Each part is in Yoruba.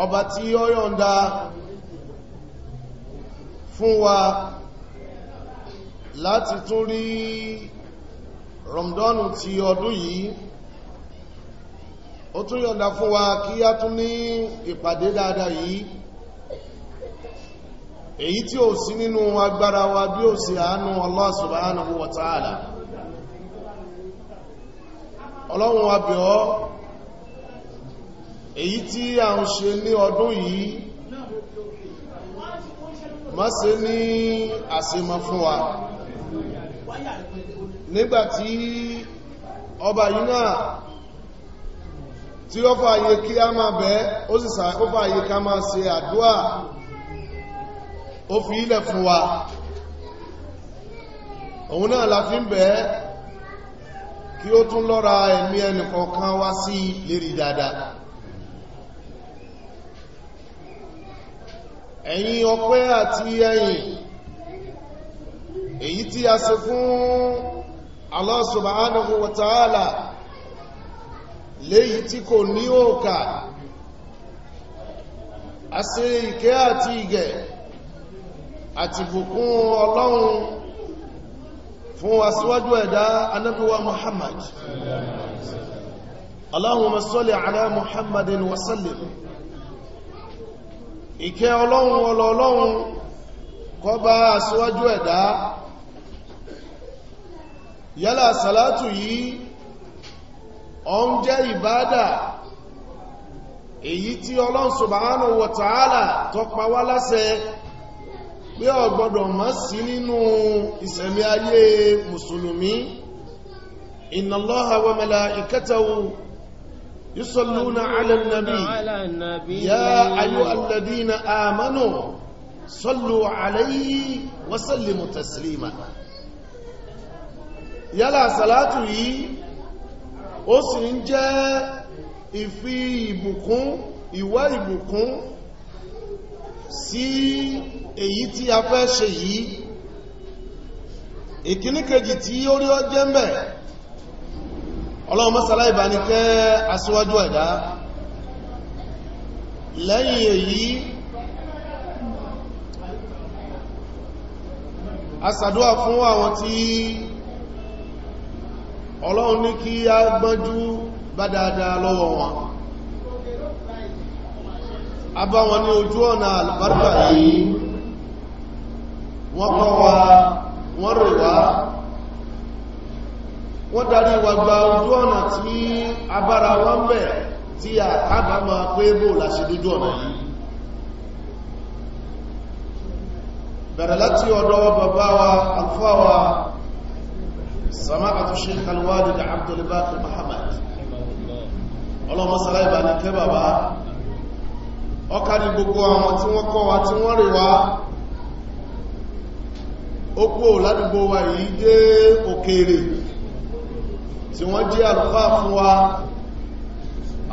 ọba tí ó yọ̀nda fún wa láti tún rí rọmdọ́nù ti ọdún yìí ó tún yọ̀nda fún wa kí a tún ní ìpàdé dáadáa yìí èyí tí ó sí nínú agbára wa bí ó sì àánú Allah subhanahu wa ta'ala ọlọ́run wa bẹ̀ ọ́ èyí tí a ń ṣe ní ọdún yìí má ṣe ní àṣemọ fún wa nígbàtí ọba yìí náà tí ó fààyè kí a máa bẹ́ ó sì fààyè ká máa ṣe àdúà ó fi ilẹ̀ fún wa òun náà la fi ń bẹ́ẹ̀ kí ó tún lọ́ra ẹ̀mí ẹnìkọ̀ọ̀kan wá sí lérí dáadáa ẹ̀yìn ọpẹ́ àti ẹ̀yìn èyí tí a ṣe fún Allah subhanahu wa ta'ala léyìí tí kò ní òkà a ṣe ìkẹ́ àti ìgẹ̀ àti bùkún ọlọ́run fún aṣíwájú ẹ̀dá anábíwá Muhammad Allahumma salli ala Muhammadin wa sallim ìkẹ́ ọlọ́run ọlọ ọlọ́run kọ bá aṣíwájú ẹ̀dá yálà sàlátù yìí ọun jẹ́ ìbádà èyí tí ọlọ́run subhanahu wa ta'ala tọpa wá láṣẹ pé ọgbọ̀dọ̀ mọ́ sí nínú ìsẹ̀mí ayé mùsùlùmí inna Allaha wa يصلون على النبي يا أيها الذين آمنوا صلوا عليه وسلموا تسليما yálà sàlátù yìí ó sì ń jẹ́ ìfi ìbùkún ìwá ìbùkún sí èyí tí a fẹ́ ṣe yìí ìkíníkejì tí ó rí ọjẹ́ mẹ́rin ọlọ́run mọ́sàlá ìbáni kẹ́ aṣíwájú ẹ̀dá lẹ́yìn èyí asàdúwà fún àwọn tí ọlọ́run ní kí a gbọ́njú bá dáadáa lọ́wọ́ wọn a bá wọn ní ojú ọ̀nà àlùbáríkà yìí wọ́n kọ́ wa wọ́n rè wá wọ́n darí wa gba ojú ọ̀nà tí abára wọ́n bẹ̀ tí àbá ma pé bó láṣe dójú ọ̀nà yìí bẹ̀rẹ̀ láti ọ̀dọ̀ bàbá wa alfáwa sama'atu sheikh alwalid abdul baqir muhammad ọlọ́mọ sàlẹ́bà ní kẹ́ bàbá ọkà ní gbogbo àwọn tí wọ́n kọ́ wa tí wọ́n rè wá ó kú ò ládùgbò wa yìí dé òkèèrè tí wọ́n jẹ́ àlùfáà fún wa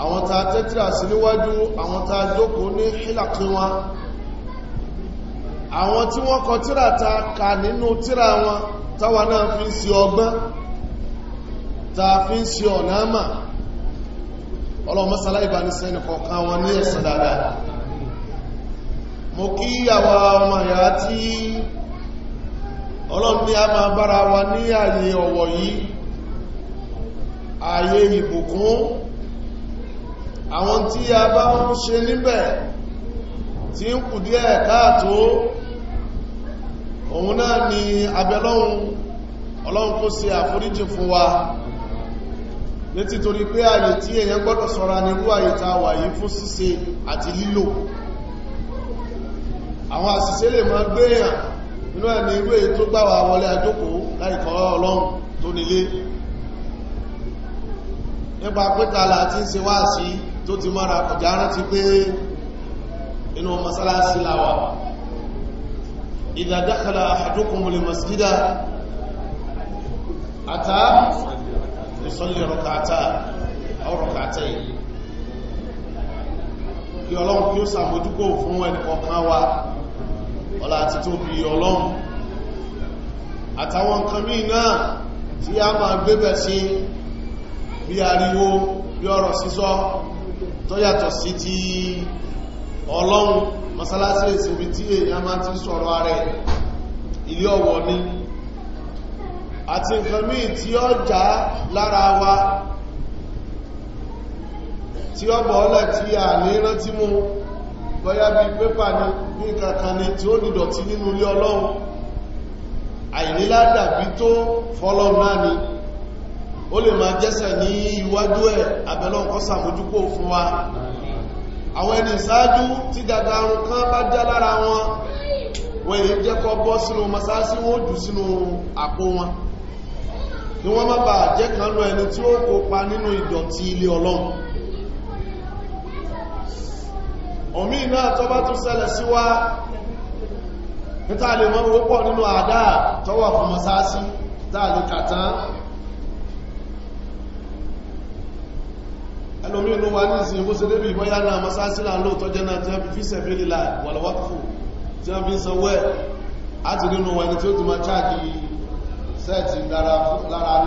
àwọn ta tẹ́tìrà sí níwájú àwọn ta jókòó ní hílàkí wọn àwọn tí wọ́n kọ tírà ta kà nínú tírà wọn táwa náà fi ń ṣe ọgbọ́n ta fi ń ṣe ọ̀nà ọlọ́mọ́sálá ìbánisẹ́ nìkọ̀ọ̀kan wọn ní ẹ̀sìn dáadáa mo kí àwa ọmọ ìyá tí ọlọ́run ní a máa bára wa ní ààyè ọ̀wọ̀ yìí ààyè ìbùkún àwọn tí a bá ń ṣe níbẹ̀ tí ń kù díẹ̀ káàtó òun náà ni abẹ́lọ́hun ọlọ́run kó ṣe àforíjì fún wa ní títorí pé ààyè tí èyàn gbọ́dọ̀ sọ́ra nírú ààyè ta wà yìí fún ṣíṣe àti lílò àwọn àṣìṣe lè máa gbéyàn nínú ẹni irú èyí tó gbáwà wọlé àjókòó láìkọ́ ọlọ́run tó nílé nípa pẹ́tàlá tí ń ṣe wá sí tó ti mọ́ra ọ̀já rántí pé inú masalasi láwà idha dakhala ahadukumul masjida ata yusalli rak'ata aw rak'atayn kí ọlọ́run kí ó sàmójúkò fún ẹnìkọ̀ọ̀kan wa ọlá àti tó bí ọlọ́run àtàwọn nǹkan míì náà tí a máa gbébẹ̀ sí bí ariwo bí ọ̀rọ̀ sísọ tó yàtọ̀ sí ti ọlọ́run masalasi ìsinmi tí èyàn máa ti sọ̀rọ̀ ààrẹ ilé ọ̀wọ̀ ni àti nǹkan míì tí ó já lára wa tí ó bọ̀ ọ́lẹ̀ tí a ní rántí mú bọ́yá bí pépà ní bí kankan ni tí ó nìdọ̀tí nínú ilé ọlọ́run àìníládàbí tó fọ́lọ́run náà ni ó lè máa jẹ́sẹ̀ ní iwájú ẹ̀ abẹ́lọ́ nǹkan sàmójúkò fún wa àwọn ẹni ìsáájú tí dàdàrún kan bá já lára wọn wọ́n èyí jẹ́kọ́ bọ́ sínú masáàsí wọ́n jù sínú àpò wọn kí wọ́n má bà jẹ́ kan lọ ẹni tí ó kópa nínú ìdọ̀tí ilé ọlọ́run omi náà tó bá tún ṣẹlẹ̀ sí wá nítàlè mọ́ wọ́pọ̀ nínú àdáà tọ́wà fún masáàsí tààlù kàtán ẹlòmí inú wa ní ìsìn ìwó sẹ́lẹ́bì ìbọ́yá náà masásílà lóòtọ́ jẹ́ náà tí wọ́n fi fi sẹ̀fẹ́lì láì wọ̀lọ̀wọ́kùfù tí wọ́n fi ń sanwọ́ ẹ̀ láti nínú wọn ni tí ó ti máa cháàkì sẹ́ẹ̀tì lára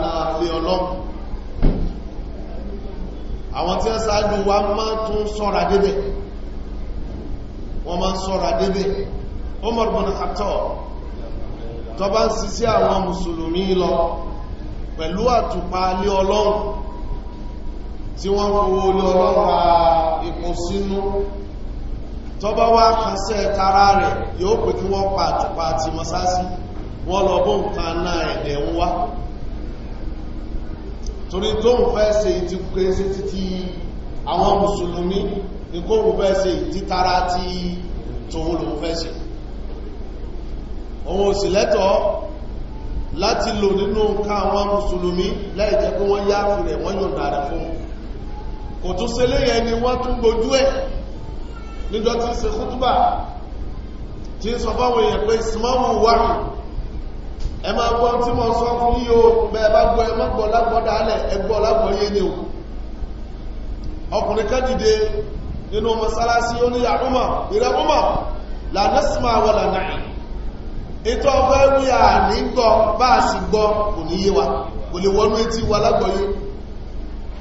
náà lé ọlọ́m àwọn tí wọ́n sáájú wa máa tún sọ́ra débẹ̀ wọ́n máa sọ́ra débẹ̀ Umar bin Khattab tó bá ń sisi àwọn mùsùlùmí tí wọ́n fowó lọ́wọ́ ra epo sínú tọ́bá wá kànṣẹ́ tara rẹ̀ yóò pè kí wọ́n pa àtùpà àti mọ́sásí wọ́n lọ bó nǹkan náà ẹ̀dẹ̀ ń wá torí tó ń fẹ́ ṣe ti kéèsé títí àwọn mùsùlùmí ní kó mú fẹ́ ṣe títara tí tòun lòun fẹ́ ṣe òun sì lẹ́tọ̀ láti lò nínú nǹkan àwọn mùsùlùmí lẹ́ẹ̀jẹ́ pé wọ́n yáàfù rẹ̀ wọ́n yọ̀ǹda rẹ̀ fún un kò tún ṣe léyẹ ni wọ́n tún gbojú ẹ̀ níjọ tí ń ṣe kútúbà tí ń sọ fáwọn èèyàn pé ìsìmọ́mù wárì ẹ máa gbọ́ tí mo sọ fún yíò bẹ́ẹ̀ bá gbọ́ ẹ má gbọ́ lágbọ́dá alẹ̀ ẹ gbọ́ lágbọ́ yé ni o ọkùnrin ọgbẹ́ wí ní gbọ́ bá a sì gbọ́ kò ní yé kò lè wọnú etí wa lágbọ́yé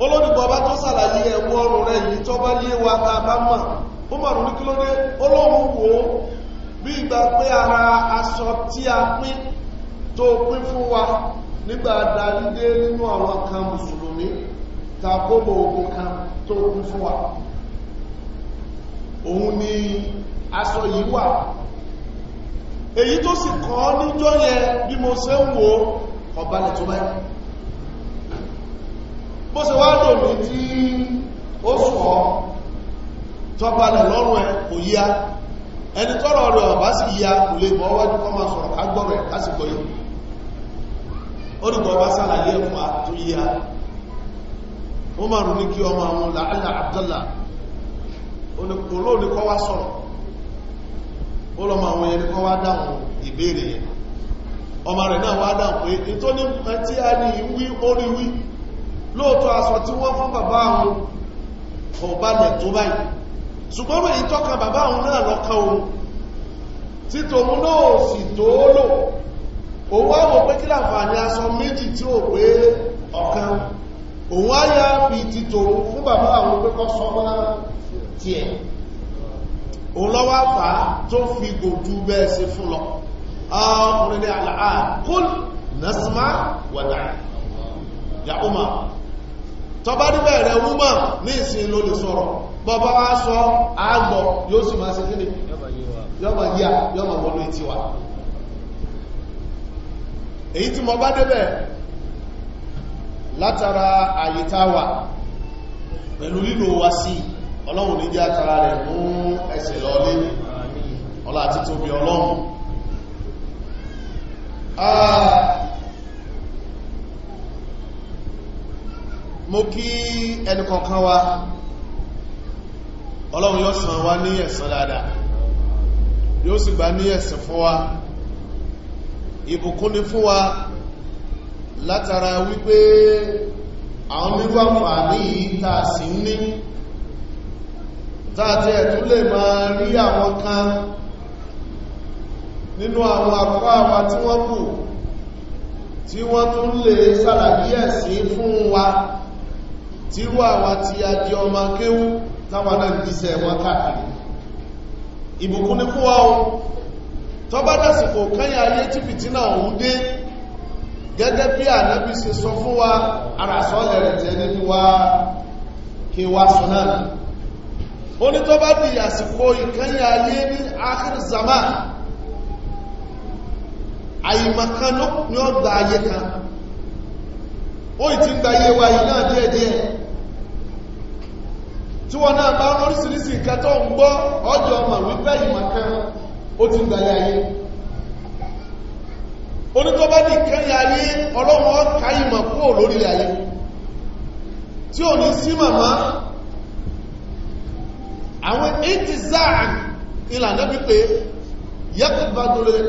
olóòdìgbọ́ bá tó sàlàyé ẹ̀wọ́ ọrùn rẹ̀ yìí tó bá lé wa ta bá mọ̀ ó mọ̀rún ní kílódé olóòrùn wò ó bí ìgbà pé ara aṣọ tí a pín tó pín fún wa nígbà dáadé nínú àwọn kan mùsùlùmí tàbóbò ogun kan tó pín fún wa òun ni aṣọ yìí wà èyí tó sì kọ́ níjọ́ yẹn bí mo ṣe ń wo ọ̀balẹ̀ tó báyìí bó ṣe wá tí ó sùn ọ́ tọ́balẹ̀ lọ́rùn ẹ kò yíá ẹni tọ́rọ rẹ̀ ọ̀bá sì yíá kò lè bọ́ wájú kọ́ máa sọ̀rọ̀ agbọ́rọ̀ lásìkò yìí ó ní sàlàyé àtò yíá ó máa rùn ní kí ọmọ àwọn làálà wá sọ̀rọ̀ lóòtọ́ aṣọ tí wọ́n fún bàbá àwọn ọ̀bálẹ̀ tó báyìí ṣùgbọ́n èyí tọ́ka bàbá àwọn náà lọ́kàn ohun tí tòun náà sì tó lò òun wáwọ̀ pé kí láǹfààní aṣọ méjì tí ó pé ọ̀kan òun áyá fi ti tòun fún bàbá àwọn pé kọ́ sọ mọ́ tiẹ̀ òun lọ́wọ́ àfà tó fi gòdú bẹ́ẹ̀ sí fún lọ ọkùnrin ní àlàá kúl nasma wàdà ya umar tọba níbẹ̀ rẹ̀ wúmọ̀ ní ìsìn ló lè sọ̀rọ̀ bọ́bá wá sọ àgbọ̀ yóò sì máa ṣe kíni yọ́mọ̀ yíà yọ́mọ̀ wọnú ìtí wa èyí tí mo bá débẹ̀ látara àyíká wa pẹ̀lú lílo wa sí ọlọ́run ní jẹ́ rẹ̀ mú ẹsẹ̀ lọlé ọlá àti tóbi ọlọ́run ah, mo kí ẹnìkọ̀ọ̀kan wa ọlọ́run yóò san wa ní ẹ̀san dáadáa yóò sì gbà ní ẹ̀san fún wa ìbùkún ni fún wa látara wípé àwọn nínú àǹfààní yìí tá a ní tààtí ẹ̀tún lè máa rí àwọn kan nínú àwọn àpá tí wọ́n kù tí wọ́n tún lè ṣàlàyé ẹ̀sìn fún wa. tí wà wá ti a di ọmọ kéwú táwọn náà wọn káàkiri ìbùkún ní fún ọ́ tó bá dásìkò káyà ayé tí fìtínà òun dé gẹ́gẹ́ bí sọ fún wa ara sọ́ọ̀lẹ̀ rẹ̀ nínú wa kí wá sọ náà ó ní tó bá di àsìkò ayé ní akhir tí wọ́n náà bá oríṣiríṣi nǹkan tó ń gbọ́ ọjọ́ ọmọ wípé ìmọ̀ kan ó ti gbàlẹ̀ ayé onítọ́bá ayé ọlọ́wọ́ ká ìmọ̀ kúrò lórílẹ̀ ayé tí ò ní sí màmá àwọn intizan ìlànà pípé yẹ́kùbàdùlẹ̀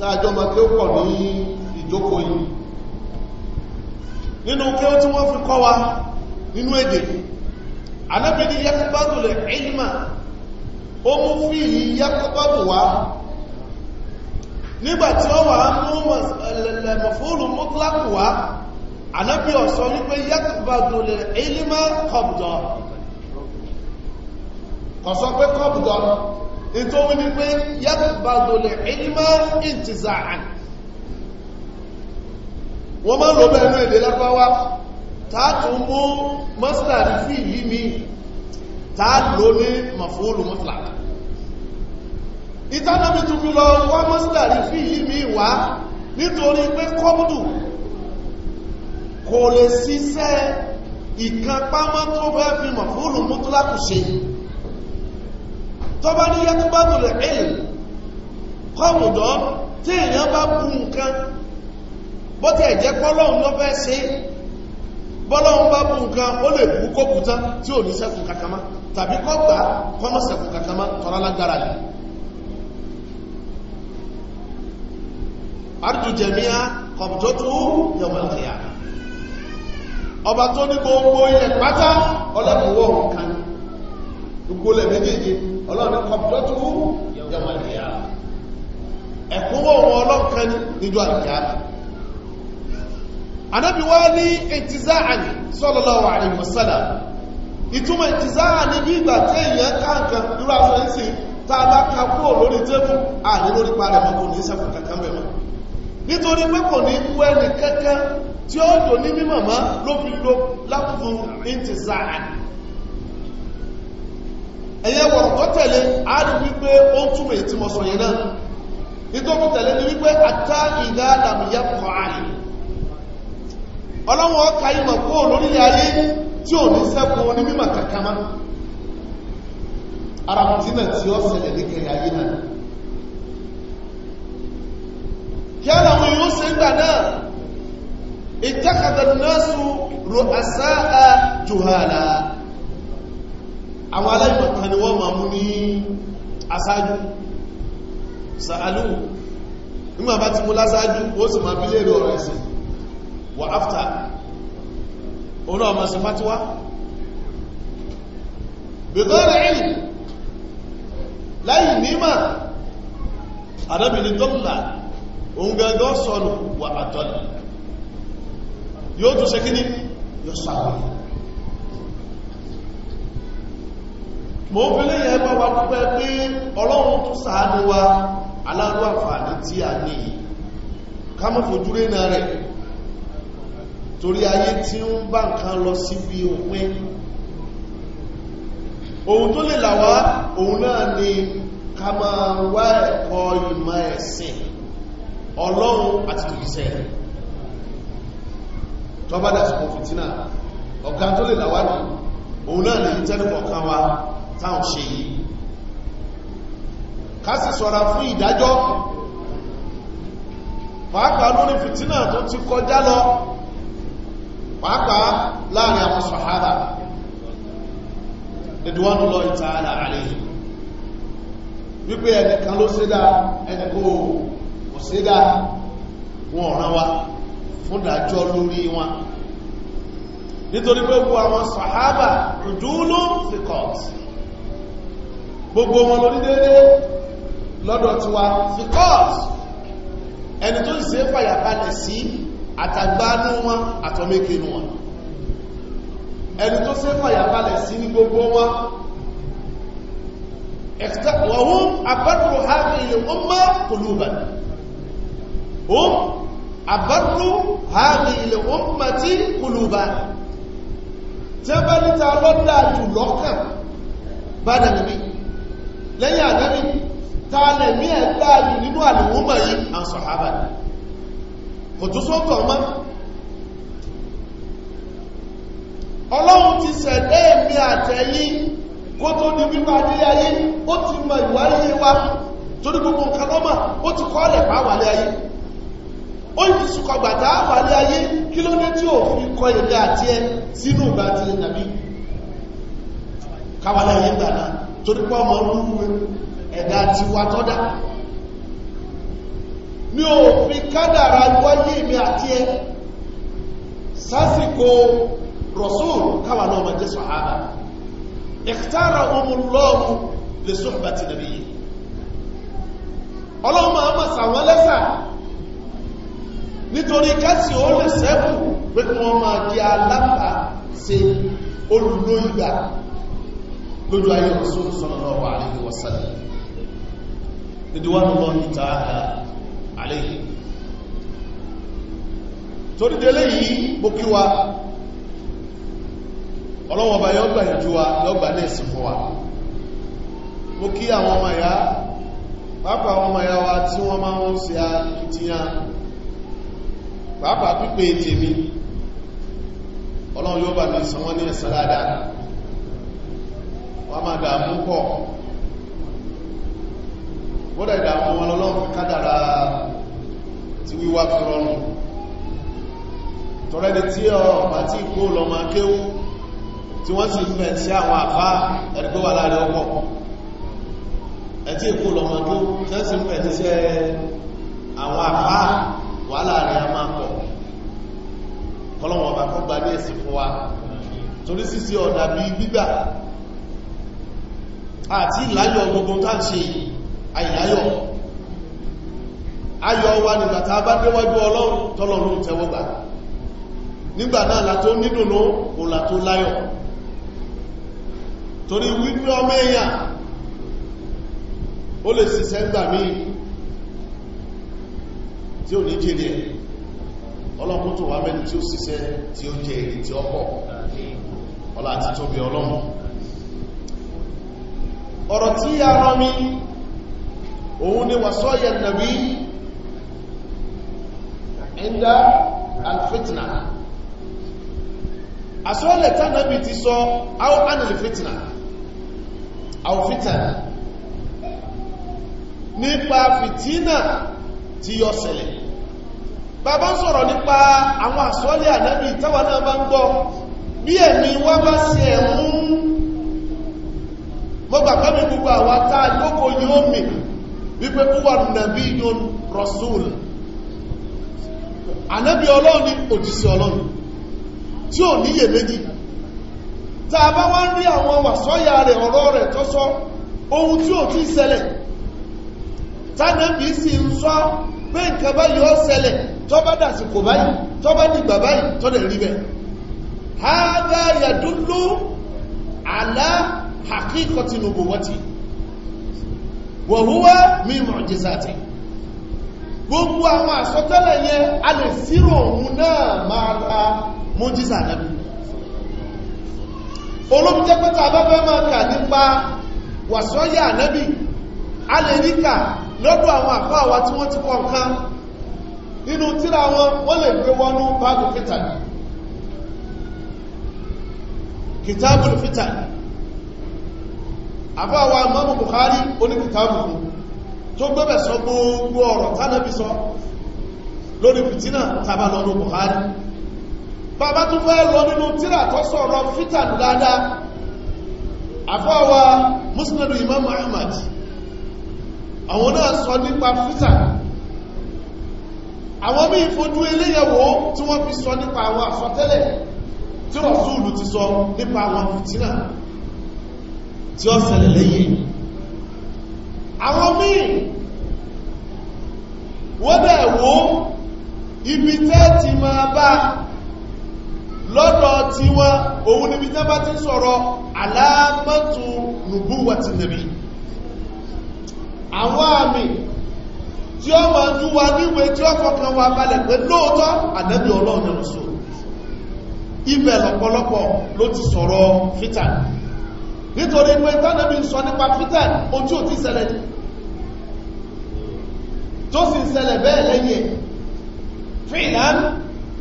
tààjọ́ ma kí ó pọ̀ ní ìjókòó yìí nínú kí ó tí wọ́n fi kọ́ wa nínú èdè anábìnrin yakubadu lè ìlmà ó mú fí yakubadu wá nígbàtí ó wà mú mọ̀fúrù mọ́tlákù wá anábì ọ̀sọ́ wípé yakubadu lè ìlmà kọ̀bùdọ̀ ètò wí ni pé yẹ́bàdòlè ìlímọ̀ ìtìzà àní wọ́n máa ń lọ bẹ̀rẹ̀ èdè lápáwá tààtù mú mọ́sílà rí fi ìlú mi tààlò ní mafóòlù mọ́sílà ìtànàmí tún fi lọ wá mọ́sílà rí fi ìlú mi wá nítorí pé kọ́bùdù kò lè ṣiṣẹ́ ìkànpámọ́ tó fẹ́ fi mafóòlù mọ́túlákù ṣe yìí tó bá ní yẹ́tú bá tó lè ẹ̀yìn kọ́mùdọ́ tí èèyàn bá bú nǹkan bó ti ẹ̀jẹ́ pọ́lọ́hun ló fẹ́ ṣe bọ́lọ́hun bá bú nǹkan ó lè bú kókútá tí ò ní sẹ́kù kàkàmá tàbí kọ́gbà kọ́mọ́ sẹ́kù kàkàmá tọ́lá lágbára lè ardu jẹ̀míà kọ̀bùtọ́tù yọmọlẹ́yà ọba tó ní gbogbo ilẹ̀ pátá ọlẹ́kùnwọ́ nǹkan gbogbo ilẹ̀ méjèèjì ọlọ́run kọ̀pọ̀tù yọmọlẹ̀yà ẹ̀kúnwọ́ wọn ọlọ́kan níjọ́ àríyàmà anábi wá ní ìtìzáàní sọ́lọ́lọ́wà àríwọ̀sálà ìtumọ̀ ìtìzáàní bí ìgbà tí èèyàn káàkan irú aṣọ ìsì tá a bá ka kúrò lórí tébù àní lórí parẹ̀ mọ́ kò ní sẹ́kù kankan bẹ̀rẹ̀ nítorí pé kò ní kú ẹni kankan tí ó dò ní mímọ̀ mọ́ ló fi lo lápùfù ìtìzáàní ẹ̀yẹ wọ̀rọ̀ tó tẹ̀lé a wípé ó ń túnmọ̀ ètí mọ̀ sọ̀yẹ̀ náà nítorí tẹ̀lé ni wípé àtà ìdá àdàmìyà kọ̀ àyè ọlọ́wọ́ ọkà ìmọ̀ kó ayé tí ò ní sẹ́kùn oní mímọ̀ kàkàmá ara tí náà tí ó ṣẹlẹ̀ ní kẹrì ayé náà kí á làwọn èèyàn ṣe ń àwọn aláìmọ̀kan ni wọ́n ma mú ní asájú sàálù nígbà bá ti mú lásájú ó sì ma bí lèrè ọ̀rọ̀ ẹ̀sìn wà áfta òun náà ma sí fátíwá bẹ̀gọ́rẹ̀ ìlú láyìn níma àdábìnrin dọ́là òun gẹ́gọ́ sọ̀rọ̀ wà àtọ́lẹ̀ yóò tún ṣe kí yóò sàwọn mo ń fẹ́lẹ̀ yẹn bá wa dúpẹ́ pé ọlọ́run tún ṣàánú wa aláàrú àǹfààní tí a ní ká mọ́ fojú rénà rẹ̀ torí ayé tí ń bá nǹkan lọ síbi òpin ohun tó lè làwá òun náà ni ká máa wá ẹ̀kọ́ ìmọ̀ ẹ̀sìn ọlọ́run àti tòkìsẹ̀ rẹ̀ tọ́bádà sọ̀kọ̀ fìtínà ọ̀gá tó lè làwá ní òun náà lè tẹ́lẹ̀kọ̀ọ̀kan wa táwọn ṣe yìí kásì sọ́ra fún ìdájọ́ pàápàá lórí fìtínà tó ti kọjá lọ pàápàá láàrin àwọn sàhábà ìdíwọ́nù lọ ìtààlà àríyìn wípé ẹnìkan ló sídá ẹnìkó kò sídá wọn ọ̀ràn wa fún ìdájọ́ lórí wọn nítorí pé gbogbo àwọn sàhábà rùdúlù fìkọ̀ọ̀tì gbogbo wọn lórí déédéé lọ́dọ̀ tiwa because ẹni tó ṣe fàyàbalẹ̀ sí àtàgbánú wọn àtọ́mẹ́kẹ́nu wọn ẹni tó ṣe fàyàbalẹ̀ sí ní gbogbo wọn وهم أبر هذه الأمة قلوبا هم أبر هذه الأمة قلوبا تبالي تعالى لا تلوكا بعد النبي lẹ́yìn ànábì tààlẹ̀ ní ẹ̀gbà jù nínú àlùwọ́mọ̀ yìí à ń kò tún sọ́tọ̀ mọ́ ọlọ́run ti sẹ̀dẹ́ èmi àtẹ̀yí kó tó ní wípa dé ayé ó ti mọ ìwáyé wa torí gbogbo nǹkan lọ́mà ó ti kọ́ ọ̀lẹ̀ bá wàlé ayé ó ti sùkọ̀ gbàtà wàlé ayé kí ló dé tí ò fi kọ àti ẹ sínú torí pọ́ ọmọ orúkú ẹ̀dá ti wà tọ́dá ní òfin kádàrà wáyé mi àti ẹ sásìkò rọ̀sùn káwà náà ma jẹ́ sọ̀hábà ìkítàrà ọmọlọ́ọ̀mù lè sọ́hùbà ti nàbí yìí ọlọ́mọ àmàsà wọn lẹ́sà nítorí kásì ó lè sẹ́kù pé kí wọ́n máa di alábàá ṣe olùlóyìnbà lójú ayé rasul sallallahu alaihi wasallam ridwanullahi ta'ala alaihi torí délé yìí bó kí wa ọlọ́wọ́ bá yọ́gbà ìjú wa ní ẹ̀sìn fún wa mo kí àwọn ọmọ ya pàápàá àwọn ọmọ ya wa tí wọ́n máa ń ṣe akitiyan pàápàá pípé tèmi ọlọ́run yóò ní wọ́n máa dààmú pọ̀ wọ́n dẹ̀ dààmú wọn lọ́lọ́run kádàrá tí wíwá fi rọrùn tọ́rẹ́dẹ̀ tí ọ̀pá tí kó lọ máa kéwú tí wọ́n sì fẹ́ sí àwọn àfá ẹ̀dùgbó wà láàrin ọkọ̀ ẹ̀tí èkó lọ máa kéwú tí sì fẹ́ sí àwọn àfá wà láàrin a máa pọ̀ kọ́lọ̀wọ̀n bá kọ́ gbadé ẹ̀sìn fún wa torí sísí ọ̀dà bí gbígbà àti ìláyọ̀ gbogbo tá ṣe àìláyọ̀ ayọ̀ wa nígbà tá bá déwájú ọlọ́run tọ́lọ́run tẹ́wọ́gbà nígbà náà látó nídùnú kò látó láyọ̀ torí wípé ọmọ èèyàn ó lè ṣiṣẹ́ gbà tí ò ní jèrè ẹ̀ tó wà mẹ́ni tí ó ṣiṣẹ́ tí ó jẹ èrè tí ọkọ̀ ọlá àti ọ̀rọ̀ tí a rán mi òun ni wà sọ́yẹ̀ nàbí ẹ̀ndà alfitna àsọ́lẹ̀ tánàbí ti sọ àwọn anìlfitna àwọn fitna nípa fitina tí yọ ṣẹlẹ̀ bàbá sọ̀rọ̀ nípa àwọn àsọ́lẹ̀ ànábì táwọn náà bá ń gbọ́ bí ẹ̀mí wá bá ṣe ẹ̀mú mọ́gbà kọ́mí gbogbo àwọn atá lókò yóò mì wípé púpọ̀ nàbí yóò rọ̀súùl ànábí ọlọ́ni òjìsí ọlọ́ni tí ò níyè méjì tá a bá wá ń rí àwọn wàsọ́yà rẹ̀ ọ̀rọ̀ rẹ̀ tọ́sọ́ ohun tí ò tí ṣẹlẹ̀ tánàbí sì ń sọ pé nǹkan báyìí ó ṣẹlẹ̀ tó bá dà sí kò báyìí tó bá dìgbà báyìí tó dẹ̀ rí bẹ́ẹ̀ حقيقة نبوته وهو من معجزاته gbogbo àwọn àsọtẹ́lẹ̀ yẹn a lè sírò òun náà máa ra mọ́jísà lẹ́nu olóbi jẹ́ pẹ́ta abẹ́fẹ́ máa kà nípa wàsọ́yà ànábì a lè ríkà lọ́dọ̀ àwọn àfá àwá tí wọ́n ti kọ́ nǹkan nínú tíra wọn wọ́n lè gbé wọnú báàbù fìtà kìtàbù fìtà àbáwa mọ́mù Bukhari oníkùtàbùkù tó gbẹ́bẹ̀ sọ gbogbo ọ̀rọ̀ tánàbí sọ lórí fìtínà tàbà lọ́nà Bukhari bàbá tó fẹ́ lọ nínú tírà tó sọ̀rọ̀ fìtàn dáadáa àbáwa musnadu Imam Ahmad àwọn náà sọ nípa fìtàn àwọn mí fojú eléyẹ̀wò tí wọ́n fi sọ nípa àwọn àsọtẹ́lẹ̀ tí Rasulu ti sọ nípa àwọn fìtínà tí ó ṣẹlẹ̀ lẹ́yìn àwọn míì wọ́n dẹ̀ wó ibi tẹ́ ti máa bá lọ́dọ̀ tí wọ́n òun níbi tẹ́ bá ti sọ̀rọ̀ aláàmọ́tù nùbúwà ti nàbí àwọn àmì tí ó máa jú wa níwé tí ó fọkàn wa balẹ̀ pé lóòótọ́ ànábì ọlọ́run ẹ̀rọ̀sọ ibẹ̀ lọ́pọ̀lọpọ̀ ló ti sọ̀rọ̀ fítà nítorí pé tánàbí sọ nípa peter ojú ò ti ṣẹlẹ̀ tó sì ṣẹlẹ̀ bẹ́ẹ̀ lẹ́yìn fíìlán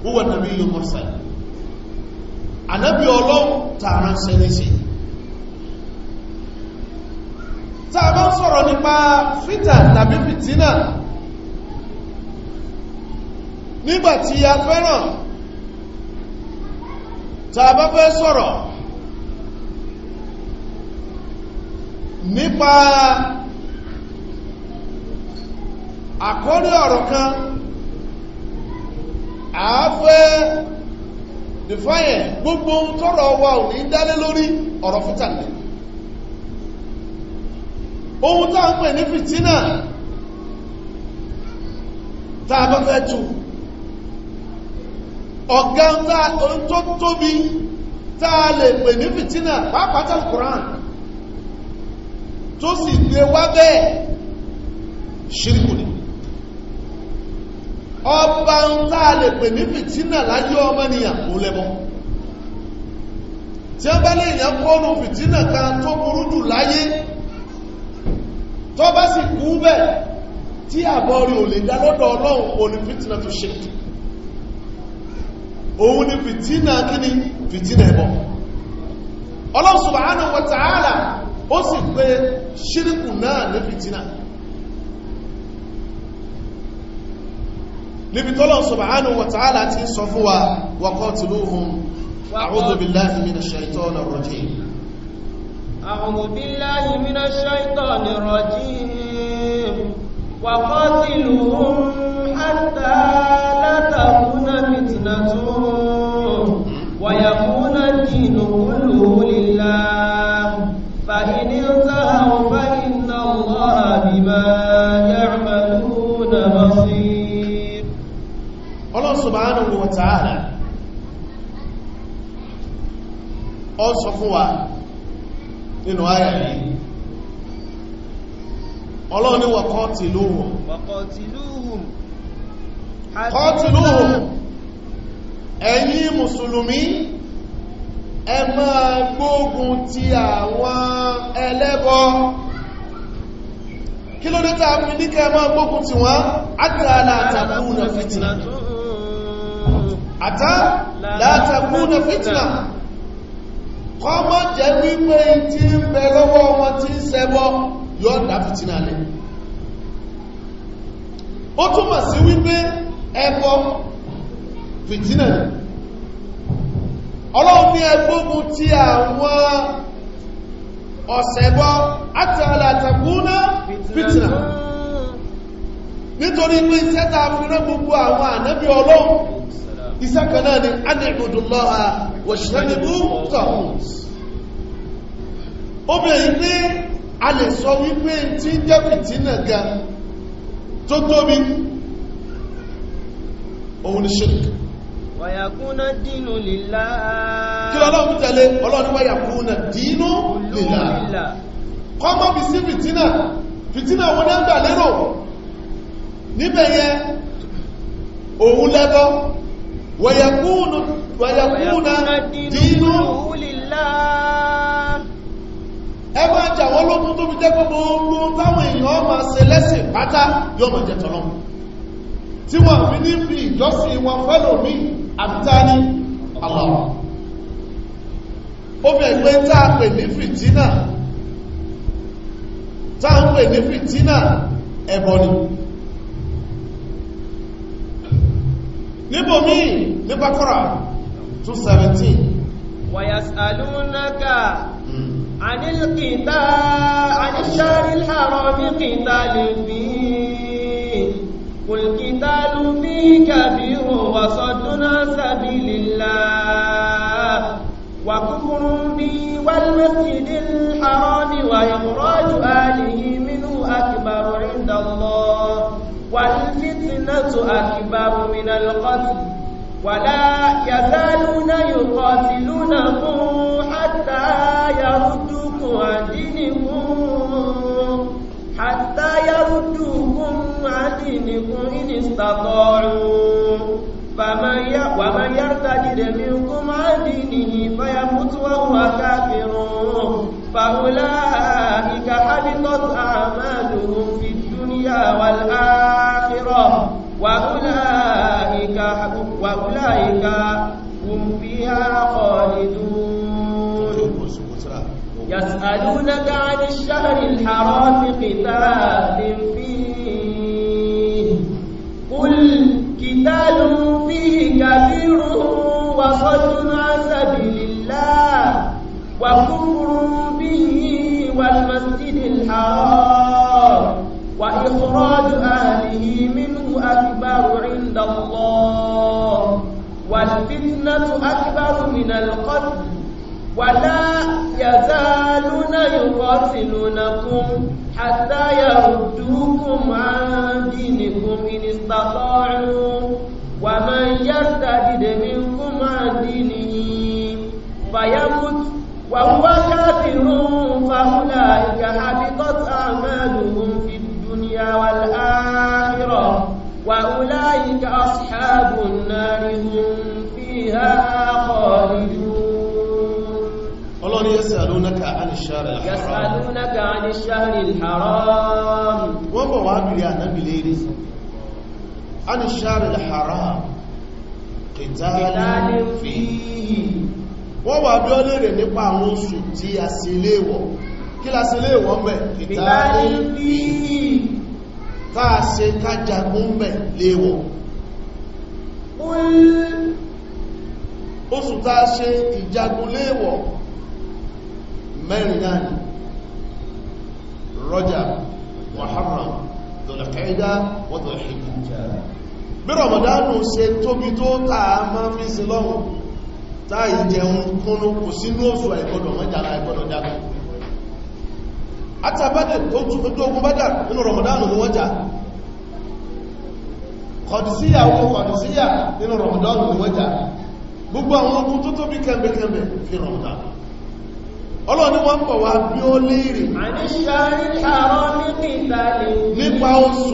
huwa nàbí yóò mọ́sá ànábí ọlọ́run tààrà ṣẹlẹ̀ sí tààbá sọ̀rọ̀ nípa peter tàbí fìtínà nígbàtí a fẹ́ràn tààbá fẹ́ sọ̀rọ̀ nípa àkórí ọ̀rọ̀ kan àáfẹ́ dìfáyẹ̀ gbogbo tọ́rọ wa ò ní dálé lórí ọ̀rọ̀ fítàlẹ̀ ohun tá ń pè ní fìtínà tá a bá fẹ́ tù ọ̀gá tó tóbi tá lè pè ní fìtínà pàápàá kùránì tó sì gbé wá bẹ́ẹ̀ ṣíríkù ni ọba ń tá a lè pè ní fìtínà láyé ọmọnìyàn kó lẹ́bọ́ tí ó bá lè yàn kọ́nù fìtínà kan tó burú jù láyé tó bá sì kú bẹ́ẹ̀ tí àbọ̀ rí ò lè dá lọ́dọ̀ ọlọ́run kò ní fìtínà tó ṣe òun ni fìtínà kíni fìtínà ẹ̀bọ̀ ọlọ́run ó sì pé ṣíríkù náà ní fìtínà níbi tọ́lọ̀ subhanahu wa ta'ala ti sọ fún wa wa qatiluhum a'udhu billahi minash shaitonir rajim a'udhu billahi minash shaitonir rajim wa qatiluhum wa ta'ala ó sọ fún wa nínú ayà yìí ọlọ́run ni wa qatiluhum wa qatiluhum qatiluhum ẹ̀yin mùsùlùmí ẹ máa gbógun ti àwọn ẹlẹ́bọ kí ló dé tàbí ní kẹ́ máa gbógun ti wọ́n àtàlà àtàkùn náà fìtìnà àtá látàkúnà fitna kọ́ mọ́ jẹ́ wípé tí ń bẹ lọ́wọ́ wọn tí ń ṣẹbọ yóò dá fitna lẹ́ ó túnmọ̀ sí wípé ẹbọ fitna ọlọ́run ní ẹgbógun tí àwọn ọ̀sẹ̀bọ́ àtàlàtàkúnà fitna nítorí pé iṣẹ́ fi rán gbogbo àwọn ànábì ọlọ́run iṣẹ́ kan náà ni adìgbòdùlọ́ha wọ̀ṣẹ́lẹ̀bú tọ̀húnz obìnrin pé a lè sọ wípé tí ń jẹ́ fìtínà ga tó tóbi òun ni ṣirk wàyàkúnà dínú lílá kí ọlọ́run tẹ̀lé ọlọ́run wàyàkúnà dínú lílá kọ́mọ́ bí sí fìtínà fìtínà wọn náà gbà lérò níbẹ̀ òun lẹ́bọ́ ويكون ويكون دينه لله ẹ máa jà wọ́n lókún tó fi jẹ́kọ́ gbogbo táwọn èèyàn máa ṣe lẹ́sìn pátá yóò máa jẹ́ tọ́lọ́ tí wọ́n fi ní fi ìjọsìn wọn fẹ́lò mí àbítání níbòmí ní Bakara 217 wàyàsàlúnàkà àníkìtà àníṣàríhàrọ̀ ní kìtà lè fi kùlkìtà ló fi kàbí wà sọ́dúnà sàbílìlá وكفر به والمسجد الحرام وإخراج آله منه أكبر عند الله وإن الفتنة أكبر من القتل ولا يزالون يقاتلونكم حتى يردوكم عن دينكم حتى يردوكم عن دينكم إن استطاعوا فمن ي... ومن يرتد منكم عن دينه فيموت وهو كافر فأولئك حبطت أعمالهم في الدنيا والآخرة وأولئك, وأولئك هم فيها خالدون يسألونك عن الشهر الحرام قتال فيه قل قتال فيه كبير وصد عن سبيل الله وكفر به والمسجد الحرام وإخراج آله منه أكبر عند الله والفتنة أكبر من القتل ولا يزالون يقاتلونكم حتى يردوكم عن دينكم إن استطاعوا ومن يرتد منكم عن دينه فيمت وهو كافر yas'alunaka 'anil shahril haram yas'alunaka 'anil shahril haram wọ́n bọ̀ wá bìrì ànábì léèrè 'anil shahril haram qitalin fihi wọ́n wà bí ó léèrè nípa àwọn oṣù tí a ṣe léèwọ̀ kí la ṣe léèwọ̀ mẹ́ qitalin fihi táà ṣe kájagun mẹ́ léèwọ̀ oṣù táà ṣe ìjagun mẹ́rin náà ni Rajab Muharram Dhul-Qa'dah wa Dhul-Hijjah bí Ramadanu ṣe tóbi tó táa máa fi sí lọ́wọ́ táà ìjẹun kúnnú kò sínú oṣù àìgbọ́dọ̀ mọ́jára àìgbọ́dọ̀ dákùn àtàbádẹ̀ tó ojú ogun bádà nínú Ramadanu ló wọ́jà kọ̀dùsíyà ogun kọ̀dùsíyà nínú Ramadanu ló wọ́jà gbogbo àwọn okun tó tóbi kẹ́mbẹ̀kẹ́mbẹ̀ fi Ramadanu ọlọ́ni wọ́n pọ̀ wá bí ó léèrè nípa oṣù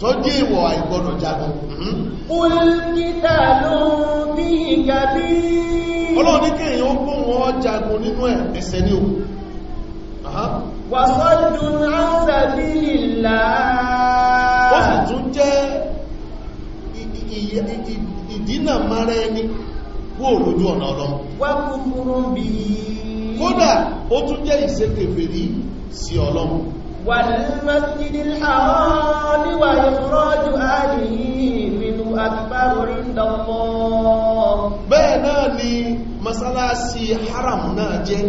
tó jẹ́ ìwọ̀ àìgbọ́dọ̀ jagun ọlọ́ni kèèyàn ó kún wọn jagun nínú ẹ̀ ẹsẹ̀ ní òkú wàsọ́dún ásàbílìlá ó sì tún jẹ́ ìdínà mara ẹni kú òlójú ọ̀nà ọlọ́run wá bíi kódà ó tún jẹ́ ìṣekèfèrí sí ọlọ́run والمسجد الحرام وإخراج أهله منه أكبر عند الله bẹ́ẹ̀ náà ni masalasi haram náà jẹ́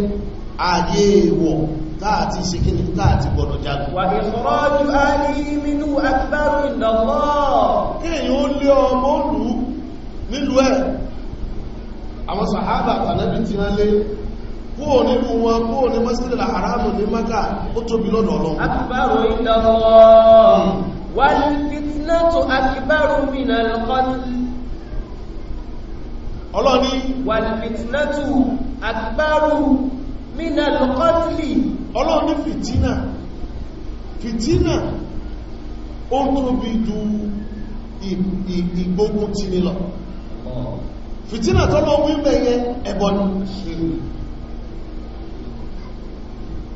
ààyè èèwọ̀ táàtí ṣe kí ní táàtí gbọdọ̀ jagun wà ìfọ́rọ́jú ààyè minú akbaru inda Allah kéèyàn ó lé ọmọ olú nílùú ẹ̀ àwọn sàhábà tànẹ́bì tí wọ́n lé kúrò nínú wọn kúrò ní masjidil haramu ní maka ó tóbi lọ́nà ọlọ́run akbaru inda Allah hmm. wal fitnatu akbaru minal qatl ọlọ́ni wal fitnatu akbaru minal qatl ọlọ́ni fìtínà fìtínà ó tóbi ju ìgbógun ti nílọ fìtínà tọ́lọ wípẹ̀yẹ ẹbọ ni hmm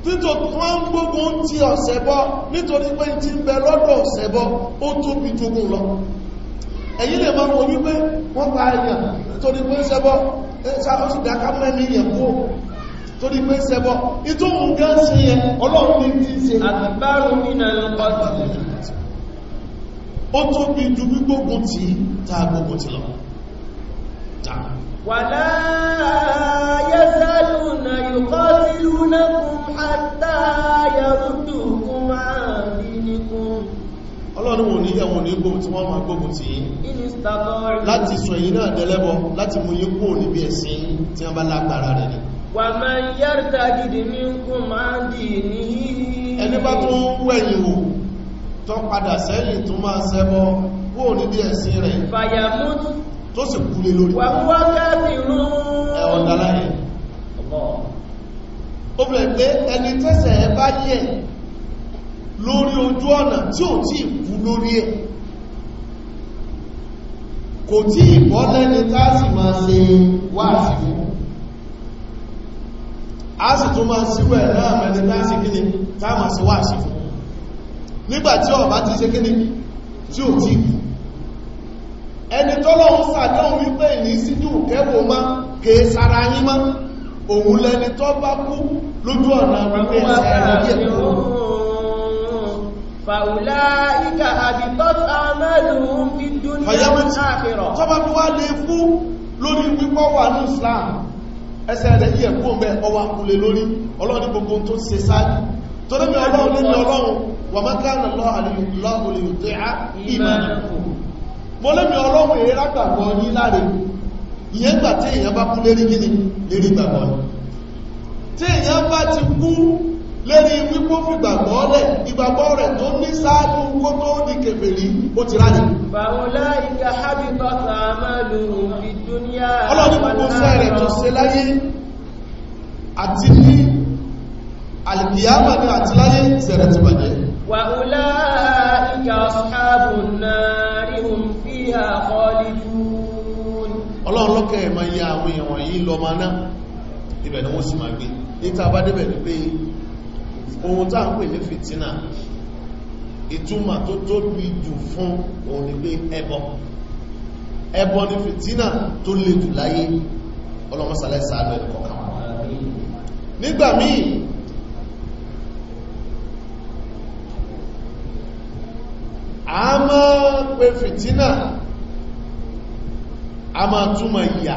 nítorí wọ́n ń gbógun ti ọ̀sẹ̀bọ́ nítorí pé ti bẹ lọ́dọ̀ ọ̀sẹ̀bọ́ ó tóbi jogun lọ ẹ̀yí lè máa wọ́n wípé wọ́n pa èèyàn nítorí pé sẹ́bọ́ ṣàkọsìdáká mẹ́rin yẹ̀ kó torí pé sẹ́bọ́ ìtóhun gán sí ẹ ọlọ́run ti ṣe àtìbárò nínú ẹlọ́pàá ó tóbi ju gbígbógun ti ta gbógun ti lọ ولا يزالون يقاتلونكم حتى يردوكم عن دينكم ọlọ́run wọn ní ẹ̀wọ̀n ní gbogbo tí wọ́n máa gbogbo tí láti sọ èyí náà dẹ̀lẹ́bọ̀ láti mú yí kúrò níbi ẹ̀sìn tí wọ́n bá lágbára rẹ̀ ni wà máa ń yẹ́rìta dìdì ní kún máa ń dì ní ẹni bá tún wẹ̀yìn wò tó padà sẹ́yìn tó máa ṣẹbọ kúrò níbi ẹ̀sìn rẹ̀ fàyàmútù tó sì kúlé lórí ọ̀dàláyẹ̀ ó bẹ̀rẹ̀ pé ẹni tẹ́sẹ̀ ẹ bá yẹ̀ lórí ojú ọ̀nà tí ò tí ìkú lórí ẹ̀ kò tí ìbọ́ lẹ́ni táàsì máa ṣe wá sí fún a sì tún máa síwẹ̀ náà mẹ́ni táàsì kíni táàmà sí wá sí fún nígbàtí ó ti ṣe kíni tí ò tí ìkú ẹni tọ́lọ́hun sàdọ́hun wípé ní síjú kẹwò má kèé sára yí má òun lẹni tọ́ bá kú lójú ọ̀nà wípé ẹ̀sẹ̀rẹ̀ bí ẹ̀kọ́ ẹsẹ̀ rẹ̀ yí ẹ̀kọ́ mẹ́ ọwà kúlé lórí ọlọ́ni gbogbo tó ṣe sáájú torí mi ọlọ́run ní ọlọ́run wà mọ́kànlọ́ àlèlúlọ́ mo lẹ́mí ọlọ́run èrà gbàgbọ́ yí láre ìyẹn gbà tí èyàn bá kú lérí gíní lérí gbàgbọ́ tí èyàn bá ti kú lérí wípó fi gbàgbọ́ lẹ̀ ìgbàgbọ́ rẹ̀ tó ní sáájú kó tó ní kèfèrí ó ti ráyè ọlọ́run gbogbo fẹ́ rẹ̀ tó ṣe láyé àti náà فيها خالدون ọlọ́run lọ́kẹ́ ma ya àwọn èèyàn yìí lọ ma náà ibẹ̀ ni wọ́n sì máa gbé níta bá débẹ̀ ní pé ohun tá ń pè ní fìtínà ìtumà tó tóbi jù fún òun ni pé ẹbọ ẹbọ ni fìtínà tó le jù láyé ọlọ́mọsàlẹ́sà lọ ẹ̀kọ́ kan nígbà míì a máa pè fìtínà a máa túmọ̀ ìyà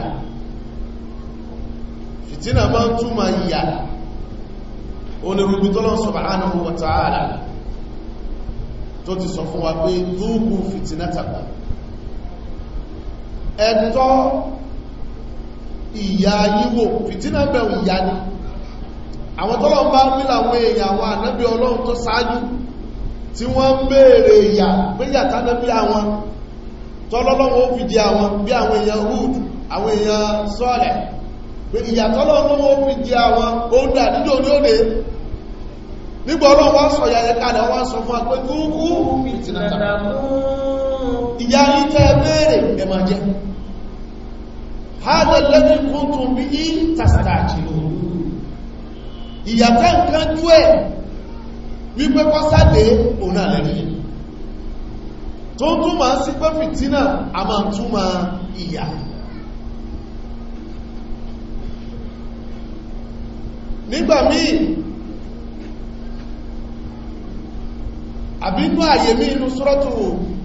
fìtínà máa túmọ̀ ìyà onírúgbù tọ́lọ́ subhanahu wa ta'ala tó ti sọ fún wa pé dúkù fìtínà tàbí ẹ̀tọ́ ìyà yíwò fìtínà bẹ̀rù ìyà ni àwọn tọ́lọ́ bá nílàwọ̀ èèyàn àwọn ànábí ọlọ́run tó sáájú tí wọ́n ń béèrè ìyà péyà tánà bí àwọn tọ́lọ́lọ́wọ́ ó fi jẹ àwọn bí àwọn èèyàn hood àwọn èèyàn sọ́ọ̀lẹ̀ pé ìyà tọ́lọ́lọ́wọ́ ó fi jẹ àwọn oúnjẹ àdídò ní òde nígbà ọlọ́wọ́ sọ ìyà yẹn kalẹ̀ wọ́n sọ fún apẹ́ kúrúkú ìyà yìí tẹ́ béèrè ẹ máa jẹ hádẹ lẹ́bí kúntùn bí yí tàṣàtà àjìlò ìyà tẹ́ nǹkan jú ẹ̀ wípé kọ́ sáde òun náà lẹ́rí tó ń túnmà sí pé fìtínà a máa ń túnmà ìyà nígbà míì àbínú àyè mí inú sọ́rọ́tù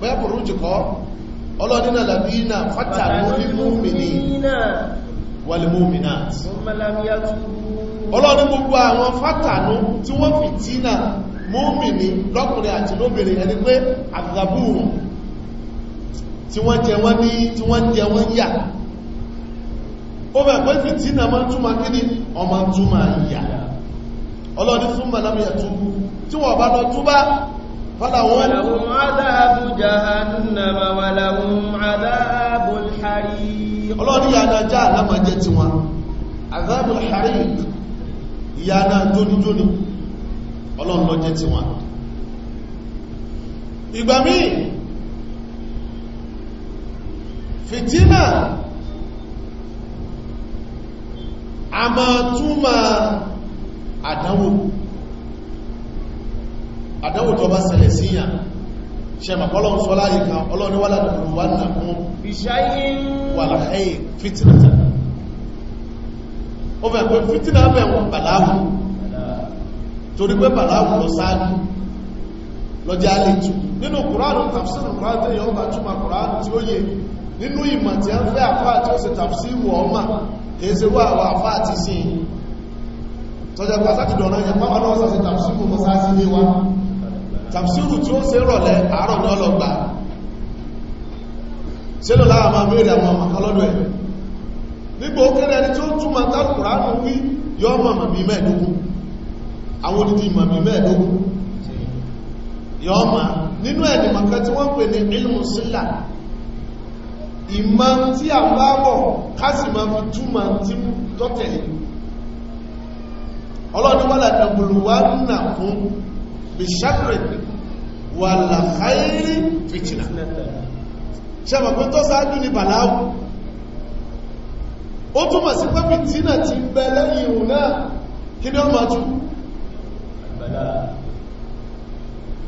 bẹ́ẹ̀bùrú jùkọ́ ọlọ́dínà làbínà fátà lórímú mìíràn wàlìmómìnà ọlọ́dún gbogbo àwọn fátànú tí wọ́n fìtínà múmìnì lọ́kùnrin àti lóbìnrin ẹni pé àtàbùrù tí wọ́n jẹ wọ́n ní tí wọ́n jẹ wọ́n yà ó bẹ̀ pé fìtínà máa túnmà kí ni ọmọ túnmà yà ọlọ́ni fún mọ̀lámi ẹ̀túbú tí wọ́n bá lọ túbá fọ́lá wọn wọ́n adáàbù jahannama wọ́n adáàbù al-hariq ọlọ́ni yàdá já àlámà jẹ́ tiwọn adáàbù al-hariq ìyàdá jónijóni ọlọ́run ló jẹ́ tiwọn ìgbà míì fìtínà a máa túnmà àdánwò àdánwò tó bá ṣẹlẹ̀ síyàn ṣe mọ̀kọ́lọ̀ ń sọ láyé kan ọlọ́run wà látàkùn wà nàkún wà láhẹ́ fìtínà ó fẹ́ pé fìtínà mẹ́wọ̀n bàláwù torí pé bàláwù lọ sáájú lọ́jẹ́ àlejò nínú kùránù tafsirù kùránù tẹ́yẹ ọba túnmà kùránù tí ó yẹ nínú ìmọ̀ tí a fẹ́ àfáà tí ó ṣe tafsirù ọmọ èsè wà àwọn àfáà ti sí tọ́jà pàtàkìdọ̀ náà yẹ pàwọn náà ṣe àwọn odidi ìmọ̀mí mẹ́ẹ̀dógún yọ́ ma nínú ẹ̀dì mọ̀ká tí wọ́n pè ní ilmù sílà ìmọ̀ tí a bá bọ̀ kásì ma fi túmọ̀ tí tọ́tẹ̀ ọlọ́dúnwọ́lá dàbùlùwà nà fún bishakrin wà làkáírí fìtìnà ṣẹ́mọ̀ pé tó sáájú ní bàláwù ó túmọ̀ sí pé fìtìnà ti bẹ lẹ́yìn ìrùn náà kí ni ó máa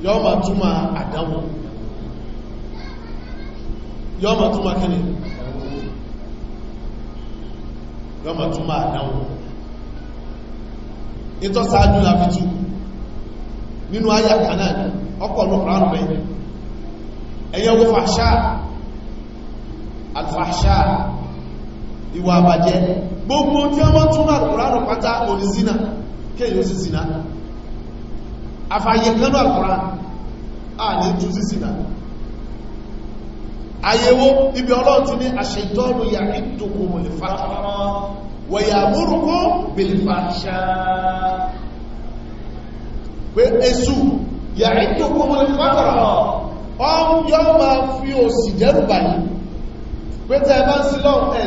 yọ́ ma túnmà àdánwò yọ́ ma túnmà kíni yọ́ ma túnmà àdánwò ìtọ́ sáájú la fi tú nínú ayà kanáà ọkọ̀lù ọ̀rán rẹ̀ ẹ̀yẹ́ wo fàṣà alfàṣà ìwà àbàjẹ́ gbogbo tí a mọ́ túnmà ọ̀rán pátá onísínà kéèyàn sí sínà àfàyẹ̀kánú àkùnrà àní jù sí sínà àyẹ̀wò ibi ọlọ́run ti ní àṣẹjọ́rù yà ìdòkò mọ̀lẹ̀ farafara wọ̀yà múrùkú bèlìfàṣà pé èsù yà ìdòkò mọ̀lẹ̀ farafara ọmọ ma fi òsì jẹ́rù báyìí pé tẹ́ sílọ́ ẹ̀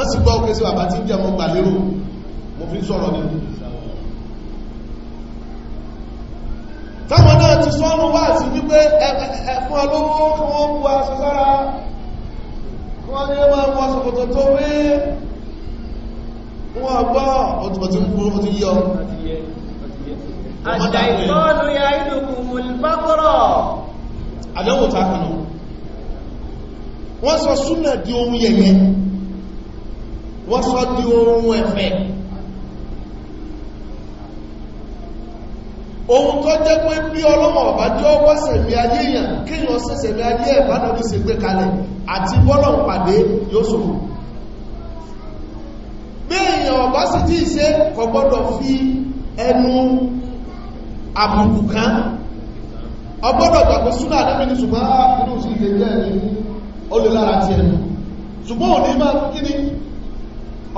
wọ́n sì gbọ́ òkè sí bàbá tí ń jẹ́ mọ́ gbà lérò mo fi sọ̀rọ̀ nínú táwọn náà ti sọ́nù wá sí wípé ẹ̀fún olówó kí wọ́n kú aṣọ sára wọ́n ní wọ́n wọ́n sọ̀kọ̀tọ̀ tó rí wọ́n gbọ́ ọ̀tọ̀ tí ń kú ó ti yọ àjàìtọ́nù ya ìdùkùnmù ìbákọ́rọ̀ àdánwò tákànà wọ́n sọ súnà di ohun yẹ̀yẹ́ wọ́n sọ di ohun ẹ̀fẹ̀ ohun tó jẹ́ pé bí ọlọ́wọ̀ ọ̀bá jẹ́ ọwọ́ sẹ̀mí ayé èèyàn kíyàn sẹ̀sẹ̀mí ayé ẹ̀bá lọ́dí sí gbé kalẹ̀ àti bọ́lọ̀ pàdé yóò sòrò bí èèyàn ọ̀bá sì tí ìṣe kò gbọ́dọ̀ fi ẹnu àbùkù kan ọgbọ́dọ̀ gbàgbé súnà àdẹ́mì ní ṣùgbọ́n ah,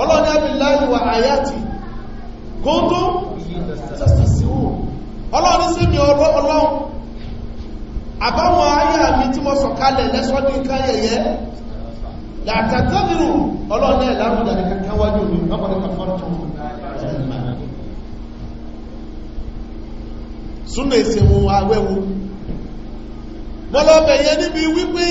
ọlọ́ni abillahi wa ayati kóńtó ọlọ́ni sí mi ọlọ́run àbáwọn ayé mi tí mo sọ̀kalẹ̀ lẹ́sọ́dún káyẹyẹ látàtàmìrù ọlọ́ni ẹ̀lárúdà ní kankan mi ọmọdéka wọ́n lọ bẹ̀yẹ níbi wípé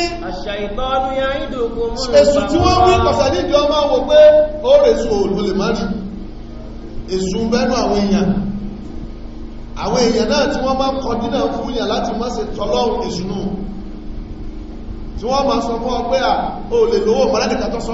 èsù tí wọ́n wí kọ̀sà níbi ọmọ wò pé ó rèsù olùlè má rí èsù mẹ́nu àwọn èèyàn àwọn èèyàn náà tí wọ́n máa kọ̀ dínà fún ìyà láti má ṣe tọ́lọ́run èsù náà tí wọ́n máa sọ fún ọgbẹ́ à ó lè lówó mọ́lẹ́dìkà tó sọ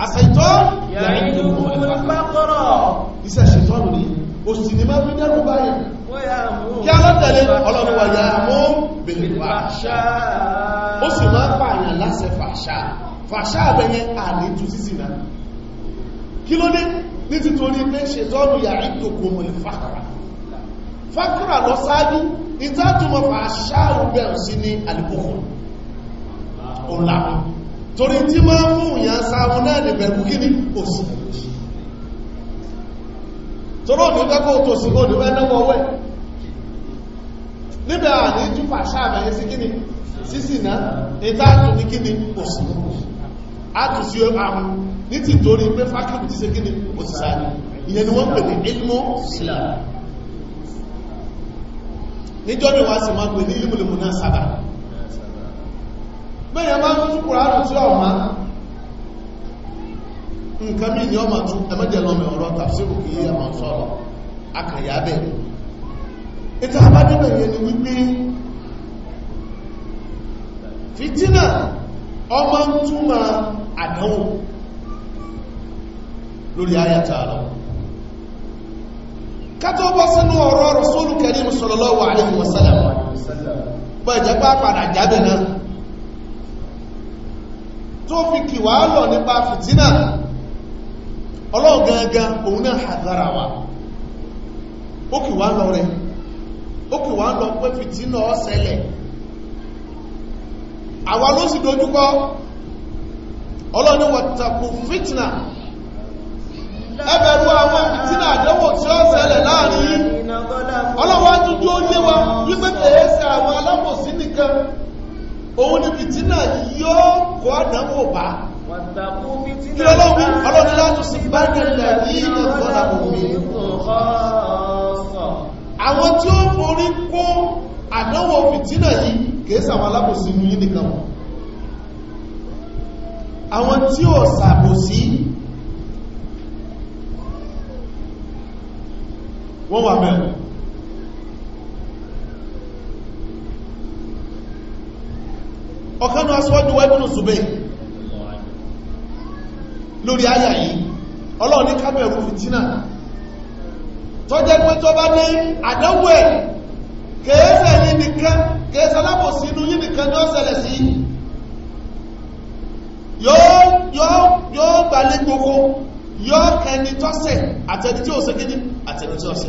àṣẹ̀tọ́ iṣẹ́ ṣètọ́nù ní òsì ní máa ń dẹ́rù báyìí kí a lọ́tẹ̀lé ọlọ́run wà yà mú bèèrè fàṣà ó sì máa pààyàn láṣẹ fàṣà fàṣà àbẹ̀yẹ àlétù sísì náà kí ló dé ní títorí pé ṣètọ́nù yà ìdòkò mọ̀lẹ̀ fàkàrà fàkàrà lọ sáájú ìtàtùmọ̀ fàṣà rúbẹ̀ sí ní àlùkòkò ọ̀làmù torí tí máa ń fún ìyàn sáwọn náà lè bẹ̀rù kí ní òsì tọ́rọ ní ọjọ́kọ́ òtòsí olùfẹ́ náwọ́ wẹ́ níbẹ̀ àní jùpà sáàbẹ̀ sí kí ní sísì náà ìtàkù ní kí ní òsì àtùsí àmú ní ti torí pé fákìlì ti ṣe kí ní òsì sáàbẹ̀ ìyẹn ni wọ́n pè sí máa ní ilmú lè mú náà mẹ́yàn máa tún kùránù tí ọ̀ máa nǹkan mí ní ọmọ tún ẹmẹ́jẹ̀ ọ̀rọ̀ tàbísírù kí yíya sọ́rọ̀ akàyàbẹ̀ ìta àbádẹ́bẹ̀ ni wípé ọmọ túnmà àdánwò lórí ayata àlọ́ kátó bọ́ sínú ọ̀rọ̀ náà tó fi kìwà lọ nípa fìtínà ọlọ́gangan òun náà hàzára wa ó kìwà lọ rẹ̀ ó kìwà lọ pé fìtínà ó ṣẹlẹ̀ ló sì dojúkọ ọlọ́ni wọ̀tàkù fìtínà ẹbẹ̀rú àwọn fìtínà àdẹ́wò tí ó láàrin ọlọ́wọ́ òun ni fìtínà yóò kó àdánwò bá kí ọlọ́run ọlọ́run látò sí gbádẹ̀lẹ̀ yìí ní ọ̀pọ̀lá omi àwọn tí ó forí kó àdánwò fìtínà yìí kèésà àwọn alábòsí inú yìí nìkan wọn àwọn tí ó sàbòsí wọ́n wà mẹ́rin ọ̀kan náà aṣọ́jú wẹ́bùnù ṣùgbẹ́ lórí ayà yìí ọlọ́run ní kábẹ̀rù fìtínà tó jẹ́ pé tó bá ní àdánwò ẹ̀ kèéṣẹ̀ yìí nìkan kèéṣẹ̀ lábòsí inú yìí nìkan yóò ṣẹlẹ̀ sí yóò gbalé gbogbo yóò kẹni tọ́sẹ̀ àtẹni tí ó ṣe àtẹni tí ó ṣe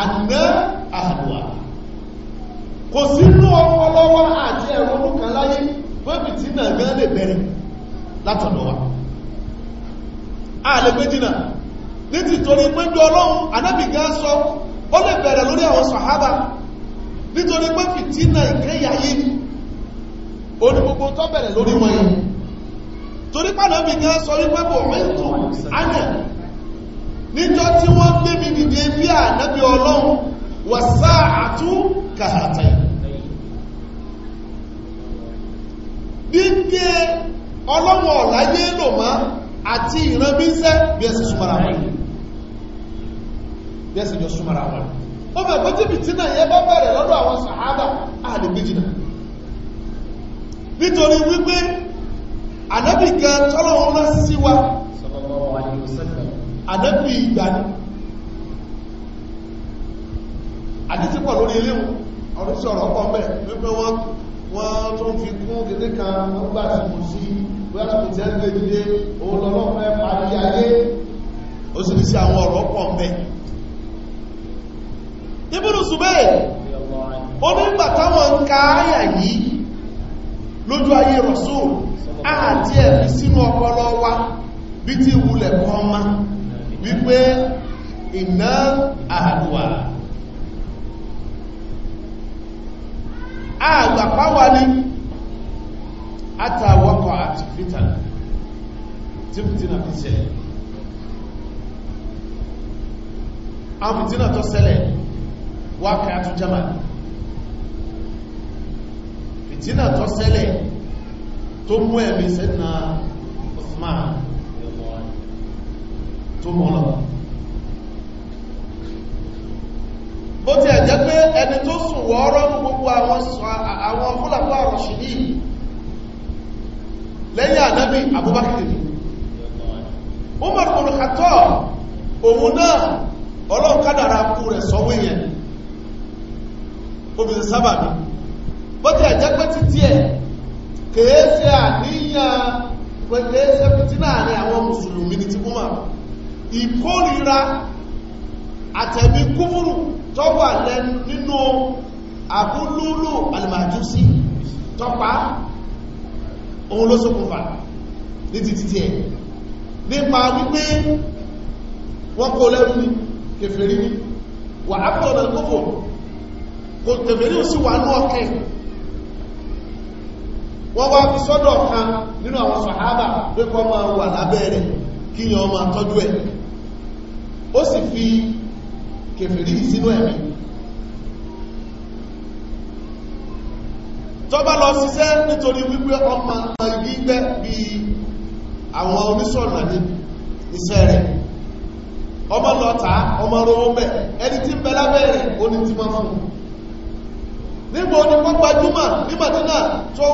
àná àbùwà kò sí ní ọpọlọwọ́ àti ẹ̀rọ olúkan láyé bẹ́bì tí náà gán lè bẹ̀rẹ̀ látọ̀dọ̀ wa a ní ti torí pẹ́jọ ọlọ́run anábì gán sọ ó lè bẹ̀rẹ̀ lórí àwọn sàhábà nítorí pé fìtínà ìkéyàyé ni ó ní gbogbo tó bẹ̀rẹ̀ lórí wọn torí sọ níjọ́ tí wọ́n gbé dìde bí ànábì ọlọ́run wà sáà àtú kàhàtẹ̀ dídé ọlọ́run ọ̀láyé lò má àti ìran bí sẹ́ bí ẹsẹ̀ súnmọ́ra wọn bí jọ súnmọ́ra wọn ó tí náà àdẹ́bì ìgbà ní àdítí pọ̀ lórí ilé ọdún sọ̀rọ̀ ọkọ̀ mẹ́ wípé wọ́n wọ́n tó ń fi kún gẹ́gẹ́ kan wọ́n gbà tí mo sí wẹ́tùkù tẹ́ lé dídé òun lọ́lọ́fẹ́ parí ayé ó sì ní sí àwọn ọ̀rọ̀ pọ̀ mẹ́ ibùdó ṣùgbẹ́ onígbà táwọn ń ka áyà yìí lójú ayé rọ̀sùn àti ẹ̀rí sínú ọpọlọ wa bí ti wulẹ̀ kan máa wípé iná àdùwà àgbàpáwà àtàwọ́kọ̀ àti fìtànà tí fìtànà fi ṣẹlẹ̀ àwọn fìtànà tó ṣẹlẹ̀ wákàá àtú germany fìtànà tó ṣẹlẹ̀ tó mú ẹ̀mí sẹ́nà Osman tó mọ́ lọ bó ti ẹ̀jẹ́ pé ẹni tó sùn wọ́ọ́rọ́ ní gbogbo àwọn fúlàfú àrọ̀ṣì ní lẹ́yìn ànábì Abubakar Umar bin Khattab òun náà ọlọ́kádàrà kú rẹ̀ sọ́wọ́ yẹn obìnrin sábàbí bó ti ẹ̀jẹ́ pé títí ẹ̀ kèése àníyàn pẹ̀lú ẹsẹ̀ fìtínà àárín àwọn mùsùlùmí ní ti kúmọ̀ ìkórìíra àtẹ̀mí kúfúrù tó wà lẹ́nu nínú àbúlúlù alìmàjúsí tọ́pá ohun ló ṣokùnfà ní ti títí ẹ̀ nípa wípé wọ́n kó lẹ́rú ní kèfèrí ní wà ápùlọ̀nà kófò kò kèfèrí ò sí wà ní ọkẹ́ wọ́n wá fi sọ́dọ̀ kan nínú àwọn sàhábà pé kọ́ máa wà lábẹ́ rẹ̀ kíyàn ọmọ tọ́jú ẹ̀ ó sì fi kèfèrí sínú ẹ̀mí lọ ṣiṣẹ́ nítorí wípé ọmọ ibi gbẹ́ bí àwọn oníṣọ̀nà ní iṣẹ́ rẹ̀ ọmọ lọ́ta ọmọ rówó mẹ́ ẹni tí bẹ lábẹ́ ó ní tí máa fún nígbò ní pọ́pá tó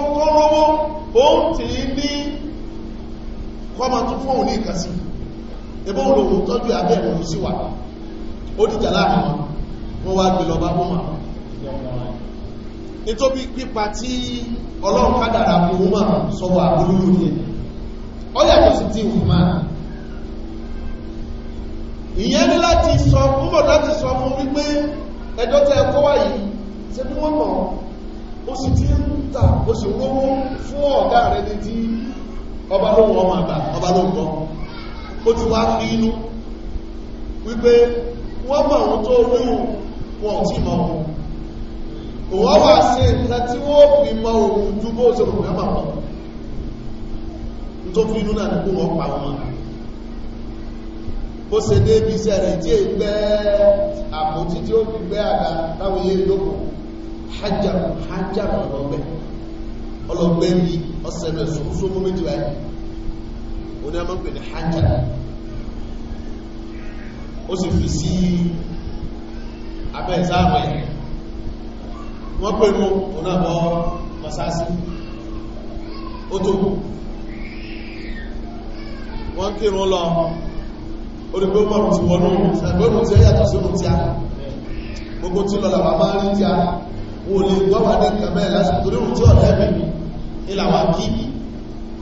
kọ́ ẹbọ́ olóòrùn tọ́jú abẹ́ ìrọ̀rùn sí wà ó dìjà láàrin wọn wá gbé lọ bá bọ́mà nítorí pípa tí ọlọ́run kádàrà mú ọmọ sọwọ́ àbúrúrú ní ẹ̀ ọ yàtọ̀ sí ti wù máa ìyẹn ní láti sọ fún mọ̀ láti sọ fún wípé ẹjọ́ tẹ́ ẹkọ́ wà yìí ṣe bí wọ́n mọ̀ ó sì ti ń tà ó sì rówó fún ọ̀gá rẹ̀ ní tí ọba ọmọ àgbà ọba ọmọ ó ti wá fi inú wípé wọ́n mọ̀ ohun tó lóyún wọn tí mọ̀ ohun òwọ́ wà sí nǹkan tí wọ́n fi mọ ohun ju bó ṣe rò mẹ́mà mọ̀ tó fi inú náà wọ́n pa wọn ó se dé ibi iṣẹ́ rẹ̀ tí ègbẹ́ àpótí tí ó fi àga ó ní a máa ń pè ní hajj ó sì fi sí abẹ́ ìsáàmù ẹ̀ wọ́n pè mú onáàbọ̀ masásí ó tó wọ́n kírun lọ orígbé ó mọ̀rún ti wọnú ṣàgbónú tí ó yàtọ̀ sínú tí a gbogbo tí lọ làwà máa rí tí a wò lè gbọ́wà ní kàmẹ́ lásìkò ríhùn tí ọ̀rẹ́ mi ìlàwà kí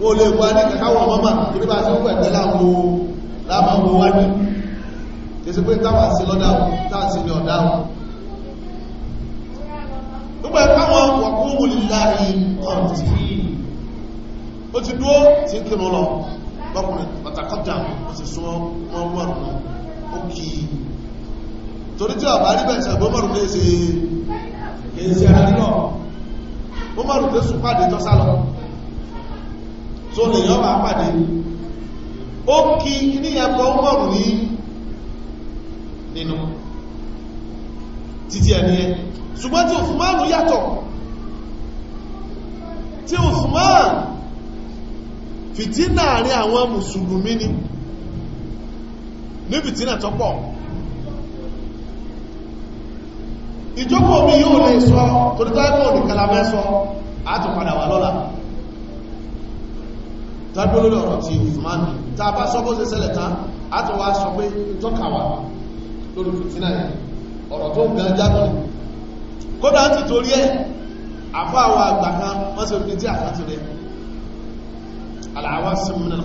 ó lè wá ní kàkáwọ̀ mọ́mà ibi bá sí pẹ̀lẹ́ láwọn láàmà owó wá ní kìí sí pé táwà sí lọ́dáwọ̀ táà sí ní ọ̀dáwọ̀ nígbà káwọn wàkúrò láàrin ọ̀tí ó ti dúó tí ń kírun lọ lọ́kùnrin pàtàkọ́jà ó sì sún wọn mọ́rùn ó kí torí tí ọ̀bá rí bẹ̀ẹ̀sẹ̀ bó mọ́rùn lè ṣe kìí sí ara nílọ̀ ó mọ́rùn tó sùn pàdé tó sálọ tó lè yọ́ máa pàdé ó kí ní ẹ̀kọ́ mọ̀rún ní nínú títí ẹni ẹ ṣùgbọ́n tí òfùmánù yàtọ̀ tí òfùmánù fìtínà rí àwọn mùsùlùmí ni ní tó pọ̀ ìjókòó mi yóò lè sọ torítọ́ ẹ̀kọ́ òdìkàlà mẹ́sọ àtùpadà tàbí olórí ọ̀rọ̀ ti Uthman tá a bá sọ bó ṣe ṣẹlẹ̀ tán a tó wá sọ pé tọ́ka wà lórí fìtínà yẹn ọ̀rọ̀ tó gan jágbọ́n kódà ti torí ẹ̀ àfọ́ àwọn àgbà kan wọ́n ṣe orí tí àfá ti rẹ̀ aláwọ̀ sí múnà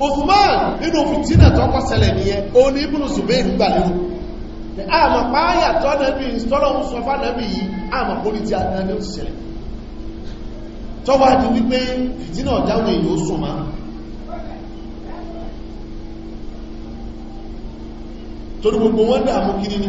Uthman nínú fìtínà tó kọ́ ṣẹlẹ̀ nìyẹn o ní ibùnú Zubairu gbà lérò àmà páyà tó nẹ́bí ìstọ́lọ́hún sọ fá nẹ́bí yìí àmà pólí tí a náà ní òsì ṣẹlẹ̀ tó wá di wípé fìtínà ọ̀dáwọn èyí ó sùn máa torí gbogbo wọ́n dààmú kiri ni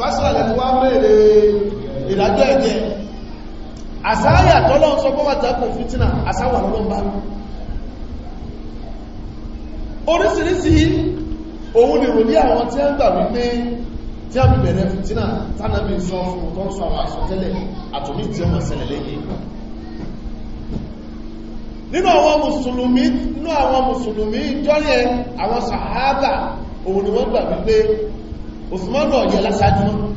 Basra lẹ́nu wá mẹ́rẹ̀ ìdájọ́ ẹ̀jẹ̀ àsáyà tọ́lọ́ sọ pọ́ wàtàkù fìtínà àsáwà lọ́lọ́mbà orísìírísìí òun ni rò ní àwọn tí a ń gbà wípé tí a bẹ̀rẹ̀ fìtínà tánàbí sọ fún tó ń sọ àwọn àsọtẹ́lẹ̀ àtòmí tí ó mọ̀ ṣẹlẹ̀ lẹ́yìn nínú àwọn mùsùlùmí nínú àwọn mùsùlùmí jọ́rẹ̀ òsùmọ́nù ọ̀yẹ́ lásájú mọ́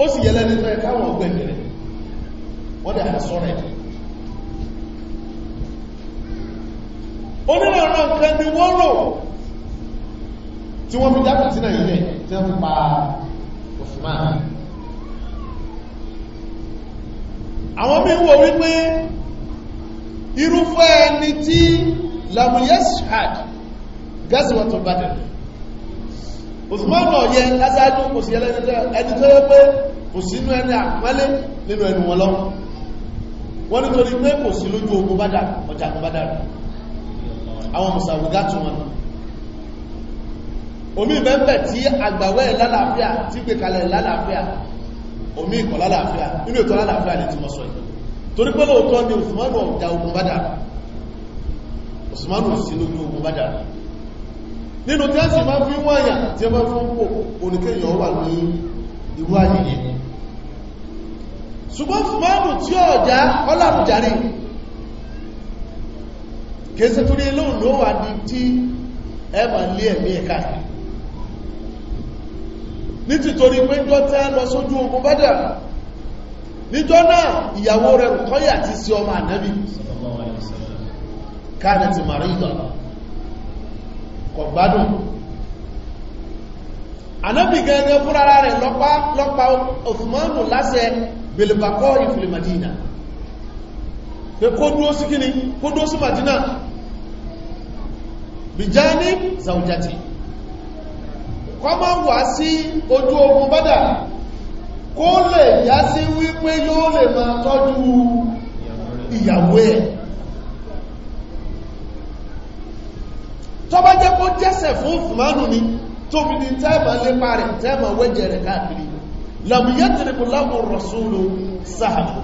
ó sì yẹlẹ́ nípa ẹ̀káwọn ọgbẹ̀gbẹ̀rẹ̀ wọ́n dẹ̀ àṣọ́rọ̀ ẹ̀ onílẹ̀ ọ̀nà kan ni wọ́n rò tí wọ́n fi dákùn sí náà ilẹ̀ tí wọ́n pa òsùmọ́n àwọn mẹ́wọ̀ wípé irúfẹ́ ẹni tí lamuyashad gásíwọ̀tọ̀ bàdàn Usman náà yẹ lásáájú kò sí ẹni tó yẹ pé kò sínú ẹni àpọ́nlé nínú ẹnu wọn lọ́wọ́ wọ́n nítorí pé kò sí lójú ogun bádà ọjà kan bádà rẹ̀ àwọn mùsàwùgá tún wọn omi ìbẹ́m̀bẹ̀ tí àgbàwẹ́ lálàáfíà tí gbé kalẹ̀ lálàáfíà omi ìkọ̀ lálàáfíà nínú ètò lálàáfíà ní tí mọ́ sọ torí pé lóòtọ́ ni Usman ọjà ogun bádà Usman ò sí lójú ogun bádà rẹ̀ nínú tí a sì máa fi wọ́n àyà tí a máa fi ń pò oníkẹyàn wà ní ìwú ayẹyẹ ṣùgbọ́n fúnmọ́nù tí ọ̀já ọlàrùjárí kèsì tó ní ilóhùn ló wà ní tí ẹ ma lé ẹ̀mí ẹ̀ká nítìtorí pé jọ tẹ́ lọ sójú ogun bádà níjọ́ náà ìyàwó rẹ̀ kọ́yà ti sí ọmọ ànábì káàdẹ̀ ti màrí ìdọ̀lọ́ kò gbádùn anábì gẹ́gẹ́ fún ara rẹ̀ lọ́pàá òfìmọ́nù lásẹ̀ belibakọ́ ìfìlì madina pé kó dúó sí kíni kó dúó sí madina bìjáni zaujati kọ́ máa wà sí ojú ogun bádà kó lè yá sí wípé yóò lè máa tọ́jú ìyàwó ẹ̀ tó bá jẹ́ kó jẹ́sẹ̀ fún fùmánù ni tóbi ní tẹ́ẹ̀mà lépa rẹ̀ tẹ́ẹ̀mà wẹ́jẹ̀ rẹ̀ káàkiri làmìyàtìrìkù lágùn rọ̀súlù sáàbù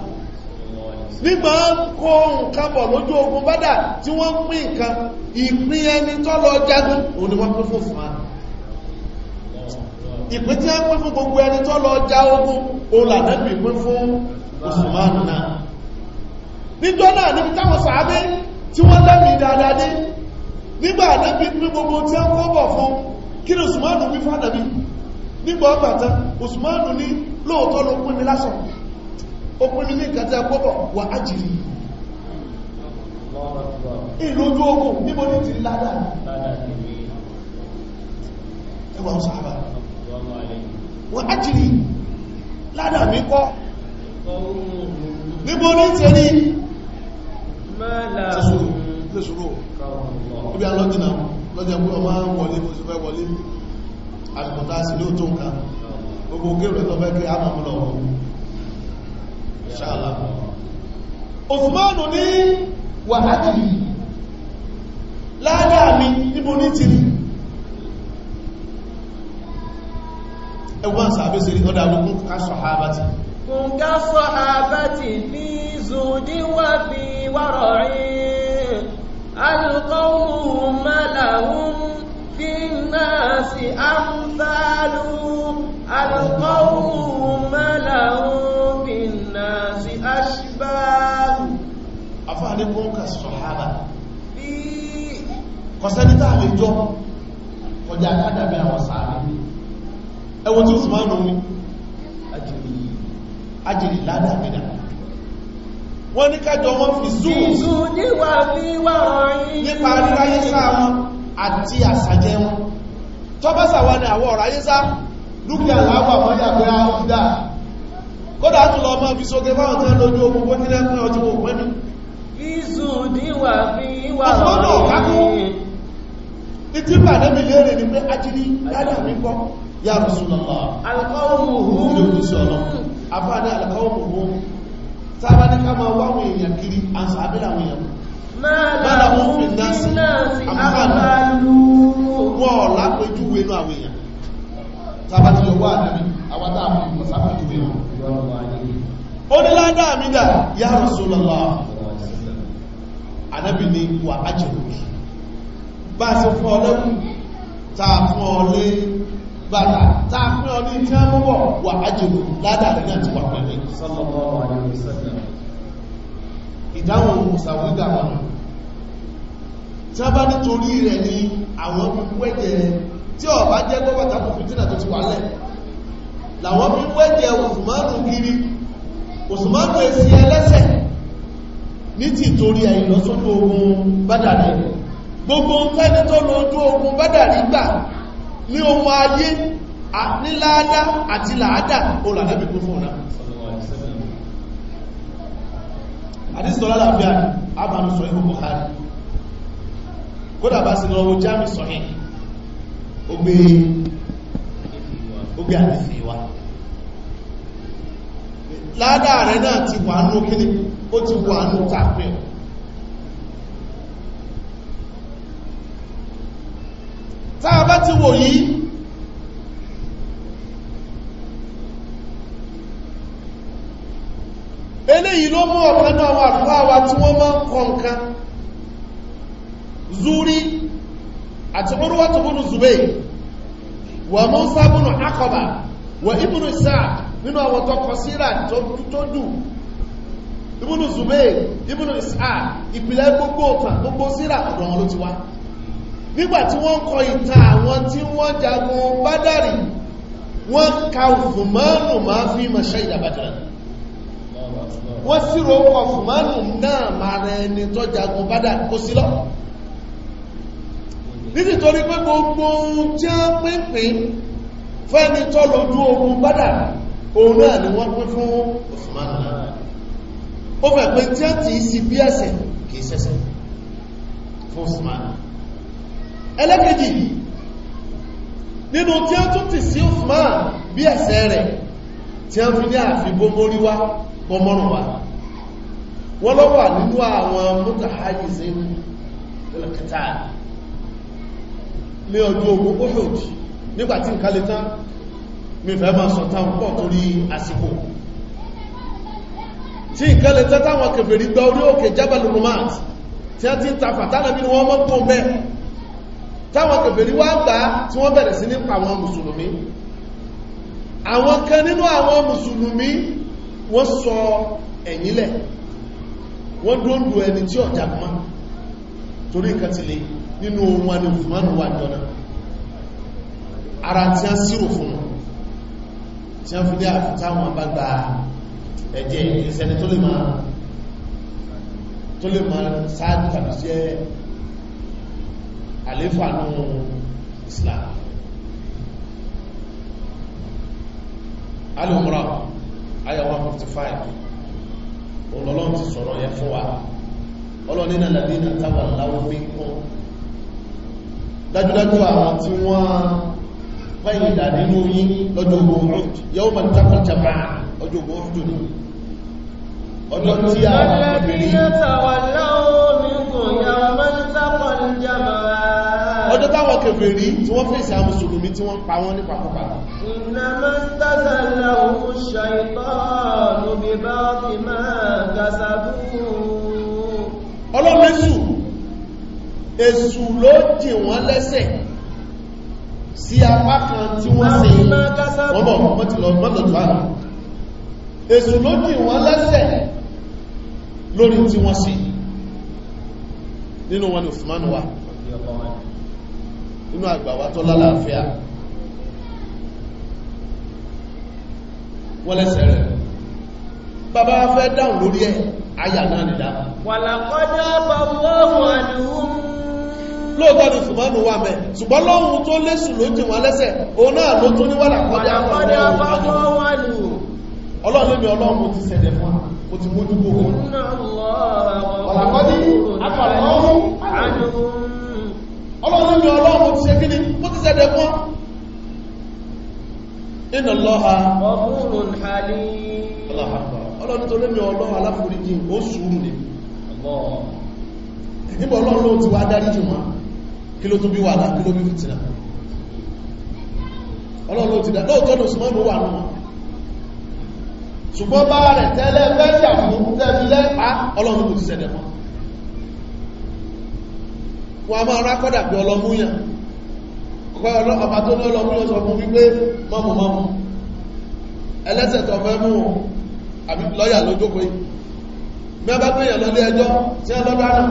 nígbà kó nǹkan bọ̀ lójú ogun bádà tí wọ́n pín nǹkan ìpín ẹni tó lọ jagun òun ni wọ́n pín fún fùmánù ìpín tí wọ́n pín fún gbogbo ẹni tó lọ já ogun òun làdẹ́bì pín fún Usman náà níjọ́ náà níbi táwọn sàábé tí wọ́n lẹ́mìí dáadáa nígbà ànábí ní gbogbo tí a kó bọ̀ fún kí ni Usmanu wí fún ànábí nígbà ọgbàtà Usmanu ní lóòtọ́ ló pín mi lásán ó pín mi ní nǹkan tí a kó bọ̀ wà ájìrì ìlú ojú ogun níbo ní ti ládà ẹwà ọ̀sáàbà wà ládà mi kọ́ níbo ní tẹ̀lé ti sùúrù ilé ṣòro ibi alọ́jìnà lọ́jẹ́ pé ọmọ wọlé bó ṣe fẹ́ wọlé àṣìkọ̀tà sí ló tó nǹkan gbogbo gẹ́rẹ̀ tó kí a mọ̀ lọ ṣáàlá òfúmánù ní wàhálì ládàá mi níbo ní ti ẹwọ́n fi wárọ̀ rí القوم لهم في الناس أمثال القوم لهم في الناس أشبال أفعلكم كالصحابة kọ̀sẹ́ni tàà lè jọ kọjá àdàbí àwọn sàárì ẹwọ́n tí ó sì máa nù ní ajìrì ládàmìnà wọ́n ní kájọ wọ́n fi zuu nípa ríráyé sáà wọn àti àsàjẹ wọn tó bá sàwọn ni àwọ̀ ọ̀ráyé sá dúkìá láwọ̀ àmọ́yàgbé àwọ̀dá kódà tún lọ máa fi sókè fáwọn tẹ́ lójú ogun bó nílẹ̀ pín ọjọ́ òpin ní ìzùdíwà fi wà rọ̀rọ̀ ìtí pàdé mi lérè ní pé ajírí dádà mi kọ́ ya Rasulullah alkọ́wùmù hù sábà ní ká máa wáwọn èèyàn kiri àṣà abẹ́lẹ̀ àwọn èèyàn mọ́lá wọn fi dáṣì àmúhànú wọ́n lápẹjúwé inú àwọn èèyàn sábà tí lọ́wọ́ àdámi àwátá àmì ìpọ̀sápẹjúwé wọn ó ní ládá àmìdà yá Rasulullah anábì ní wà ájẹ̀rù bá a ṣe fún ọlẹ́kùn tàà fún ọlẹ́ bàtà tá a pín ọ ní tí wọ́n mú bọ̀ wà ájòrò ládàrí náà ti wà pẹ̀lú ìdáhùn mùsàwídà wọn tí wọ́n bá nítorí rẹ̀ ní àwọn wẹ́jẹ̀ tí ó bá jẹ́ pé bàtà kò fìtínà tó ti wà lẹ̀ làwọn bí wẹ́jẹ̀ òsùmánù kiri òsùmánù èsì ẹlẹ́sẹ̀ ní ti torí ẹ̀yìn lọ́sọ́dọ̀ ogun bádàrí gbogbo ń fẹ́ nítorí ojú ogun bádàrí gbà ní ohun ayé ní láádá àti làádá olàdábì kún fún ọ̀nà àdísọ́lá làbíà àbàmì sọ ìhùn Bukhari kódà bá sí lọ́wọ́ jámi sọ̀hìn ogbe ogbe àdísì wa láádá rẹ̀ náà ti wà ní okíní ó ti wà ní tàpíọ̀ táa bá ti wò yìí eléyìí ló mú ọ̀kan náà wà fáwa tí wọ́n mọ́ kọǹkan zúrí àti orúwàtí búnú zùbẹ́ wà Mùsá búnú akọba wà ibùnú sáà nínú àwọn tọkọ síra tó dù ibùnú zùbẹ́ ibùnú sáà ìpìlẹ̀ gbogbo ọ̀tàn gbogbo síra ọ̀dọ̀ wọn ti wá nígbà tí wọ́n kọ ìtàn àwọn tí wọ́n jagun bádàrí wọ́n ka fùmánù máa fi mọ̀ṣẹ́ ìdàbàdà wọ́n sì rọ́kọ̀ fùmánù náà máa rẹ ẹni tó jagun bádàrí kó sílọ́ nítorí pé gbogbo ohun tí a pínpín fẹ́ni tó lójú ogun bádàrí òun náà ni wọ́n pín fún Usman náà ó fẹ́ pé tí a ti sí bí ẹ̀sẹ̀ kìí sẹ́sẹ̀ fún Usman náà ẹlẹ́kejì nínú tí a tún ti sí Uthman bí ẹ̀sẹ̀ rẹ̀ tí a fi ní àfi gbogborí wá gbọmọ́rùn wá wọ́n lọ wà nínú àwọn mutahajizi kẹta ní ọjọ́ ogun Uhud nígbàtí nǹkan lè tán mi fẹ́ máa sọ táwọn pọ̀ torí àsìkò tí nǹkan lè tán táwọn kèfèrí gba orí òkè Jabal Rumat tí a ti ń ta fàtánà bí wọ́n mọ́ tó mẹ́ táwọn kèfèrí wá gbà tí wọ́n bẹ̀rẹ̀ sí ní pa àwọn mùsùlùmí àwọn kan nínú àwọn mùsùlùmí wọ́n sọ ẹ̀yìnlẹ̀ wọ́n dóndò ẹni tí ọ̀jà mọ́ torí nǹkan ti lè nínú ohun wa ni Usmanu wà jọna ara tí a sírò fún tí a fi dé àfitáwọn àbágbà ẹ̀jẹ̀ ìsẹni tó lè máa sáájú tàbí sí àléfà nínú Islam alìmọ́ra ayà 155 olọ́lọ́n ti sọ̀rọ̀ yẹ fún wa ọlọ́nínà làdínà tàbà láwọ́ bí kún dájúdájú àwọn tí wọ́n báyìí dà nínú yí lọ́jọ́ ogun rúd yóò mọ̀ tàbà jàmà ọjọ́ ogun rúd ní ọdún táwọn kèfèrí tí wọ́n fèsì àwọn mùsùlùmí tí wọ́n pa wọ́n ní pàpọ̀pà ọlọ́mẹ́sù èsù ló jì wọ́n lẹ́sẹ̀ sí apá kan tí wọ́n ṣe wọ́n bọ̀ wọ́n ti lọ mọ́tọ̀ tó àrùn èsù ló jì wọ́n lẹ́sẹ̀ lórí tí wọ́n ṣe nínú wọn ni Usman wà nínú àgbàwá tó lálàáfíà wọ́n lẹ́sẹ̀ rẹ̀ bàbá fẹ́ dáhùn lórí ẹ̀ ayà náà nìdá wàlàkọ́já bàbá wọn lóòtọ́ ni ṣùgbọ́nù wà mẹ́ ṣùgbọ́n lọ́hun tó lésù ló jìn wọn lẹ́sẹ̀ òun náà ló tún ní wàlàkọ́já bàbá wọn lù ọlọ́run mi ti ṣẹlẹ̀ fún mo ti mójú gbogbo ọlàkọ́dí ọlọ́run mi ọlọ́run ti ṣe kí ni mo ti ṣẹ̀dẹ̀ fún iná lọ́ha ọlọ́run tó lémi ọlọ́run aláforíjì ó sùúrù ní nígbà ọlọ́run ló ti wá dárí jù wọn kí ló tún bí wà náà kí ló bí fìtìnà ọlọ́run ti dá lóòtọ́ ní òsùnmọ́ ló wà náà ṣùgbọ́n bá rẹ̀ tẹ́lẹ̀ fẹ́ ṣàfún tẹ́lẹ̀ ọlọ́run kò ti ṣẹ̀dẹ̀ fún wọ́n a máa rákọ́dà bí ọlọ́múyàn ọba tó ní ọlọ́múyàn sọ fún wípé mọ́mù mọ́mù ẹlẹ́sẹ̀ tó fẹ́ mú àbí lọ́yà lójókòó mẹ́bá gbéyàn lọ́lé ẹjọ́ sí ẹlọ́dára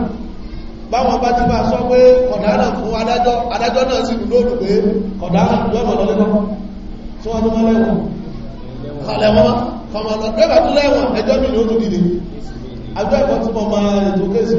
báwọn bá ti máa sọ pé kọ̀dára fún adájọ́ adájọ́ náà sì lóòrù pé kọ̀dára yọ́mọ̀ lọ́lé lọ́wọ́ tí wọ́n tó mọ́ lẹ́wọ̀n kọ̀lẹ̀wọ́n kọmọ̀ lọ́dẹ́bà tó lẹ́wọ̀n ẹjọ́ mi ni ó tó dìde àjọ ẹ̀kọ́ tí mọ́ máa ètò kéèsì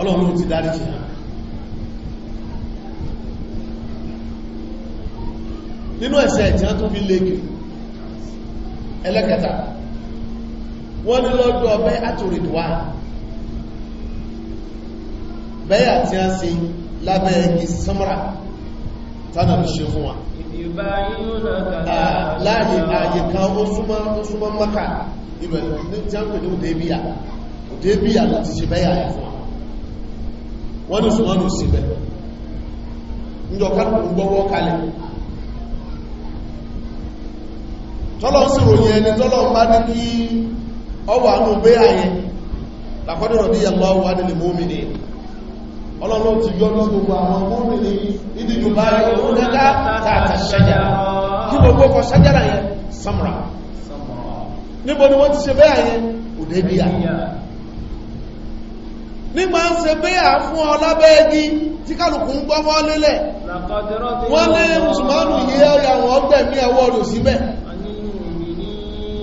ọlọ́run ti dárí jì nínú ẹ̀sẹ̀ tí wọ́n tó fi léèkì ẹlẹ́kẹta wọ́n ní lọ́dọ̀ ọbẹ́ àtòrìdùwà bẹ́yà tí a ṣe lábẹ́ ẹgbẹ̀ samara tánà lè ṣe fún wa láàrin ààyè kan ó súnmọ́ maka ìrẹ̀lẹ̀ tí a ń pè ní òdébíyà òdébíyà láti ṣe bẹ́yà fún wa wọ́n ní Usman síbẹ̀ ìjọkàtù gbọ́wọ́ kalẹ̀ tọ́lọ̀ sí ròyìn ẹni tọ́lọ̀ bá ní kí ọwà ní obé ayẹ làkọ́dọ̀rọ̀ ní yàlọ́ wà nílẹ̀ mọ́mìnì ọlọ́lọ́ ti yọ́ ní gbogbo àwọn mọ́mìnì ní ma ń ṣe pé à fún ọ lábẹ́ ẹgbí tí kálùkù ń gbọ́mọ́ lélẹ̀ wọ́n lé musulmanu yìí ọ̀yà wọ́n gbẹ̀mí ẹwọ́ rẹ̀ òsímẹ̀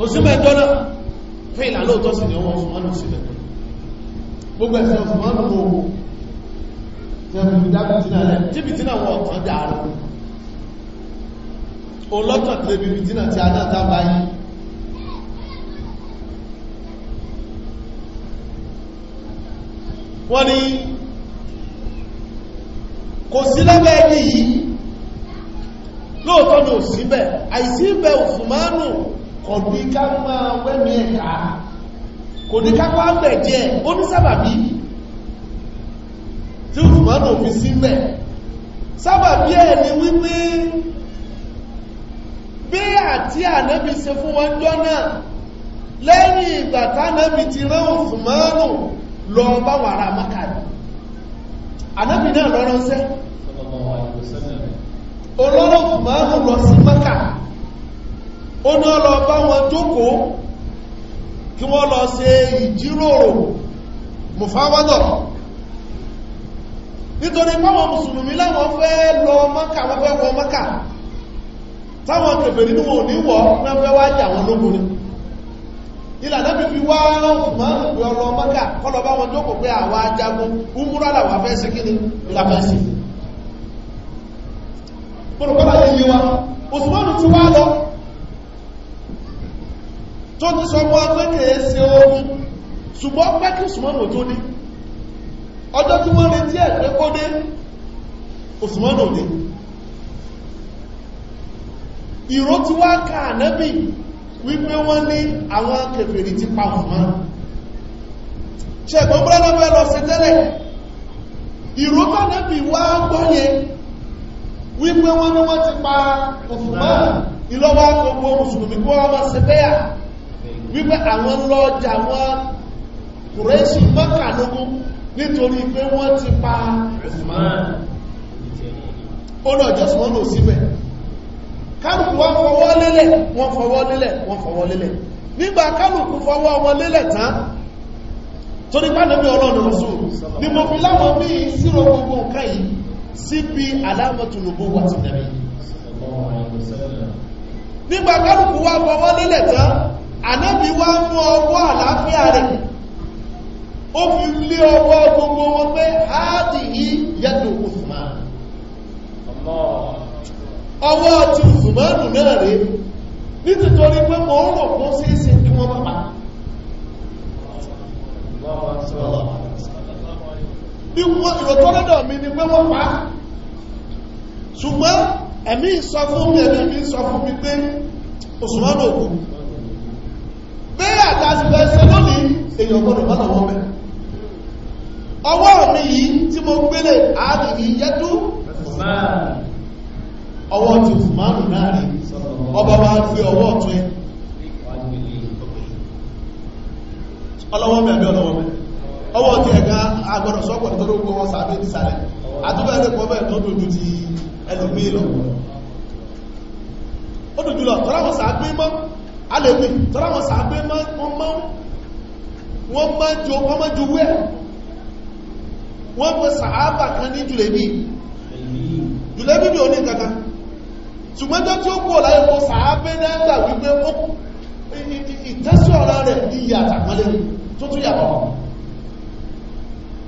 òsímẹ̀ dọ́nà fún ìlànà òtọ́ sí ni ọwọ́ musulmanu òsímẹ̀ gbogbo ẹ̀sẹ̀ musulmanu wọ́n ni kò sí lẹ́bẹ̀ ẹni yìí lóòtọ́ ni ò síbẹ̀ àìsí ibẹ̀ òfùmánù kò bí ká máa wẹ́mí ẹ̀ká kò ní kápá bẹ̀ jẹ́ onísábàbí tí òfùmánù fi síbẹ̀ sábàbí ẹ̀ ni wípé bí àti ànábi ṣe fún wọn jọ náà lẹ́yìn ìgbà tánábi ti rán òfùmánù lọ bá wàrà mọ́kà anábì náà lọ ránṣẹ́ olóró márùn lọ sí mọ́kà ó ní ọlọ bá wọn jókòó kí wọ́n lọ ṣe ìjíròrò mùfáwádọ̀ nítorí pàwọn mùsùlùmí láwọn fẹ́ lọ mọ́kà wọ́n fẹ́ wọ mọ́kà táwọn kèfèrí nínú òníwọ̀ ilà náà fi wá ránwù mọ́ ìpè ọ̀rọ̀ mọ́kà kọ́lọ̀ bá umura làwà fẹ́ sí kí ni ìlà fẹ́ sí pọ̀rọ̀pọ̀lá yẹ yí wa òsùmọ́nù ti wá lọ tó ti sọ mọ́ pé kèé ṣe ogun ṣùgbọ́n pẹ́ kí òsùmọ́nù tó dé ọjọ́ tí wọ́n retí ẹ̀ pé kó dé òsùmọ́nù dé ìró ti wá ká ànábì wípé wọ́n ní àwọn kèfèrè ti pa wọ́n mọ́ ṣẹ̀gbọ́n bọ́lá fẹ́ lọ sí tẹ́lẹ̀ ìrókọ̀ nẹ́bì wá gbọ́yẹ wípé wọ́n ní wọ́n ti pa òfùmọ́ ìlọ́wọ́ gbogbo mùsùlùmí kó wọ́n mọ́ sí bẹ́yà wípé àwọn lọ́jà wọn kùrẹ́sì mọ́kànlógún nítorí pé wọ́n ti pa òfùmọ́ ó lọ jọ́sùn wọn lò síbẹ̀ kálùkù wọ́n fọwọ́ lélẹ̀ wọ́n fọwọ́ lélẹ̀ wọ́n fọwọ́ lélẹ̀ nígbà kálùkù fọwọ́ wọn lélẹ̀ tán tó nípa nẹ́bí ọlọ́nà ọ̀sùn ni mo fi láwọn mí síro gbogbo nǹkan yìí sí bí alámọ̀tòlògbò wà ti nẹ́bí nígbà kálùkù wọ́n fọwọ́ lélẹ̀ tán ànábì wá mú ọwọ́ àlàáfíà rẹ̀ ó fi lé ọwọ́ gbogbo wọn pé áàdì yìí yẹ́dùn ọwọ́ ti zùmọ́nù náà rí nítorí pé mọ̀ ń rọ̀ mọ́ sí ìsìn kí wọ́n bàbá bí wọ́n ìrọ̀tọ́lọ́dọ̀ mi ni pé wọ́n pa ṣùgbọ́n ẹ̀mí sọ fún mi ẹ̀mí sọ fún mi pé òṣùmọ́nù òkú bẹ́ẹ̀ àtàṣìbẹ̀ ṣe lónìí èyàn gbọ́dọ̀ bá lọ́wọ́ mẹ́ ọwọ́ mi yìí tí mo gbélé àárín ìyẹ́dú ọwọ́ ti tùmánù náà rí ọba máa gbé ọwọ́ ọ̀tún ẹ ọlọ́wọ́ mẹ́rin ọlọ́wọ́ mẹ́rin ọwọ́ ti ẹ̀gá agbọ́dọ̀ sọ́pọ̀ tó rúgbọ́ wọn sàbẹ́ nísàlẹ̀ àtúbẹ̀ẹ́sẹ̀ pọ̀ mẹ́rin jùlẹ̀bí jùlẹ̀bí ní kankan ṣùgbọ́njọ́ tí ó kúrò láyé mọ́ sàábé náà wípé ó ìtẹ́sí ọ̀rọ̀ rẹ̀ ní ìyà àtàkọ́lẹ̀ tó tún yàtọ̀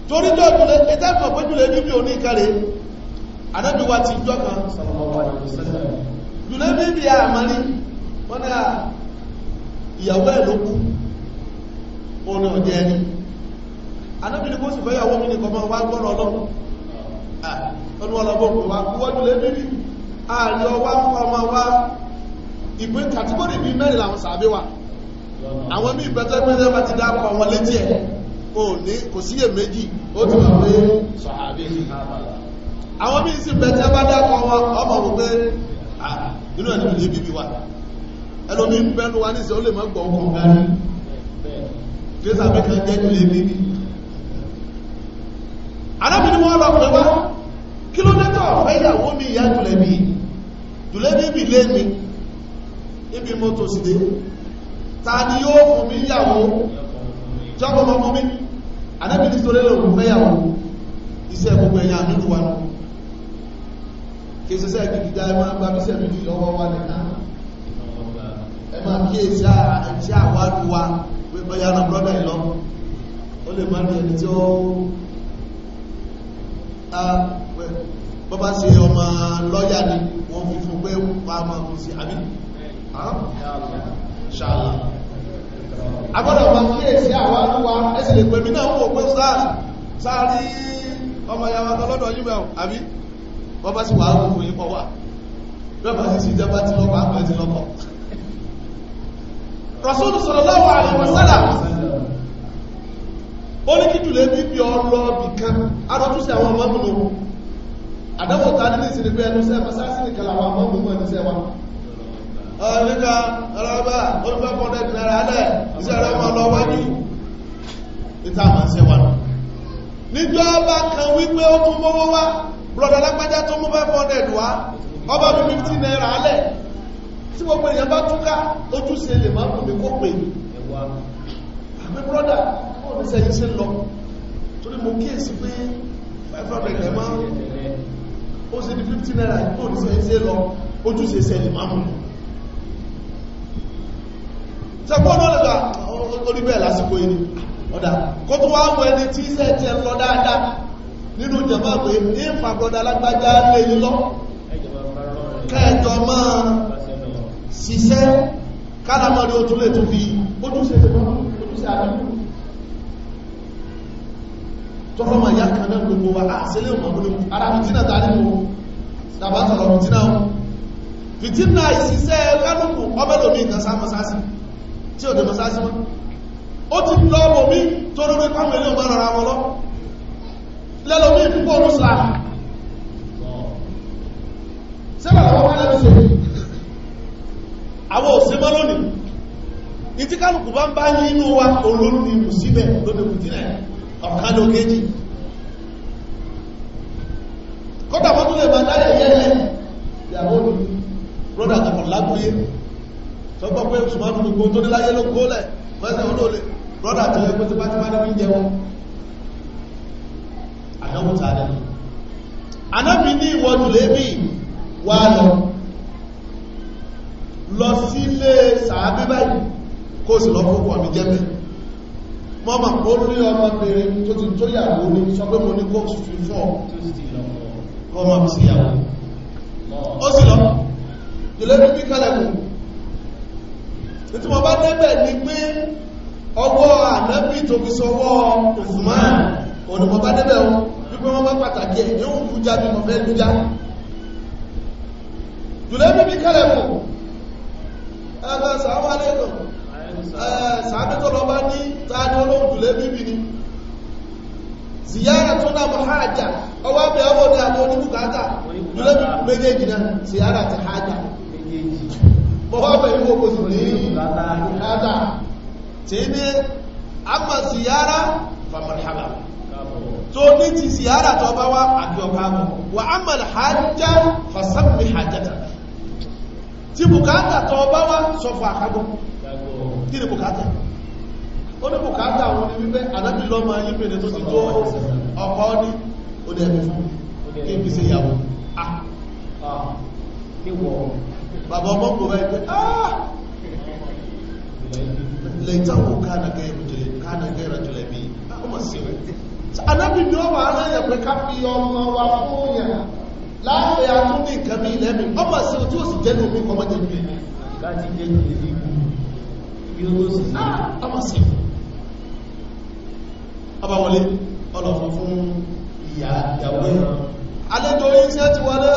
torí dọ́dúnlẹ̀ ẹ̀tẹ́fọ̀ péjúlẹ̀ níbi òní ìkàrẹ̀ anábíwá ti jọ́ kan jùlẹ̀ níbi àmàrí wọ́n ní ìyàwó ẹ̀ ló kú òní ọ̀dẹ́ ẹni anábìnrin kó sì fẹ́ yàwó mi nìkan máa wá gbọ́rọ̀ ọlọ́run àlọ́ wá ọmọ wá ìgbé kàtíkòrì bí mẹ́rin làwọn sàábé wa àwọn ní ìbẹ́tẹ́ pẹ́lẹ́ bá ti dákọ̀ ọmọ létí ẹ̀ o ní kò síyè méjì ó ti wà pé sàábé àwọn míì sì bẹ́tẹ́ bá dákọ̀ ọmọ wò pé inú ẹ̀ níbi níbi wa ẹlòmí ń bẹ́nu wa níṣẹ́ ó lè mọ́ gbọ́ ọkọ̀ gárí kí sàbẹ́kẹ́ jẹ́ nílé níbi arábìnrin wọn lọ pẹ̀lú kí ló dẹ́tọ̀ ọ̀fẹ́ ìyàwó mi ìyá jùlẹ̀bí jùlẹ̀bí ibi lé mi ibi mo tó sì dé ta ni yóò fún mi ìyàwó jọ́pọ̀ mọ́ fún mi anẹ́bì ní torí lè òun fẹ́yàwó iṣẹ́ gbogbo ẹ̀yà àmìlú wa nù kí ṣiṣẹ́ gidi dá ẹmọ́ gba bí sẹ́mi di lọ́wọ́ wa nìta ẹmọ́ kí èsì àti àwádùú wa pé bọ́yá ọ̀nà brọ́dà ìlọ ó lè má ní ẹni tí ó pé bọ́ bá ṣe ọmọ lọ́yà ni wọ́n fi fún pé wà á máa fi sí àbí ṣàlá agbọ́dọ̀ máa kíyèsí àwọn alúwa ẹsì lè pẹ̀mí náà wò pé sáàrí ọmọ yàwó ọlọ́dọ̀ yíbẹ̀ àbí wọ́n bá sì wà á gbogbo yípo wà sí ìjọba tí lọ́pàá Rasulullah sallallahu alaihi wasallam ó ní kíjùlé bíbí àdáwò tá ní ìsinmi pé ẹnu sẹ́ẹ̀mọ́ sáàsì nìkan làwọn amọ́gbogbo ẹni sẹ́wà ọ̀rẹ́ká ọlọ́bà olùfẹ́kọ̀ọ́dẹ̀ náírà alẹ́ iṣẹ́ rẹ̀ mọ́ lọ wá ní ìta àmà sẹ́wà níjọ́ bá kan wípé ó tún mọ́wọ́ wá brọ̀dà lápájá tó mú 500 wá ọba bí 50 náírà alẹ́ tí gbogbo èèyàn bá túká ojú sí ilẹ̀ máa kùn mí kó pè àmì brọ̀dà ó ní sẹ́yìn sí lọ torí mo kíyèsí pé 500 náírà ó sì ní 50 naira tó ní sẹ́ ṣe lọ ojúṣe ṣe lè máa mú ṣẹ̀pọ̀ náà lọ́gbà orí bẹ́ẹ̀ lásìkò yìí ọ̀dà kó tó wá wọ ẹni tí iṣẹ́ ti ẹ lọ dáadáa nínú jẹ̀mọ́ pé ní ìfàgbọ́dà lágbájá lè lọ kẹjọ máa ṣiṣẹ́ kálàmọ́rí ó tún lè tún fi ojúṣe ṣe mọ́ ojúṣe àdúgbò tó fọ́ ma yá kan náà gbogbo wa àṣílẹ̀ òmàgbónú ara fìtínà tààrí mú tàbátọ̀lọ̀ fìtínà ó fìtínà ìṣiṣẹ́ kánùkù ọbẹ̀lòmí ìkan sá masáàsì tí ò dé masáàsì wọn ó ti lọ bòmí tó lórí pàmò ilé ọmọ rọra wọn lọ lẹ́lọ́mí púpọ̀ mùsùlá sẹ́bà lọ́wọ́ wá lẹ́nu sọ àwọn òsè mọ́ lónìí ìtíkánùkù bá ń bá yí inú wa olóòrùn ìlú síbẹ̀ lónìí kùtínà ọ̀kan ló kéjì kọ́dà wọ́n tó lè bá dáyẹ̀ yẹ́lẹ̀ ìyàwó ni rọ́dà àpọ̀ lágbóyé sọ́gbọ́ pé ṣùgbọ́n gbogbo tó ní láyé ló kólẹ̀ mẹ́sẹ̀ olóòlè rọ́dà tó lè pẹ́sẹ̀ pátí pátí ní jẹun àdánwò tààdẹ̀ anábì ní ìwọ̀dù lébì wà lọ lọ sílé sàábíbẹ̀ kó sì lọ fún ọmọ ìjẹ́bẹ̀ẹ́ mọ́ ma kó rí ọmọbìnrin tó ti tó yàwó ní sọ pé mo ní kóòkù fi fọ́ kọ́ ma bí sí yàwó ó sì lọ jùlẹ́bí bí kálẹ̀kùn tí mo bá débẹ̀ ní pé ọwọ́ ànábì tó fi sọwọ́ òfùmáà òní mo bá débẹ̀ wọn wípé wọ́n bá pàtàkì ẹ̀ ní òun lújá bí mo fẹ́ lújá jùlẹ́bí bí kálẹ̀kùn ẹgbẹ́ sàwọn alẹ́kùn sàbítọ̀ lọ bá ní tàbí olóhùn jùlẹ̀ bíbí ni ziyara tó náà mọ̀hájà ọwá bẹ̀ ọwọ́ ní àtọ́ ní bukata jùlẹ̀ bíbí méjèèjì náà ziyara ti hájà mọ̀há bẹ̀ ìwò kò sì ní bukata tí ní àmà ziyara fàmàlhàbà tó ní ti ziyara tó bá wá àti ọ̀pá mọ̀ wà àmà hájà fàsàmì hájàtà tí bukata tó bá wá sọ fún àkágbọ́ kí ni bùkátà ó ní bùkátà àwọn ní wípé ànábì lọ́mọ ayébèrè tó ti tó ọkọ̀ ní ó dẹ̀ ẹ̀mí fún kí n fi ṣe ìyàwó ah. bàbá ọmọ kò báyìí pé lẹ́tàwó kánàkẹ́ ìrìnjẹ̀lẹ̀ bí i ọmọ sí rẹ̀ anábì ni ó wà á lẹ́yẹ̀ pé ká fi ọmọ wa fún yẹn láàrin atún ní nǹkan bí ilẹ̀ mi ọmọ sí ojú òsì jẹ́ ní omi kọmọ jẹ́ ní yóò tó sí ọmọ sí ọba wọlé ọlọ́fún fún ìyá ìyàwó ìran alẹ́jọ iṣẹ́ ti wọlé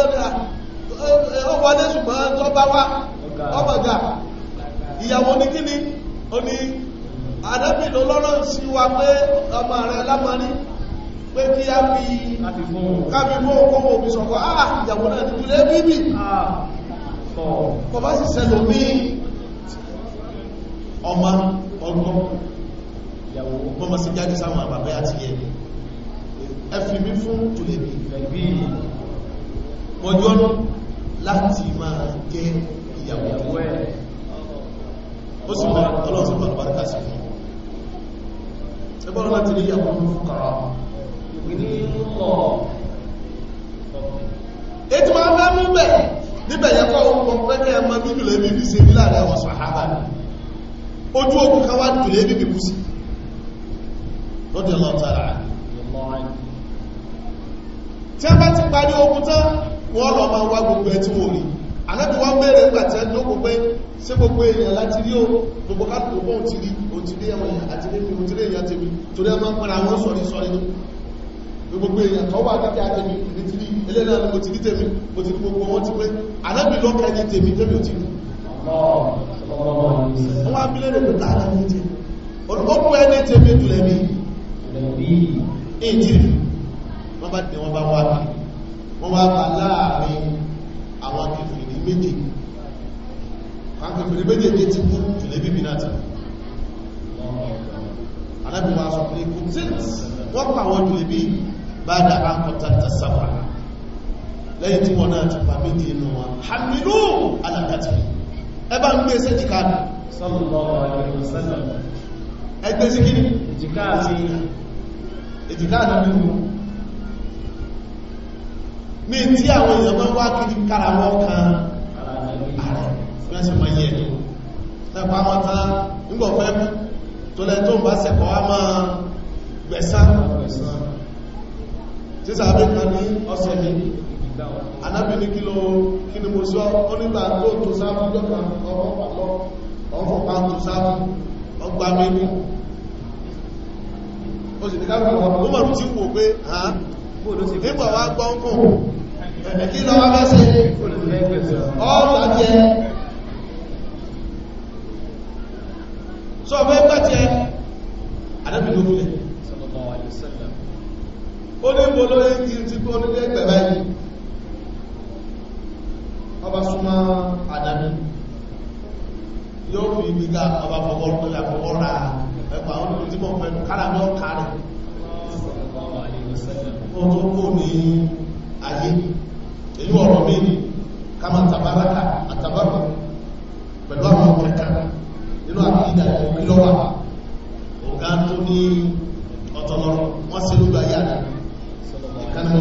ó wọlé ṣùgbọ́n tó bá wá ọmọgá ìyàwó ní kíni ó ní àdẹ́bìnà lọ́rọ̀ sí wa pé ọmọ rẹ̀ lámọ́rí pé kí á fi kábí mọ́ ọkọ́wọ́ òbí sọ̀kọ́ ah ìyàwó náà ti dúlé bíbí kọ̀bá ah, sì sẹ́lòmíì ọmọ ọgbọ́n ìyàwó ọgbọ́n ma sí jáde sáwọn àbàbá àti yẹ ẹfì mi fún tòlébì ìfẹ̀lẹ́bí mọjọ́nù láti máa jẹ ìyàwó ẹ̀ ó sì máa ọlọ́sùn pàtàkì sí fún ẹgbọ́n láti rí ìyàwó fúkàrà ètò máa bá mú bẹ̀ níbẹ̀ yẹ kọ́ ọmọ pẹ́kẹ́ ẹmọ bíbí lẹ́bí bí ṣe ní láàrin àwọn sàhábà ni ojú ogun kan wá dùn lé bíbí kú sí radiyallahu ta'ala tí a bá ti parí ogun tán wọ́n lọ máa wá gbogbo ẹ̀ tí wọ́n rí anábi wọ́n bẹ̀rẹ̀ nígbà tí ẹni lókò pé ṣé gbogbo èèyàn láti rí o gbogbo káàkiri pọ́ ti rí o ti rí ẹwọ̀n èèyàn àti rí o ti rí èèyàn tèmi torí ẹ máa ń pẹ́ra wọn sọ̀rí sọ̀rí ní gbogbo èèyàn tó wà dákẹ́ àtẹ́mi ní ti rí eléyàn mo ti rí tèmi mo ti rí gbogbo wọn ti pé anábi lọ́kẹ́ ní tèmi tèmi ò ti rí wọ́n wá bílẹ̀ rẹ̀ pẹ̀lú ara ní jẹ́ olùkọ́kọ́ ẹni tẹ́ mẹ́tù lẹ́bí ìjì wọ́n bá tẹ́ wọ́n bá wá kí wọ́n wá bá láàrin àwọn kèfèrè méjì kèfèrè méjì èké ti kú tùlẹ́bí bí náà ti alábìwá sọ pé kò tí wọ́n hamilu alákàtìkì ẹbá ń gbé ẹsẹ́ jìká ẹgbẹ́ sí kí ní ìjìká àti ìjìká àti ní tí àwọn èèyàn máa wá kí ní kára wọ́n kan ààrẹ fẹ́sẹ̀ máa yẹ ẹ̀dùn tẹ́pá wọn tán nígbọ̀ fẹ́ mú tó lẹ́ tó ń bá sẹ̀kọ́ wá máa gbẹ̀sán tí sàbẹ́ ní ọ̀sẹ̀ anábì ní kílò kí ni mo sọ ó nígbà tó tó sáfún lọ́kà ọmọ ọ̀fọ̀pá tó sáfún ọgbà mẹ́rin ó sì ní káàkiri ọmọ mọ̀rún tí wò pé àá nígbà wá gbọ́nkùn kí lọ wá bẹ́ sí ọ̀rọ̀ àti ẹ sọ fẹ́ gbàtí ẹ anábì ló fi lẹ̀ ó ní mo lóye kí n ti kó nílé ẹgbẹ̀rẹ̀ yìí ọba súnmọ́ àdàbí yóò fi ibi ká ọba fọwọ́ ra ẹgbà ọdún tí mọ̀ pẹ̀lú káràbí ọ̀ká rẹ̀ ó tó kó ní ayé èyí ọ̀rọ̀ mẹ́rin kama tabaraka àtàbàbà pẹ̀lú àwọn ọmọ ẹ̀ka nínú àkídà ìlọ́wà ọ̀gá tó ní ọ̀tọ̀lọ́rọ̀ wọ́n sí lóbi ayé àdàbí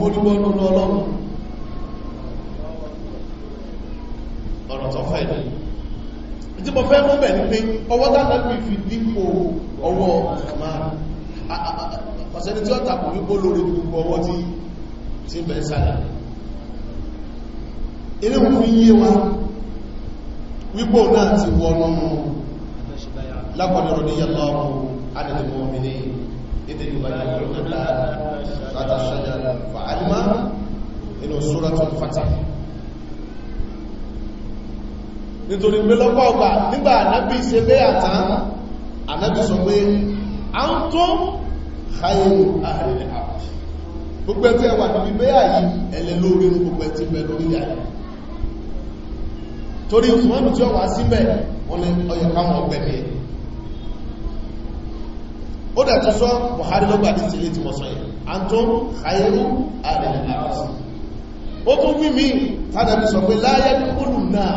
mójúbọ́ nínú ọlọ́run ọ̀nà tó fẹ́ ní ìtí mo fẹ́ mọ́bẹ̀ ní pé ọwọ́ tánàbí fi dípò ọwọ́ mara ọ̀sẹ̀ni tí ó tàbí wípó lórí gbogbo ọwọ́ tí tí bẹ̀ sálẹ̀ ilé wọ́n fi yé wa wípó náà ti wọ́n lọ́nà lápọ̀lẹ̀rọ̀ ní yẹ́lọ́ọ̀kù adẹ́lẹ́mọ́ mi ní ìdẹ́lẹ́mọ́ àṣàrátà ṣájára fa'alima inú suratul Fatah nítorí mẹ́lọ́pọ̀ ọgbà nígbà anábì ṣe bẹ́ àtà anábì sọ pé a ń tó ṣayẹ̀wò ààrẹ àpàṣì gbogbo ẹ̀tẹ́ wà níbi bẹ́ àyí ẹlẹ́ lórí ní gbogbo ẹ̀tẹ́ bẹ lórí àyí torí ìsùnmọ́nù tí ó wà síbẹ̀ wọ́n lè ọyọ̀ káwọn ọgbẹ̀mí ó dẹ̀ tó sọ Buhari lọ́gbà tí sílé ti mọ́ sọ yìí antum khairu àdìdìdìdì ó tún wí mí tàbí sọ pé láyé kúrù náà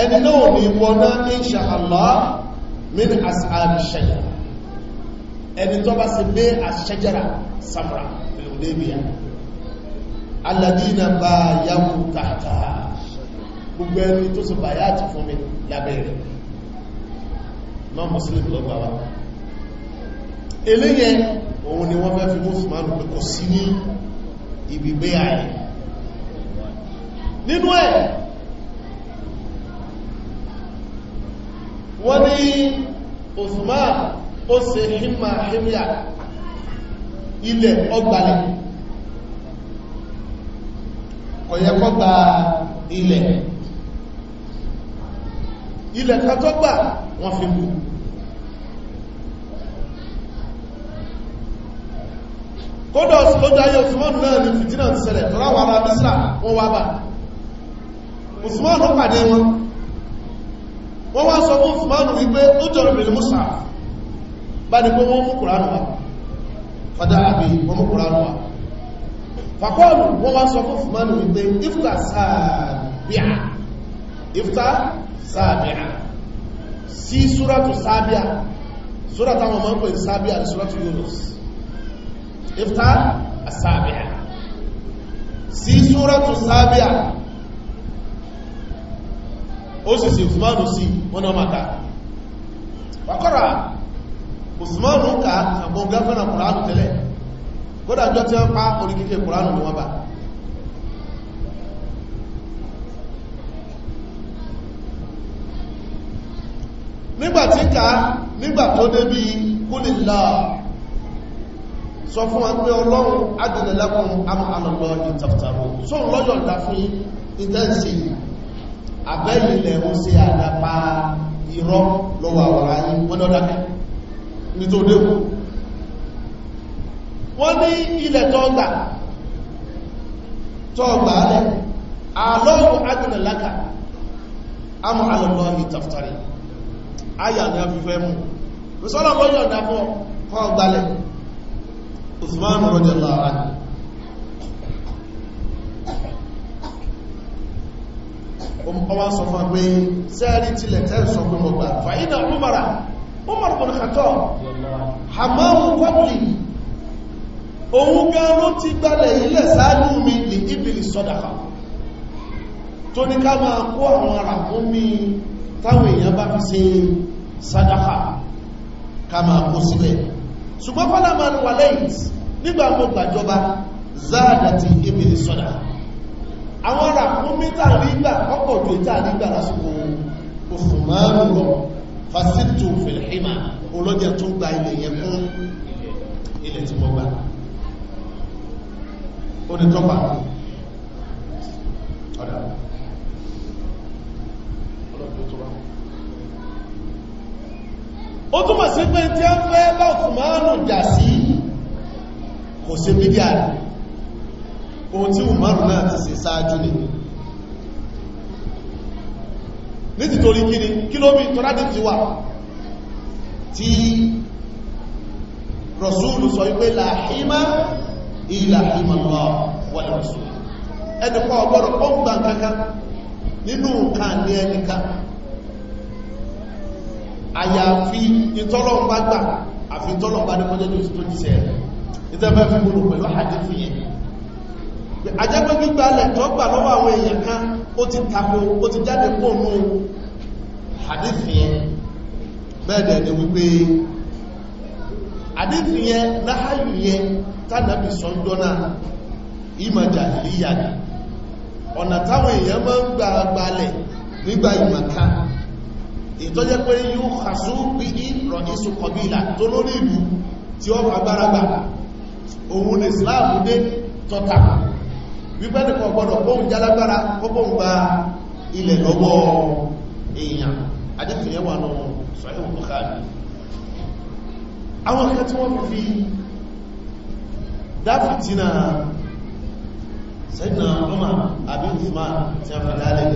ẹni náà ni wọná insha Allah min ashabi shajara ẹni tó bá sì gbé àṣẹjára samra lòdébíà alladina bá yàmù tààtàá gbogbo ẹni tó sì bàyá àti fún mi lábẹ́rẹ̀ náà mọ̀sílẹ̀ lọ́gbà wa eléyẹn òun ni wọ́n bẹ́ fi mọ́sùmánù pé kò sí ní ibìgbé ààrẹ nínú ẹ̀ wọ́n ní Usman ó ṣe himma himya ilẹ̀ ọgbàlẹ̀ ọ̀yẹ́kọ́gbà ilẹ̀ ilẹ̀ kan wọ́n fi mú kódọ̀ lójú ayé òsùmọ́nù náà ni fìtínà ti ṣẹlẹ̀ tọ́láwà ara mísírà wọ́n wá bá òsùmọ́nù pàdé wọn wọ́n wá sọ fún òsùmọ́nù wípé ó jọrọ bèèrè mùsà bá ní pé wọ́n mú kùránù wa fadá àbí wọ́n mú kùránù wa fàkọ́ọ̀lù wọ́n wá sọ fún òsùmọ́nù wípé ifta sáàbíà ifta sáàbíà sí súrátù sáàbíà súrátù àwọn ọmọ ń pè sáàbíà ní súrátù Yunus ifta asabi'a sí súratu sábíà ó sì sí Usmanu sí wọ́n náà mata wákọ́rà Usmanu ká àgbọn gáfẹ́nà kùránù pa oríkíkẹ́ kùránù ni wọ́n bá nígbàtí ká nígbà tó sọ fún wa pé ọlọ́run adìnlẹ́lẹ́kùn amọ̀lọ́ ìtàftàrọ̀ tó ń lọ́yọ̀ ìdá fún ìtẹ́sì àbẹ́yìnlẹ̀ ó ṣe àdápa irọ́ lọ́wọ́ àwọn ayé wọ́n lọ́dákẹ́ nítorí wọ́n ní ilẹ̀ tọ́gbà tọ́gbà alẹ́ àlọ́run adìnlẹ́lẹ́kà amọ̀lọ́ ìtàftàrọ̀ ayà ní afẹ́fẹ́ mú Uthman radiyallahu anhu ọwá sọ fún agbé sẹ́ẹ̀rí tilẹ̀ tẹ́rì sọ pé mọ̀gbà fàyínà umara umar bin khatọ́ hamamu kọ́bùlì òun gẹ́rún ti gbálẹ̀ ilẹ̀ sáájú mi lè ibìlì sọ́dàkà tó ní ká máa kó àwọn ara kó mi táwọn èèyàn bá fi ṣe sádàkà ká máa kó ṣùgbọ́n fọ́lámà ní wàlẹ́yìn nígbà mọ́ gbàjọba záàdà ti ebèrè sọ́dá àwọn ará fún mítà rígbà ọkọ̀ òjò ìta rígbà lásìkò oṣù márùn lọ fásitù fìlìhìmà olójẹ tó gba ilẹ̀ yẹn fún ilẹ̀ tí mọ́ gbà ó ní tọ́pàá ọ̀dà ó túnmọ̀ sí pé tí a ń fẹ́ lọ́kùnmánù jà sí kò sí bídíà rẹ̀ ohun tí Umaru náà ti ṣe sáájú ni nítìtorí kíni kílómi tọ́lájì ti wà tí rọ̀súlù sọ wípé làhímá ìlàhímá lọ wọ́n rọ̀súlù ẹnìkan ọgbọ́rọ̀ pọ́ǹgbà kankan nínú nǹkan ní ẹnìkan àyàfi ìtọ́lọ̀pá gbà àfi ìtọ́lọ̀pá ní kọjẹ́ tó tó jíṣẹ́ rẹ̀ ìtẹ́fẹ́ fi gbogbo pẹ̀lú àdífì yẹn ajẹ́gbẹ́ gbígbà alẹ̀ tó lọ́wọ́ àwọn èèyàn kan ó ti tako ó ti jáde pọ̀nù àdífì yẹn ìtọ́jẹ́ pé yíó kàṣú bí ní rọ̀nísù kọbílà tó lórí ìlú tí ó fagbáragbà òun Islam dé tọ́ta wípẹ́ nìkan gbọ́dọ̀ kóhun jálágbára kókóhun gba ilẹ̀ lọ́wọ́ èèyàn adẹ́fìyẹ́ wà náà sọ́yún bukari àwọn akẹ́ tí wọ́n fi dáfìtínà sẹ́dìnà ọmọ àbí Usman tí a fi dálẹ̀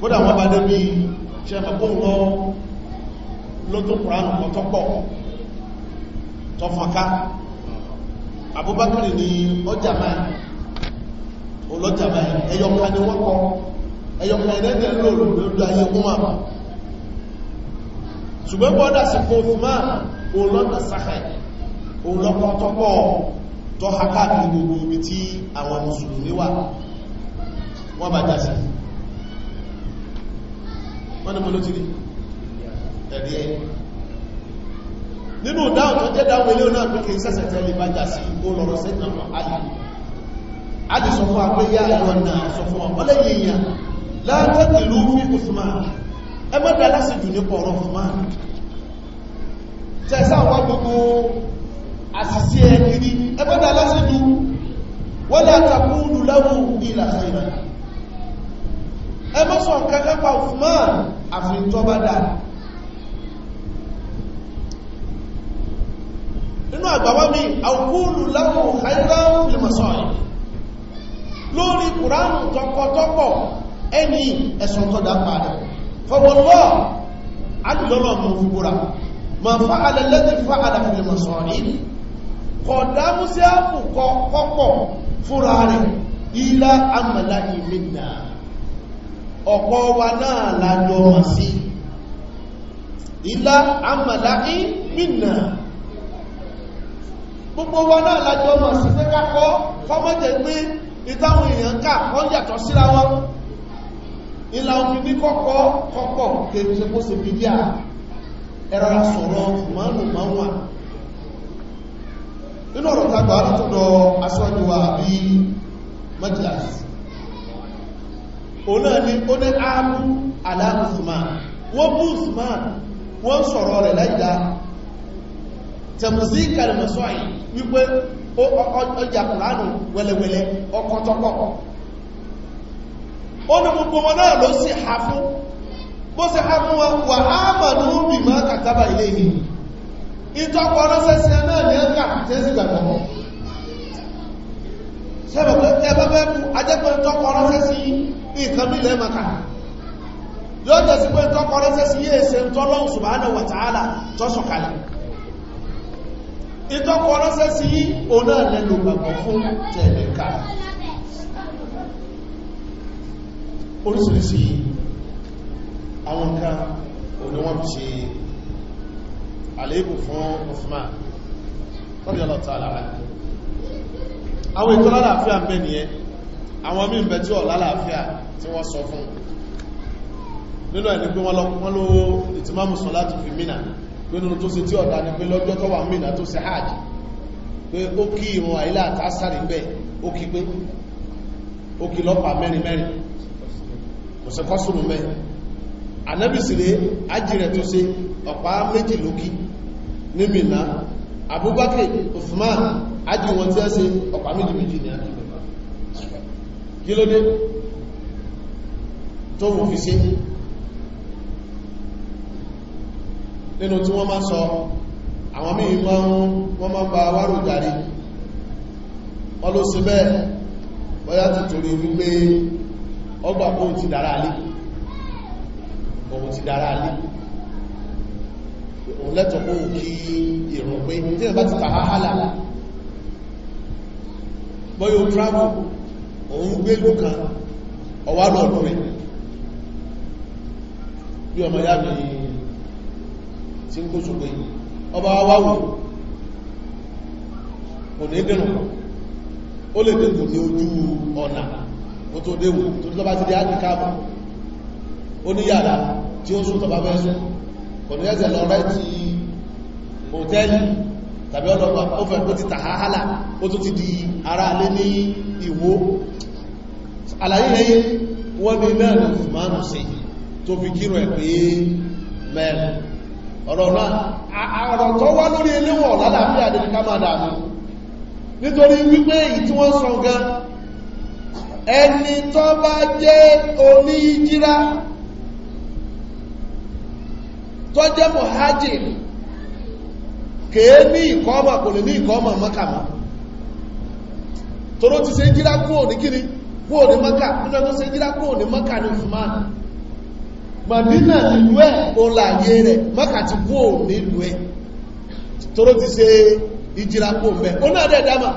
kódà wọ́n bá dé bíi ṣe mọ̀kúnlọ́ lótó kùránù kan tọ́pọ̀ tọ́fọ́ká Abubakar ni ọjà máa olójà máa ẹyọkà ni wọ́n kọ ẹyọkà ẹ̀lẹ́dẹ̀ lóòrò lóòrò ayé kúmà ṣùgbọ́n bọ́dá sí kò fún máa olóòrò sáhẹ̀ olóòrò tọ́pọ̀ tọ́ha káàkiri gbogbo ibi tí àwọn mùsùlùmí wà wọ́n bá dá sí mọ́nàmọ́ ló ti rí ẹ̀rí ẹ̀ nínú dáhùn tó jẹ́ dáhùn ilé náà pínkì sẹ́sẹ̀ tẹ́ lè bá jà sí ó lọ́rọ̀ sẹ́tìnà fún àyà a ti sọ fún àpé yá ẹ̀rọ náà sọ fún ọmọ lẹ́yìn èèyàn láàrín ìlú fún Usman ẹ mọ́dá láti jù nípa ọ̀rọ̀ Usman tẹ́sà wá gbogbo àṣìṣí ẹni rí ẹ mọ́dá láti jù wọ́n látàkùn lù láwù ìlàṣẹ́ ìlàṣẹ́ ẹ má sọ nǹkan kan pa Uthman àfi tó bá dà nínú àgbàwá mi àwòkúlù láwọn òhàíláwò lè mọ̀sọ̀ ẹ̀ lórí kùránù tọpọtọpọ̀ ẹni ẹ̀sùn tó dá padà fọwọ́lọ́ adìlọ́lọ́ mọ̀ fúgbúra ma fa alẹ́lẹ́dì fa alẹ́fẹ́ mọ̀sọ̀ ẹ̀ kọ̀dá músíàpù kọ́pọ̀ fúra rẹ̀ ilá àmàlà ìmìnà ọ̀pọ̀ wa náà lájọ wọn sí ilá àmàláì nìna gbogbo wa náà lájọ wọn sí pé kákọ́ fọ́mọ́jẹ̀ pé ìtàwọn èèyàn ká wọ́n yàtọ̀ síra wọn ìlà omi bí kọ́kọ́ kọ́pọ̀ kèrè ṣe kó se bí díà ẹ̀rọ sọ̀rọ̀ mọ́nù mọ́wà nínú ọ̀rọ̀ tàbí àtúndọ̀ aṣọ́jú wa bí majalis òun náà ni ó ní áàbù aláàbùsùmáà wọ́n bú Usman wọ́n sọ̀rọ̀ rẹ̀ láìdá tẹ̀mùsí kàrìmọ̀sọ́ yìí wípé ọjà kùránù wẹ́lẹ́wẹ́lẹ́ ọkọ̀tọ́kọ̀ ó ní gbogbo wọn náà ló sì ha fún bó sì ha fún wọn wà áàmàdú bí má kàtàbà ilé yìí ìtọ́pọ̀ ránṣẹ́sẹ́ náà ní ẹgbà tẹ́sì gbàgbọ́ sẹ́bẹ̀ pé ẹgbẹ́ fẹ́ ajẹ́pẹ́ ìtọ́pọ̀ ránṣẹ́sẹ́ yìí nǹkan bí lẹ́mọ̀ká yóò jẹ́ sí pé tọ́kọ rẹ́sẹ̀ sí yé ṣe tọ́lọ́hùn subhanahu wa ta'ala tọ́sọ̀kalẹ̀ ìtọ́kọ rẹ́sẹ̀ sí yí òun náà lẹ́nu gbàgbọ́ fún tẹ̀lẹ́ka oríṣiríṣi àwọn nǹkan òun ni wọ́n fi ṣe àléébù fún Uthman àwọn mí bẹ̀ tí ọ̀lá láàáfíà tí wọ́n sọ fún nínú ẹni pé wọ́n ló ìtìmámù sọ́látù fi mínà pé nínú tó ṣe tí ọ̀dá ni pé lọ́jọ́ tó wà mínà tó ṣe hajj pé ó kí ìrun àìlà àtásàrí bẹ́ ó kí pé ó kí lọ́pàá mẹ́rin mẹ́rin kò sẹ kọ́sùnù mẹ́ ànẹ́bìsìlẹ̀ ajírẹ̀ tó ṣe ọ̀pá méjì lókí ní mínà Abubakar Uthman ajírẹ̀ wọn tí ẹ ṣe ọ̀pá méjì méjì ní àkíb kí ló dé tó mú fi sí nínú tí wọ́n máa sọ àwọn míì máa ń wọ́n máa gba wárò jàrí wọ́n ló sí bẹ́ẹ̀ bọ́yá ti torí wípé ọgbà ohun ti dára alé ohun ti dára alé òun lẹ́tọ̀ kí ìrùn pé tí ẹ̀ bá ti tàhálà bọ́yá o travel òun gbé ìlú kan ọwá lọ́ọ̀dún rẹ̀ bí ọmọ yá mi tí ń kó ọba wáwò kò ní dẹ̀nà ó lè dẹ̀kù ní ojú ọ̀nà ó tó déwò tó ti dé ó ní yàrá tí ó sùn tọba fẹ́ sùn kò ní ẹ̀sẹ̀ lọ rẹ̀ ti tàbí ọlọ́pàá ó fẹ́ tó ti tàhálà ó tó ti di ara ìwó àlàyé wọ́n ni mẹ́rin sí tó fi kírò ẹ̀ pé mẹ́rin ọ̀rọ̀ náà ọ̀rọ̀ tó wá lórí eléwọ̀ lálàáfíà ní kánádà mú nítorí wípé ìtí wọ́n sọ gan ẹni tó bá jẹ́ oní jíra tó jẹ́ mọ̀hájì kèé ní ìkọ́mà kò lè tọ́rọ ti ṣe jíra kúrò ní kíni kúrò ní maka nínú tó ṣe jíra kúrò ní maka ní Usman Madina nílùú ẹ̀ e, olàyé rẹ̀ maka ti kúrò nílùú ẹ̀ e. tọ́rọ ti ṣe ìjíra kúrò mẹ́ ó náà dẹ̀ dáma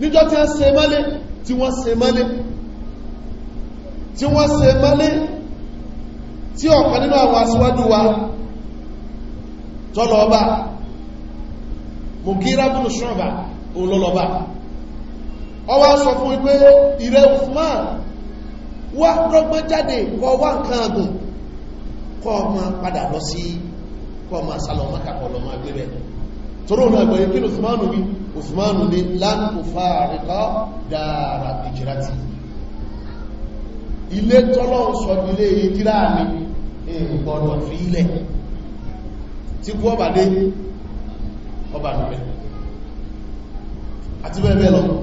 níjọ́ tí wọ́n ṣe mọ́lé tí wọ́n ṣe mọ́lé tí wọ́n ṣe mọ́lé tí ọ̀kan nínú àwọn aṣíwájú wa tọ́lọ ọba Mugira bùn Shu'ba olólọba ọwá sọ fún wípé ìrẹ́ Usman wá rọgbọ́n jáde kọ wá nǹkan àgùn kọ ọmọ padà lọ sí kọ ọmọ salọmọ kàkọ lọ máa gbé rẹ̀ tọ́rọ náà gbọ́yẹ kí Usman ní Usman ní láàrín òfà àríkọ́ dára ìjìrátì ilé tọ́lọ́ sọ ilé ìjírá mi ìgbọ̀nà fi ilẹ̀ tí kú ọba dé ọba nìbẹ̀ àti bẹ́ẹ̀ bẹ́ẹ̀ lọ́nà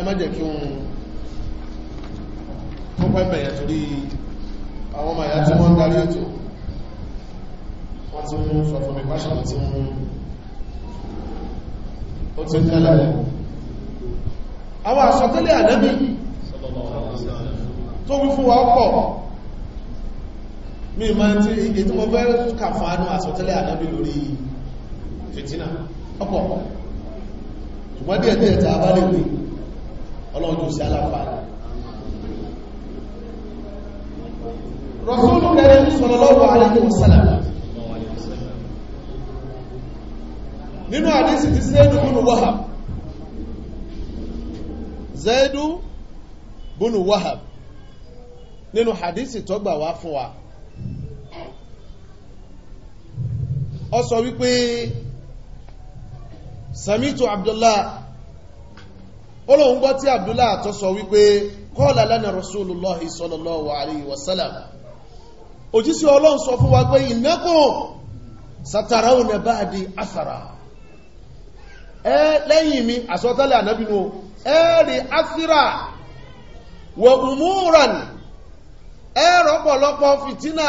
ẹ má jẹ́ kí wọ́n tó pẹ́mẹ̀ yẹn torí àwọn ọmọ ìyá tí wọ́n ń darí ètò wọ́n ti mú sọ fún mi pàṣẹ tí wọ́n ó ti ń tẹ́lẹ̀ rẹ̀ àwọn àsọtẹ́lẹ̀ àdẹ́bì tó wí fún wa pọ̀ mi ma ti ìgbè tí mo fẹ́ kà fánú àsọtẹ́lẹ̀ àdẹ́bì lórí fìtínà ọ̀pọ̀ ìwọ́dí ẹ̀dẹ́ ẹ̀ta abálẹ̀ ìgbè ọlọ́run sí alápàá rọ̀fún rẹ̀ sọ̀rọ̀lọ́wọ́ aláyé wọ̀sánà nínú àdísì ti zaidu búnú wahab zaidu búnú wahab nínú àdísì tó gbà wá fún wa ó sọ wípé samitu abdullah olóhun gbọ́ tí abdullahi tó sọ wípé kọ́ọ̀lá lánà rasulullahi sallallahu alayhi wa òjísí ọlọ́run sọ fún wa pé ìnákùn satarawna adị asara ẹ lẹ́yìn mi àsọtálẹ̀ ànábìnú ẹ̀rì afira wa umuran ẹ̀rọ fìtínà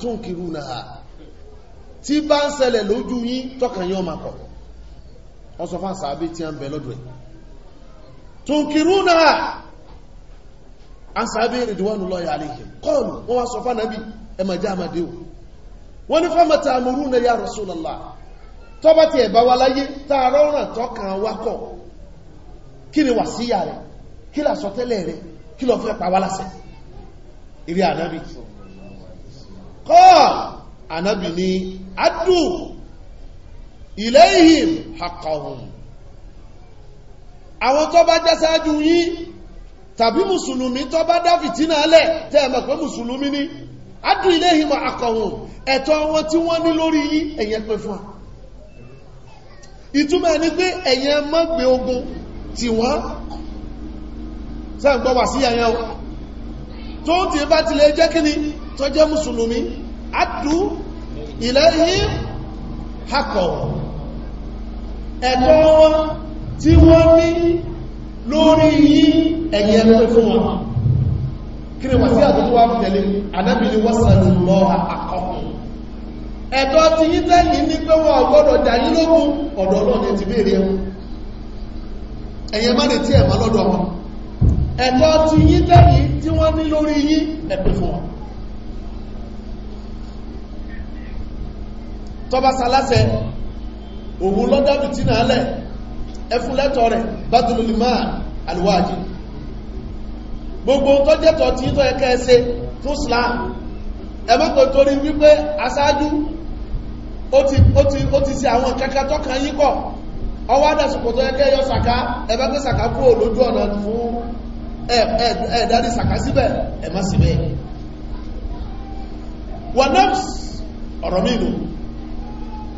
tún kìrù náà tí bá ń lójú ọsọ fún tí a ń tunkirunaha an sahabi ridwanullahi alaihim qalu wọ́n wá sọ fánàbí ẹmà jáàmàdé o wọ́n ní fama ta'muruna ya rasulallah tó bá ti ẹ̀bá wa láyé tààrà ọ̀ràn tọ́kàn wakọ̀ kí ni wàsíyà rẹ̀ kí là sọ tẹ́lẹ̀ rẹ̀ kí lọ fẹ́ pa wá láṣẹ ìrí ànábì qala ànábì ni addu ilayhim haqqahum àwọn tó bá jẹ́ sáájú yín tàbí mùsùlùmí tó bá dá fìtínà lẹ̀ tẹ́ ẹ mọ̀ pé mùsùlùmí ni adùn ilé ìhìmọ̀ àkọ̀wọ̀n ẹ̀tọ́ wọn tí wọ́n ní lórí yín ẹ̀yẹn pé fún wa ìtumọ̀ ni pé ẹ̀yẹn má gbé ogun tí wọ́n sáàgbọ́ wà sí ẹ̀yẹn tó ń tí bá ti lè jẹ́ kíni tó jẹ́ mùsùlùmí adùn ilé ìhìmọ̀ àkọ̀wọ̀n ẹ̀tọ́ wọn tí wọ́n ní lórí yí ẹ̀yẹ fún wọn kí ni wà sí àtúntò wà tẹ̀lé anábìlì wọ́sàlù lọ àkọ́kùn ẹ̀tọ́ ti yí tẹ́lì ní pé wọ́n gbọ́dọ̀ jàyí ọ̀dọ̀ ọlọ́run ti béèrè ẹ̀yẹ má ti ẹfún lẹ́tọ̀ rẹ̀ bátùlùmá alwájì gbogbo tó jẹ́tọ̀ tí tó ẹkẹ́ ẹsẹ fún islam ẹmọ́kò torí wípé asáájú ó ti sí àwọn kẹ́kẹ́ tọ́ka yíkọ̀ ọwá dẹ̀sùpò tó ẹkẹ́ yọ sàká ẹgbẹ́gbẹ́ sàká kúrò lójú ọ̀nà fún ẹ̀ẹ̀dárí sàká síbẹ̀ ẹ̀mọ́ síbẹ̀ wọ̀nọ́pс ọ̀rọ̀ mìíràn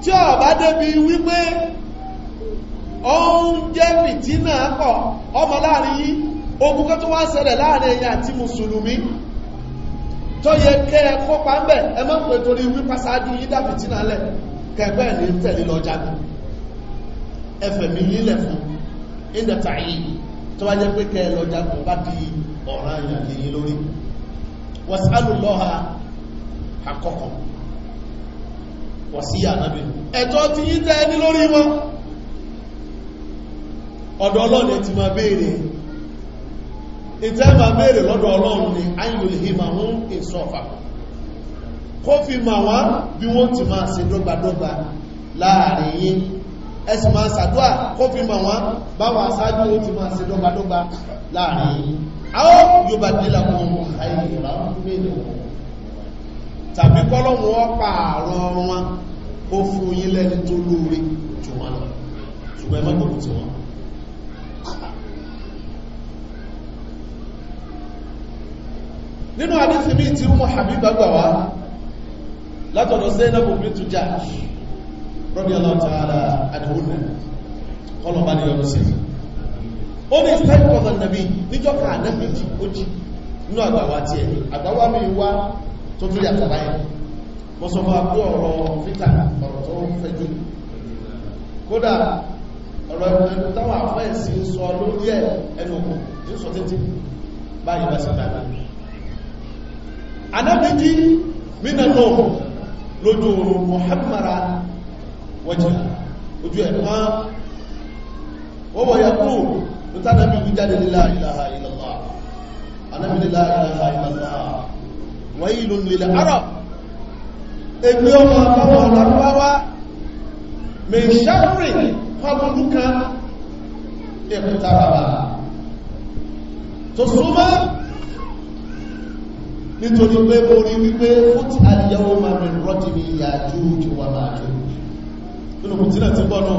tí ó bá débi wípé ọun jẹ́ fìtínà pọ̀ ọmọ láàrin yí ogun kan tó wá ṣẹlẹ̀ láàrin ẹ̀yin àti musulumi tó yẹ kẹ́ ẹ kópa ń bẹ̀ ẹ mọ́ pé torí wípa sáájú yí dá fìtínà lẹ̀ kẹgbẹ́ ní tẹ̀lé lọ jágun ẹfẹ̀mí lílẹ̀ fún ìdẹ̀ta yìí tó wá jẹ́ pé kẹ́ ẹ lọ bá di ọ̀ràn lórí lọ́ha ọ̀dọ̀ ọlọ́run ti máa béèrè ìtẹ́mà béèrè lọ́dọ̀ ọlọ́run ni ayùlè hìmà ń ìsọ̀fà kó fi mà wá bí wọ́n ti máa ṣe dọ́gbàdọ́gbà láàrin yín ẹsì máa ṣàdúà kó fi mà wá báwọn aṣáájú ó ti máa ṣe dọ́gbàdọ́gbà láàrin yín àwọn yóò bá délà wọn àìlera mẹ́lẹ̀ wọn tàbí kọ́lọ́wọ́ nínú àdífì mí tí Umu Habiba gbà wá látọ̀dọ̀ Zainabu bintu Jahsh radiyallahu ta'ala anhunna kọlọ̀ bá ní ọdún sí ó ní ìfẹ́kọ̀ọ́dọ̀ nàbí níjọ́ka ànábì jí ó jí inú àgbàwà tí ẹ̀ àgbàwà mi wá tó tó yàtọ̀ láyé mo sọ fún àpé ọ̀rọ̀ fítà ọ̀rọ̀ tó fẹ́jú kódà ọ̀rọ̀ ẹ̀kùn táwọn àfẹ́ sí sọ lórí ẹ̀ ẹnu òkú ní sọ títí báyìí bá sí dáadáa anábẹ́jì mínà náà lójú oòrùn muhammara wọ́já ojú ẹ̀mọ́ wọ́n wọ́n yà kúrò ní tánàbí wíjáde la ilaha illallah anábìlì la ilaha illallah waylun lil arab ẹgbẹ́ ọmọ àpapọ̀ ọ̀làrúwáwá mẹ́ṣàrì pàbùrúkà ẹ̀kùtàràbà tó súnmọ́ nítorí pé mo rí wípé fútí àdìyàwó máa rẹ̀ rọ́dì ní ìyàjú òjò wà máa jẹ́ nínú kùtí náà ti gbọ́nà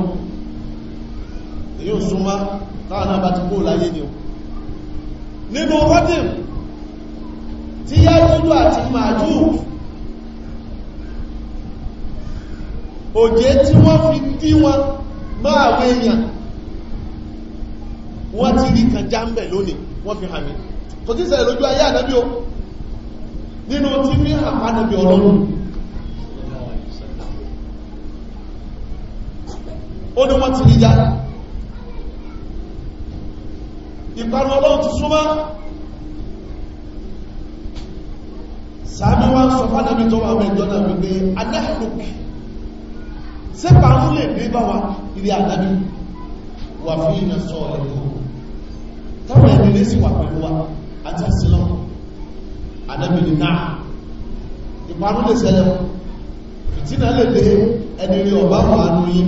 èyí ò súnmá táwọn náà bá ti kó láyé ni o nínú rọ́dì tí yájújú àti màájú òjé tí wọ́n fi dí wọn máa wé èèyàn wọ́n ti rí kan jámbẹ̀ lónìí wọ́n fi hàmì kò tí sẹ̀rẹ̀ lójú ayé àdábí o nínú tí ní àpánàbí ọlọ́run ó ní wọ́n ti rí já ìparun ọlọ́run ti súnmọ́ sàábí wá sọ fánàbí tó wà mẹ́jọ náà wípé adáhùnlùkì sẹ́pà ń lè rí bá wa ilé àdábí wà fún ìrìnà sọ ẹ̀kọ́ táwọn ẹ̀rẹ́ sí wà pẹ̀lú wa àti àsìlọ́run anábìnrin náà ìparun lè ṣẹlẹ̀ fìtínà lè dé ẹni rí ọba wà nù yí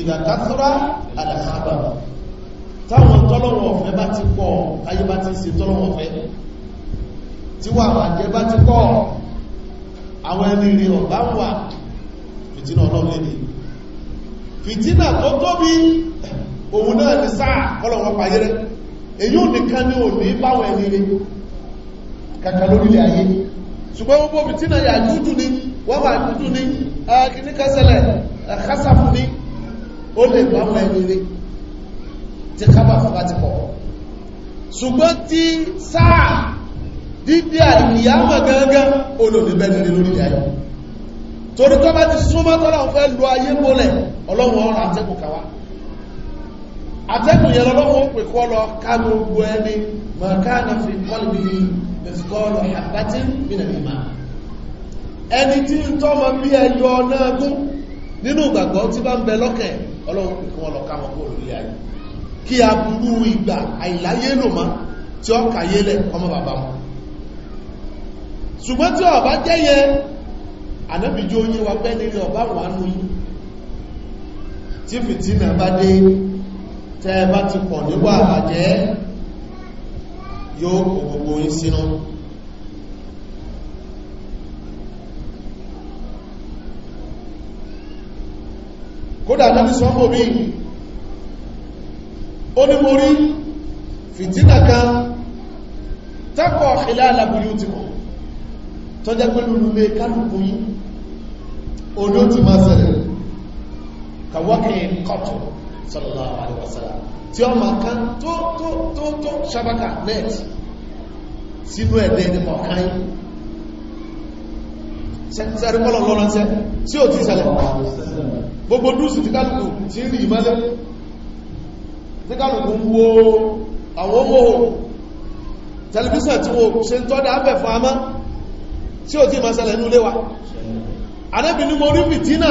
ìdàkásọ́rọ̀ àdàkábà táwọn tọ́lọ́wọ̀ ọ̀fẹ́ bá ti pọ̀ káyé bá ti ṣe tọ́lọ́wọ̀ ọ̀fẹ́ tí wà bàjẹ́ bá ti pọ̀ àwọn ẹni rí ọba wà fìtínà ọlọ́run lè fìtínà tó tóbi òun náà ni sáà kọ́lọ̀wọ̀ pàyẹ́rẹ́ èyí ò nìkan ní òní báwọn ẹni rẹ̀ kàkà lórílẹ̀ ayé ṣùgbọ́n gbogbo omi tí náà yà dúdú ni wọ́n wà dúdú ni kìníkẹsẹ̀lẹ̀ kásàfù ni ó lè báwọn ẹni rẹ̀ ti kábà fún bá ti pọ̀ ṣùgbọ́n tí sáà dídí àìyàmọ̀ gangan olóòdìbẹ̀rẹ̀ lórílẹ̀ ayé torí tó bá ti súnmọ́ tọ́lá ń fẹ́ lo ayé mọ́lẹ̀ ọlọ́run ọ̀rọ̀ àtẹ́kù kàwàá àtẹ́kùn yẹn lọ́wọ́ pè kọ́ lọ ẹni ma kana fi qalbihi mithqala habatin min al-iman ẹni tí ń tọ́mọ bí ẹyọ náà gún nínú ìgbàgbọ́ tí bá ń bẹ lọ́kẹ̀ pè kọ́ lọ a burú ìgbà àìláyé lò tí ó lẹ̀ ọmọ bàbá ọba jẹ́ yẹ wa pẹ́ nílé ọba yìí tí tẹ́ bá ti pọ̀ níwà àjẹ́ yóò kò gbogbo yín sínú kódà náà sọ́pọ̀ bí ó ní mo rí fìtínà kan tẹ́kọ̀ ìlà alábúrí ó ti kọ̀ tó jẹ́ pẹ̀lú lulé kálùkù yí odó ti máa ṣẹlẹ̀ kàwọ́kì kọ̀tù sallallahu alaihi wasallam tí ọ ma kán tó tó tó tó ṣabaka net sínú ẹ̀dẹ́ ní mọ̀kán yìí sẹ́rí mọ́lọ̀ lọ́nà tẹ́ tí ó ti ṣẹlẹ̀ gbogbo dúsù tí kálùkù tí rí ìmọ́lẹ̀ tí kálùkù wo àwọn ọmọ tẹlifíṣàn tí wo ṣe ń tọ́dá abẹ́ fún amá tí ó ti ma ṣẹlẹ̀ ní ilé wa anẹ́bìnrin mo rí fìtínà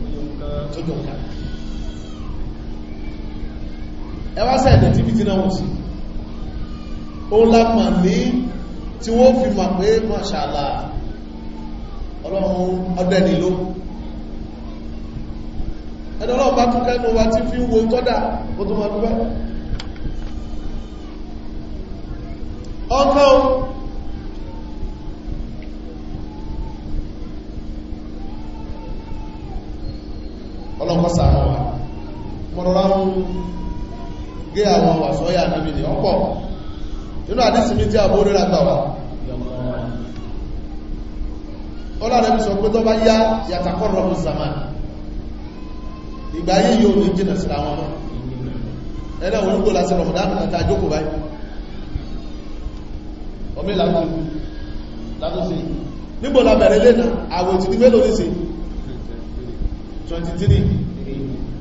tó jọ nǹkan ẹwà sẹ́ẹ̀dẹ̀ tí bí tí náà wọ́n sí ó lápà ní tí wọ́n fi mà pé mọ́ṣàlá ọlọ́run ọdẹ́ nílò ẹni ọlọ́run bá tún kẹ́nu wa tí fi ń wo tọ́dà ó tó mọ́ dúpẹ́ ọkọ̀ ọlọ́kọ́ sàánà wa mọ̀rọ̀lá ń gé àwọn wàsọ́yà níbi ní ọ̀pọ̀ nínú àdísì mi tí a bóórí rà gbàwà ọlọ́rẹ̀ mi sọ pé tó bá yá yàtàkọ́ rọrùn zaman ìgbà yìí yóò ní jìnà sí àwọn ọmọ ẹ̀nà olúgbò láti rọ̀mọ̀dánù àti àjókò báyìí ọmọ ìlànà látó sí nígbò lábẹ̀rẹ̀ lẹ́nà àwòtí ní mélòó ní sí 23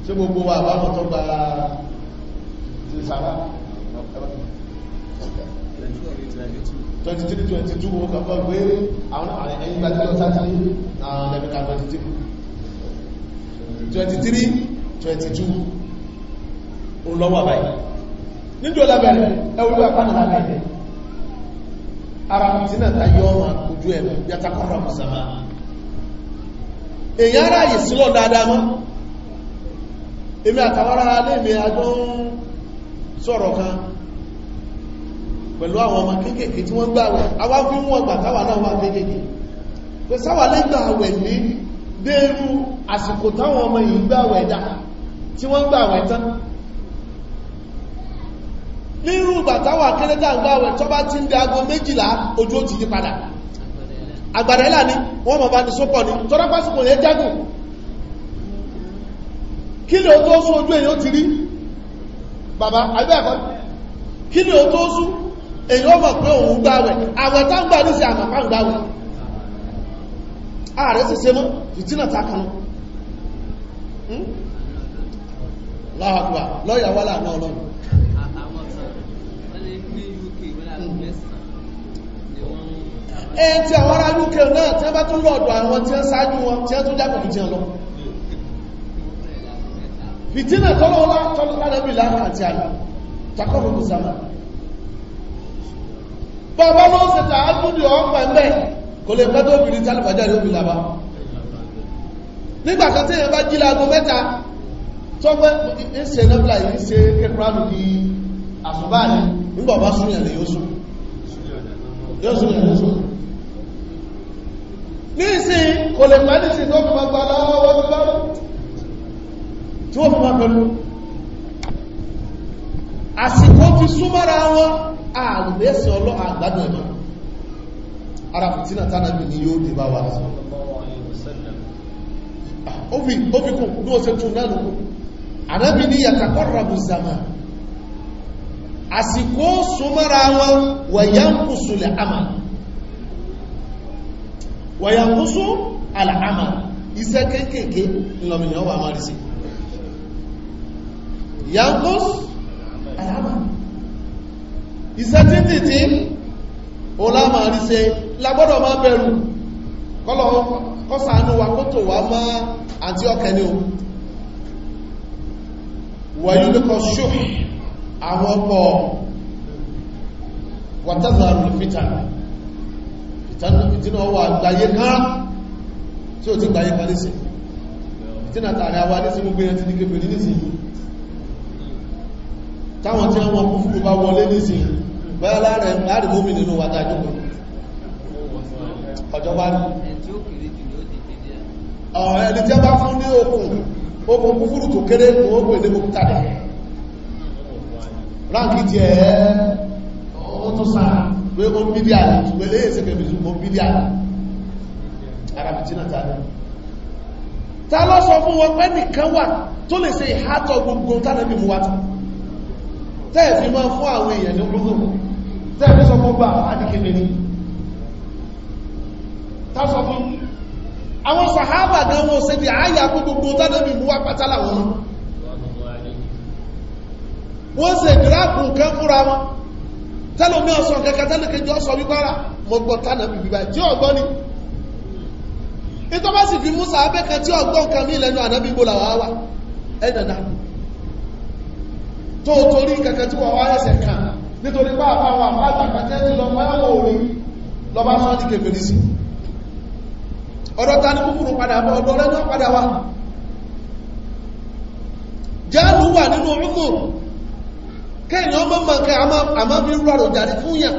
ṣe gbogbo wa bá mọ́tọ́ gba sàrá 23-22 wọ́n kàfọ́ gbé àwọn ẹ̀yìn gbájú lọ sáti àwọn ẹ̀mẹ́ka 23 23-22 òun lọ́wọ́ àbáyé níjọ́ lábẹ̀rẹ̀ ẹwùlú àpánà lábẹ̀rẹ̀ ara tí náà tayọ́ ọmọ àkójú ẹ̀mẹ́ yàtàkọ́rọ̀ mùsàmá èyàn ráyè sílọ̀ dáadáa mọ́ èmi àtàwárá aléèmì àjọ ń sọ̀rọ̀ kan pẹ̀lú àwọn ọmọ kéékèèké tí wọ́n gbàwẹ̀ awáfí wọn gbà táwà náà wà kéékèèké pé sáwà lè gbàwẹ̀ ní déérú àsìkò táwọn ọmọ yìí dá tí wọ́n tán nírú kéré ti ń méjìlá ojú ó ti àgbàdà ilà ní wọ́n mọ̀ bá ní sópọ̀ ní tọ́rọ pásìkò yẹ jágùn kí ni ó tó sún ojú èyàn ti rí bàbá àgbẹ́ ẹ̀kọ́ kí ni ó tó sún èyàn mọ̀ pé òun gbáwẹ̀ àwẹ̀ tá ń gbà ní sí àmàpá ń gbáwẹ̀ ààrẹ sì ẹn tí àwọn ará UK náà tí wọ́n bá tún lọ́ọ̀dọ̀ àwọn tí wọ́n sáájú wọn tí wọ́n tún jápọ̀ ní jẹun lọ fìtínà tọ́lọ́wọ́lá tọ́lọ́lá àti àlà takọ́rọ̀ kò sáma bàbá ló ṣe tà á dúdú ọ̀pẹ̀ mẹ́ kò lè pẹ́ tó bìrì tálùfàjá rí òbí làbá nígbàkan tí èèyàn bá jí láago mẹ́ta tọ́gbẹ́ ìṣe nọ́bìlà yìí ṣe kékeránù ní àsùbáà ní nígbà bá súnyàn lè yóò sùn yóò sùn yóò sùn ní ìsìn kò lè pẹ́ nìsìn tó fi gbogbo aláwọ̀ tó bá tí ó fi máa pẹ̀lú àsìkò ti súnmọ́ra wọn àrùlẹ́sìn ọlọ́ àgbàdo ẹ̀mọ́ ara fìtínà tánàbí ni yóò dé bá wà ní ó fi ní ọ̀sẹ̀ tún náà lókún ànábì ní yàtàkọ́rọ̀bù zàmà àsìkò súnmọ́ra wọn wẹ̀yẹ́ ń kùsùlẹ̀ àmàlù wọ̀yà kó só àlàámà iṣẹ́ kéèkéèké lọ́mìnà wà máa rí sí yankos àlàámà iṣẹ́ títìtì ọlá máa rí sí lagbọ́dọ̀ máa bẹ̀rù kọ́lọ̀ kọ́sàánú wa kó tó wà máa àti ọkẹni o wàyúlùkọ̀ ṣó àwọn ọkọ̀ wàtàzàrù fìtàlá ìtànàbìtínà wà gbáyé kan tí ó ti gbáyé kan nísìn ìtìnà tààrí àwà nísìn gbogbo ẹ̀yẹn ti ní kébèrè nísìn táwọn tí wọ́n kú fún bá wọlé nísìn báyá láàrin gómìn nínú wà tàà jókòó ọjọ́ bá ní ọ̀rọ̀ ẹni tí a bá fún ní okùn okùn kúfúrù tó kéré kò ó pè mọ́kútàdà ránkì tí ẹ̀ẹ́ pé ó ń bí díà ní ṣùgbẹ́ lè ṣe kẹ̀bí ṣùgbọ́n bí díà ní ara bìtínà tàbí ta lọ sọ fún wọn pé nìkan wà tó lè ṣe ìhátọ̀ gbogbo tánàbí mú wátà tẹ́ẹ̀fí máa fún àwọn èèyàn ní olóòrùn tẹ́ẹ̀fí sọ fún gbà àdíkébé ní ta sọ fún àwọn sàhábà gan wọn ṣe bí àáyà gbogbo tánàbí mú wá pátálà wọn wọ́n ṣe gíráàpù kan fúnra wọn tẹ́lómi ọ̀sán kẹkẹ tẹ́lẹ̀kẹjọ ọ̀sán wípé ara mọ̀gbọ̀n tánà bìbì bá jí ọ̀gbọ́n ni ìtọ́bá sì fi Musa abẹ́kẹ tí ọ̀gbọ́n kan ní ilẹ̀nu ànábì gbọ́là wà wà ẹ̀dàdà tó torí kẹkẹ tí wọ́n wá ẹsẹ̀ kan nítorí pé àwọn àwọn àgbàkàtẹ́ ti lọ máyàwó orí lọ́bá sọ́ ti kèfèrè sí ọ̀dọ̀ ta ní kúkúrú padà bọ́ ọ̀dọ̀ rẹ̀ náà padà wà jáàlú wà nínú rúkúrú kéèyàn ọmọ mọ̀ kẹ́ àmọ́ bí rọrọ̀ jàrí fún yà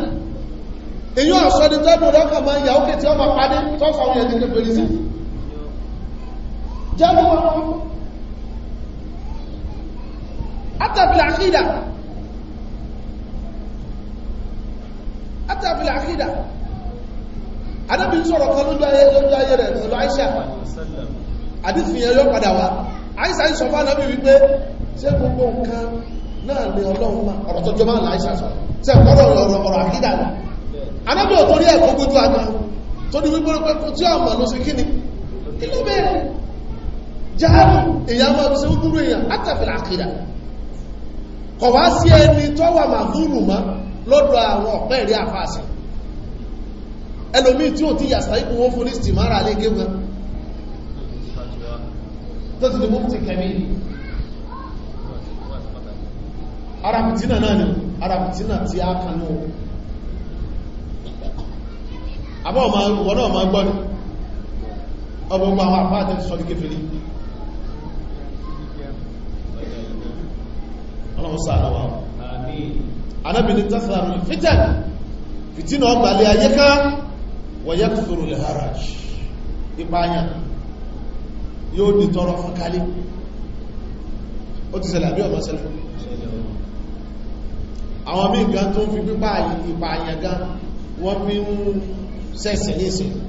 èyí ọ̀sọ́ ni tẹ́bù rọ́kà máa yà ókè tí ọmọ padé tọ́fà òun ẹ̀dẹ̀ pẹ̀lú sí jẹ́bù wọn átàbílà àkídà átàbílà àkídà adébí sọ̀rọ̀ kan lójú ayé lójú ayé rẹ̀ pẹ̀lú àìsà àdífìyàn yọ padà wá àìsà ìsọ̀fà náà bí wípé ṣé gbogbo nǹkan náà ni ọlọ́run máa ọ̀rọ̀ tó jọmọ́ àláìsà sọ sẹ́ ọ̀rọ̀ ọ̀rọ̀ ọ̀rọ̀ àkídà ni anábì ò torí ẹ̀kọ́ gbójú àgbà tó ní wípé pé tí ọmọ ló ṣe kí ni kí ló bẹ́ẹ̀ jáàmù èyàn máa fi ṣe ó dúró èyàn látàfilà àkídà kọ̀ wá sí ẹni tó wà máa dúrù mọ́ lọ́dọ̀ àwọn ọ̀pẹ́ ìrí àfáàsì ẹlòmí tí ò tí yàsà ipò wọn fún ní stìmára lé gẹ́gbẹ́ tó ti lè mú ti kẹ́mí ara fìtínà náà ni ara fìtínà tí a kan ní ohun àbọ́ wọn náà máa gbọ́nù ọgbọgbọ àwọn àpá àtẹ́ sọ ní kéfèrè ọlọ́run sáà lọ́wọ́ anábìnrin tásàrùn fìtẹ̀ fìtínà ọgbàlẹ̀ ayé ká wọ̀yẹ́ kòrò lè haraj ìpáyàn yóò dìtọrọ fún kálí ó ti ṣẹlẹ̀ àbí ọmọ ṣẹlẹ̀ àwọn míì gan tó fi wọ́n fi ń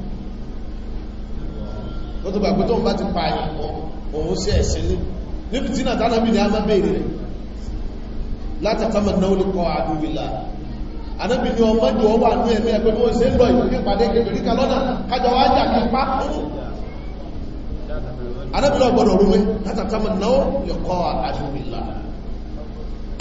ó tó gbàgbé tó ń bá ti pa àyàn òun sí ẹ̀sẹ̀ ní níbi tí náà tánàbí ni a máa bèèrè rẹ̀ látàtàmà náà lè kọ àdúgbìlà anábì ni ọmọ jù ọwọ́ àánú ẹ̀mẹ́ ẹgbẹ́ mọ́ ṣe ń lọ ìwé pàdé kẹfẹ̀rí kalọ́nà kájọ wá jà kí pa anábì náà gbọ́dọ̀ rúwé látàtàmà náà lè kọ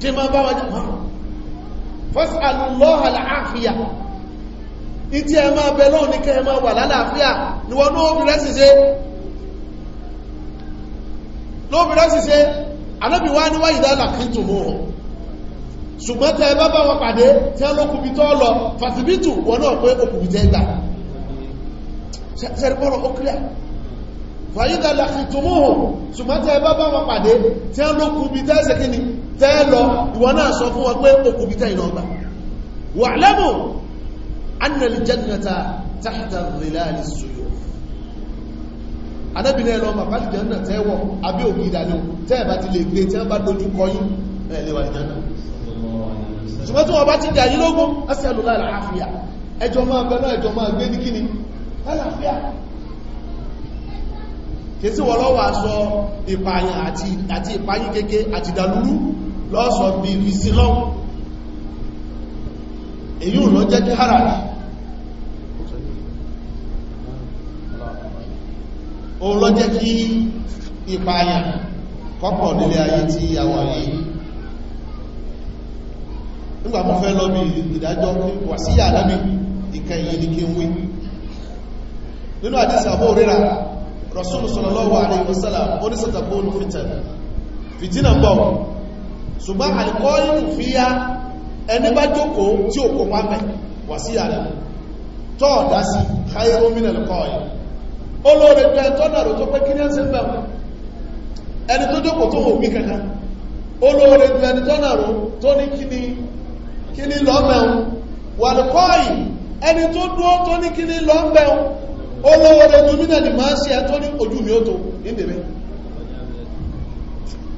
tí ma bá wájá máa fọ́sàlùlọ́hà láàáfíà ní tí ẹ máa bẹ lọ́wọ́ ní kẹ́ ẹ máa wà lálàáfíà ni wọ́n ní obìnrin sì ṣe lóbìnrin sì ṣe anábì wá níwá ìdálà kìtù mú ọ ṣùgbọ́n tẹ́ bá bá wọn pàdé tí a lókùnbí tọ́ lọ fàtìbítù wọn náà pé òkùnbí tẹ́ gbà ṣẹ́rìpọ́rọ̀ ó kílẹ̀ fàyídà làkùtùmùhùn ṣùgbọ́n tẹ́ bá bá wọn pàdé tí a ló kùbí tẹ́ ṣe kíni tẹ́ lọ ìwọ náà sọ fún wọn pé o kùbí tẹ́ ìlọ́gbà wà lẹ́mù annàlì jannata tàhàtà rìláàlì sùyọ́ anábìnrin ẹ̀lọ́ màbálì janna tẹ́wọ̀ abẹ́ òbí ìdàlẹ́ tẹ́ bá ti lè kì sí wọ́n lọ́wọ́ aṣọ ìpààyàn àti ìpààyàn kéèké àti ìdàlúrú lọ́sọ̀ bí i sí lọ́wọ́ èyí ò lọ jẹ́ kí hàrà rí o lọ jẹ́ kí ìpààyàn kọ́pọ̀ nílé ayé tí a wà yìí nígbà mọ́ fẹ́ lọ bí ìdájọ́ wà sí yà lábí ìkẹyìn ní kí n wé nínú àdísàbó rírà rasúlù sallallahu alaihi wasallam oni fìtẹ̀nà fìtínà bọ̀ ṣùgbọ́n àlìkọ́lù fi ya ẹni bá jókòó tí ó kópa mẹ́ wà sí ààrẹ tọ́ọ̀dá sí khairu min al-qa'id olóòrè gbẹ́ tọ́dàrò tó pé kíní ẹsẹ̀ bẹ̀ ẹni tó jókòó tó wò mí kankan olóòrè gbẹ́ tọ́dàrò tó ní kíní kíní lọ́mẹ̀un wà al-qa'id ẹni tó dúó tó ní kíní lọ́mẹ̀un ó lọ́wọ́ lójú mínà máa sí àtọ́ ní ojú mi ó tó ìdẹ̀bẹ̀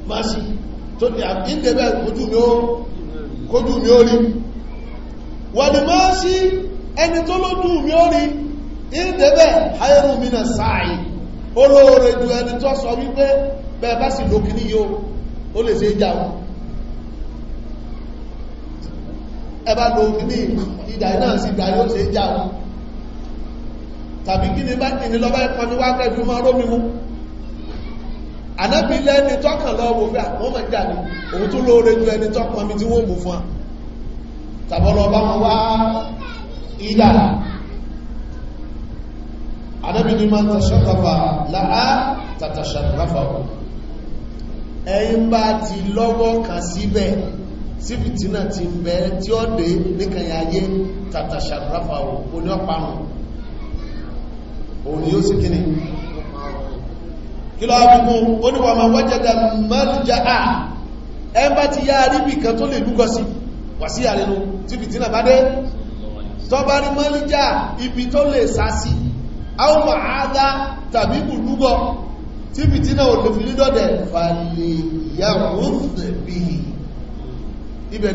máa sí tó ní ìdẹ̀bẹ̀ ojú mi ó rí wà ní máa ẹni tó mi rí ayẹ́rù sáàyì ẹni tó sọ wípé bẹ́ẹ̀ bá sì lókì ní yóò ó tàbí kí ni bá kìí lọ bá ẹkọ ní wá kẹjú mọ́ rómi mú ànábì lẹ́ni tọ́kàn lọ wò fẹ́ àwọn ọmọ ìjà ni òun tó lóore ju ẹni tọ́kàn mi tí wọ́n mú fún wa tàbọ́lọ bá wọn wá ìdà ànábì ni máa tàṣọ́kọ̀fà láà tàtàṣàkọ̀fà ẹ̀yìn bá ti lọ́wọ́ kan síbẹ̀ sí fìtínà ti bẹ̀ẹ́ tí ó dé níkànyà ayé tàtàṣàkọ̀fà òní ọ̀parun òun ni yóò sì kíni kí lọ agbùgbùn ó ní wà máa wájẹ́dà mẹ́rìnjá à ẹmbá ti yá ríbì kan tó lè lúgọ sí wà sí àrínú tí fìtínà bá dé tó bá rí mẹ́rìnjá ibi tó lè sá sí àwọn àádá tàbí bùlúgọ tí fìtínà ò lè fi lídọ́dẹ̀ fàlè ìyàwó ibẹ̀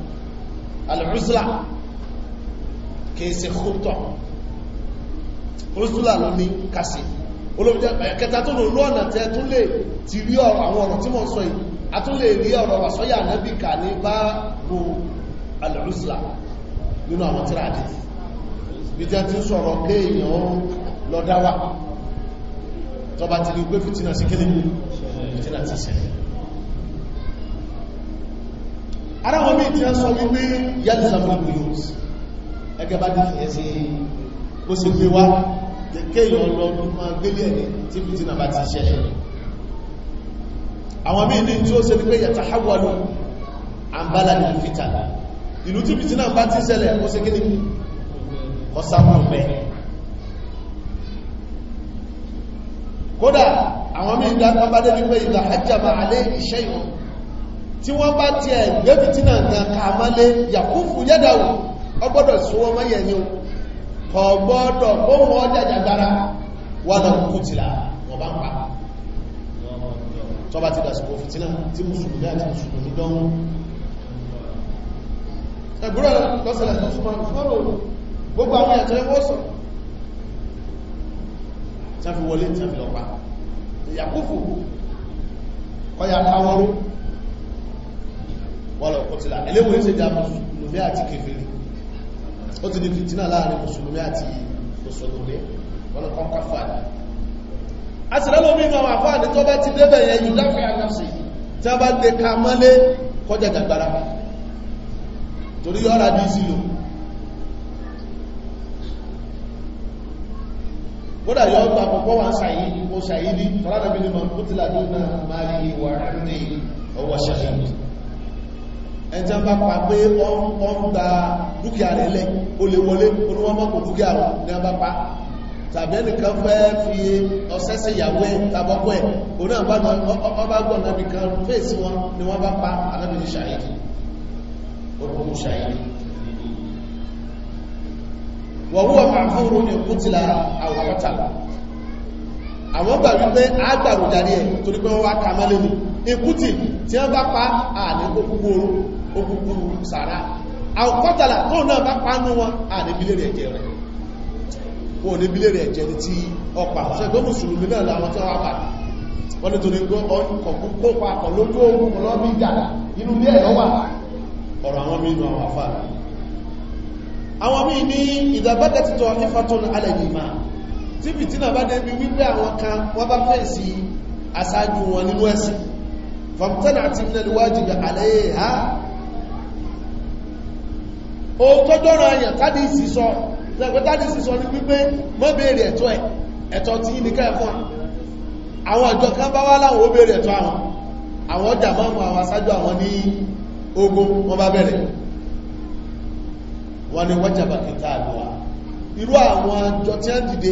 alùsùlà kìí ṣe kúrútọ̀ rúsùlà ló ní kàṣì olóòjẹ́ ẹ̀kẹta tó lò ló ọ̀nà tẹ́ tún lè ti rí àwọn ọ̀rọ̀ tí mọ́ sọ yìí a tún lè rí ọ̀rọ̀ wàsọ́yà nẹ́bí kà ní bá bú alùsùlà nínú àwọn tíra àdìsí bí jẹ́ tí ń sọ̀rọ̀ kéèyàn lọ́dáwà tọba ti rí pé fìtínà sí kéde fìtínà ti ṣẹlẹ̀ ara wọn bí ìtí sọ wípé yàtí sàmàbù yóò ẹgẹ́ bá dìkì ẹ sí o, sì gbé wá kẹ́kẹ́ ìyọ̀lọ́dún máa gbélé ẹni tí fìtínà bá ti ṣẹlẹ̀ àwọn míì ní tí ó ṣe ní pé yàtà hàwàlú àmbálà ní fìtà ìlú tí fìtínà bá ti ṣẹlẹ̀ ó ṣe kí ní ọ̀sàmùmẹ́ kódà àwọn míì dá pápádé ní pé ìlà hajjama alẹ́ tí wọ́n bá ti ẹ̀gbẹ́ fìtínà gan kàmálé yàkúfù yẹ́dàwó ọgbọ́dọ̀ sọ́wọ́ mẹ́yẹ̀yìn ọgbọ́dọ̀ bóhùn ọjàjàgbára wà náà kú tìlà wọ́n bá ń pa tọ́bá ti dàsìkò fìtínà tí mùsùlùmí àti mùsùlùmí dán ẹgbùrọ̀ lọ́sẹ̀lẹ̀ gbogbo àwọn ẹ̀tọ́ ẹwọ́ sọ tàbí wọlé tàbí lọ́pàá ìyàkúfù ọyà káwọ́rú wọ́n lọ kọtílà eléwò ń ṣe jà mùsùlùmí àti kèfèrè ó ti di fìtínà láàrin mùsùlùmí àti mùsùlùmí wọ́n lọ kọ́ káfàdì a sì lọ́lọ́ mí àwọn àfáàdì tó bá ti débẹ̀ yẹn yìí láfẹ́ àgbàṣe tí a bá gbé ka mọ́lé kọjá gàgbàrà torí yọ́ra bí sí lò kódà yọ ọgbà àkọ́kọ́ wà ṣàyíní ó ṣàyíní tọ́lá ẹjá bá pa pé wọ́n gba dúkìá rẹ̀ lẹ́ o lè wọlé oníwọ́mọ́kò dúkìá rẹ̀ ní ọba pa tàbí ẹnìkan fẹ́ fi ọ̀sẹ́ sí ìyàwó ẹ̀ tàbọ́kọ́ ẹ̀ o náà bá gbọ́nà nìkan fèsì wọn ni wọ́n bá pa alábìnrin ṣàyẹ̀dì orúkú ṣàyẹ̀dì wọ̀húwọ̀ màfúrú ní kútìlà àwọ̀kọ́tàlá àwọn gbà wípé àgbàrò jàrí ẹ̀ torípé wọ́n wá kàmálẹ́ ní ikútì tí wọ́n bá pa àníkò kúkúrú ogúgbù sàrá àkọ́tàlà tó náà bá pánú wọn àdébílé rẹ̀ jẹ́ rẹ̀ wọn òdébílé rẹ̀ jẹ́ ní ti ọpa ṣẹgbẹ́ mùsùlùmí náà láwọn tí wọ́n wà wọ́n nítorí kópa akọ̀ lójú ogun lọ́bí ìjàdà inú ilé ẹ̀rọ wà ọ̀rọ̀ àwọn mínú àwọn afá àwọn míì ní ìdàbádẹ́ títọ́ ìfàtún alẹ́yìn ìmá tí fìtínà bá débi wípé àwọn kan wọ́n bá fèsì aṣáájú wọn nínú ẹ̀sìn fọ̀mtẹ́nà àti ìfẹ́lẹ̀wájì àlẹ́yìn o tọ́jọ́rọ̀ ayàn tádìí sì sọ lẹ́gbẹ́ tádìí sì sọ ní wípé mọ́ béèrè ẹ̀tọ́ ẹ̀ ẹ̀tọ́ tí ní kẹfún àwọn àjọ kan bá wá láwọn ó béèrè ẹ̀tọ́ àwọn àwọn ọjà máa mú àwọn aṣájú àwọn ní ogun wọ́n bá bẹ̀rẹ̀ wọ́n ni wọ́n jàbà kìtà àdúwà irú àwọn àjọ tí wọ́n dìde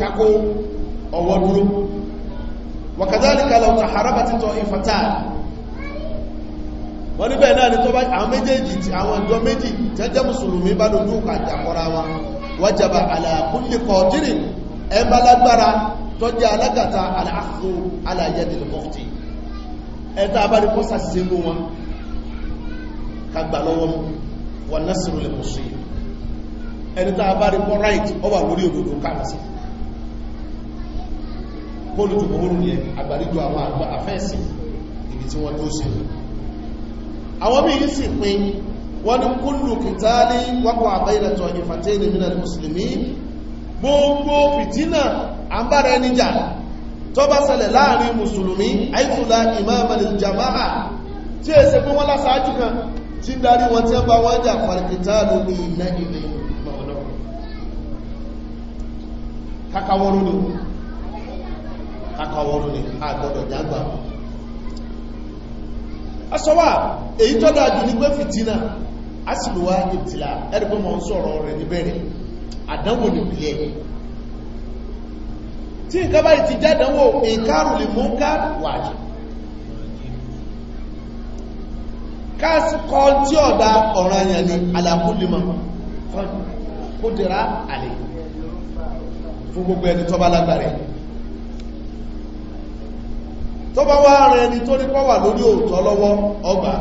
tí ọwọ́ dúró wàkàtàlìkà lọ tàhàrábà títọ̀ ìfàtàlì wọ́n níbẹ̀ náà ni tó bá àwọn méjèèjì tí àwọn ìjọ méjì jẹ́jẹ́ mùsùlùmí bá lójú àjàkọ́ra wa wájaba ala kulli qadirin ẹmbá lágbára tó jẹ́ alágàta aláàkó ala yadil muqti ẹta abárí kó sàṣẹ́gbó wọn kagbà lọ́wọ́ wọn nasrul muslim ẹni tá abárí kó right ọwà lórí kóòlù tó kòrò ní àgbàríjọ àwọn àgbà àfẹ́ẹ̀sì ibi tí wọ́n tó ṣe àwọn bí i sì pín wọ́n ní kúlù kìtàlì wọ́pọ̀ àbáyìlẹ̀tọ̀ ìfàtẹ́ ìlẹ̀mìnà mùsùlùmí gbogbo fìtínà àbára ẹni jà tó bá ṣẹlẹ̀ láàrin mùsùlùmí àìkùlá ìmáàmàlì jama'a tí è ṣe pé wọ́n lásáájú kan tí ń darí wọn tí ó bá wọ́n jà pàrìkìtàlù ní ìlẹ̀ ìlẹ̀ ìlẹ̀ kákàwọ́rún ní àgbọ́dọ̀ jágbà asọ́wà èyí tó dájú ní pé fìtínà a sì lò wá ìbìtìlá ẹ̀rùgbọ́ mọ́ ń sọ̀rọ̀ rẹ̀ níbẹ̀rẹ̀ àdánwò nìpìlẹ̀ tí nǹkan báyìí ti jádánwò ìkárù lè mú ká wàjì káàsì kọ́ tí ọ̀dá ọ̀ràn yẹn ni alákùnlẹ̀mọ̀ kó dìrá àlè fún gbogbo ẹni tó bá lágbàrẹ̀ tó bá wá rẹ ẹni tó ní pọ́ wà lórí òótọ́ lọ́wọ́ ọgbà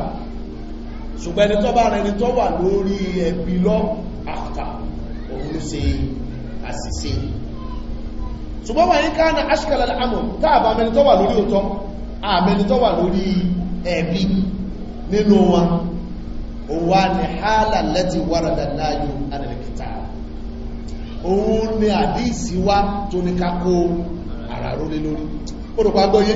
ṣùgbọ́n ẹni tó bá rẹ ẹni tó wà lórí ẹ̀bí lọ àkà òun ṣe àṣìṣe ṣùgbọ́n wà ní káàna aṣíkàlẹ̀ àmọ̀ táàbà mẹni tó wà lórí òótọ́ àmẹni tó wà lórí ẹ̀bí nínú wa òwà òun ni àdíìsí wá tó ní kákó àràrólé lórí ó rò pàgbọ́yé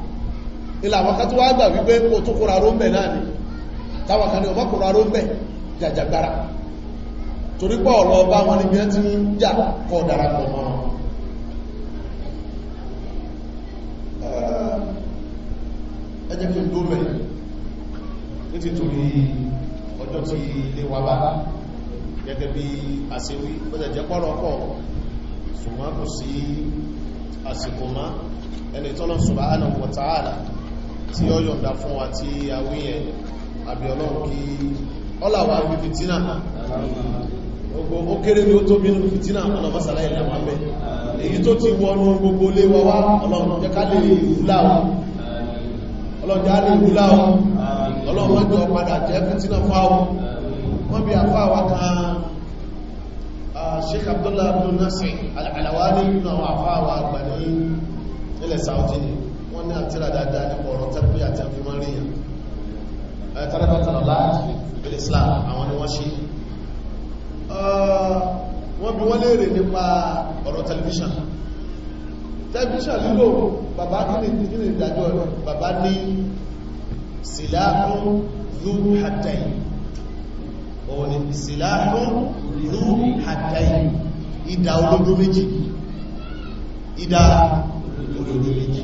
ilẹ̀ àwọn kan tó wá gbà wípé kò tó kóra ró ń bẹ̀ náà ni táwọn kan ní ọmọ kóra ró ń bẹ̀ jàjàgbára torí pọ̀ ọ̀rọ̀ ọba wọn níbi ẹ́ ti ń jà kọ́ darapọ̀ mọ́ ẹjẹ́ kí n tó mẹ́ nítorí ọjọ́ tí ilé wa bá gẹ́gẹ́ bí àṣewí pẹ́sẹ̀ jẹ́ pọ́rọ̀ ṣùgbọ́n kò sí àsìkò má ẹni tọ́lọ́ subhanahu wa ta'ala tí ó yọ̀nda fún wa tí a wí yẹn àbí ọlọ́run kí ọlàwà bí fìtínà gbogbo ó kéré ní ó tó bínú fìtínà ọlọ́mọ́sàlá ìlànà abẹ́ èyí tó ti wọnú gbogbo lé wa wá ọlọ́run jẹ́ ká lè wúlà wọn ọlọ́run jẹ́ á lè wúlà wọn ọlọ́run mọ́jọ Sheikh Abdullah Abdul Nasir Al-Alawani náà àfá wa àgbà ní ilẹ̀ Saudi ni ní àtìrà dáadáa ní ọ̀rọ̀ tẹ́lẹ̀pì àti àfihàn ríyàn tẹ́lẹ̀dọ́tàlá láti ìbílẹ̀ Islam àwọn ni wọ́n ṣe wọ́n bí wọ́n léèrè nípa ọ̀rọ̀ tẹlifíṣàn tẹlifíṣàn lílò bàbá kíni ìdájọ́ ẹ̀rọ bàbá ní síláàkún lú hàtàì òun ni síláàkún lú hàtàì ìdá olódó méjì ìdá olódó méjì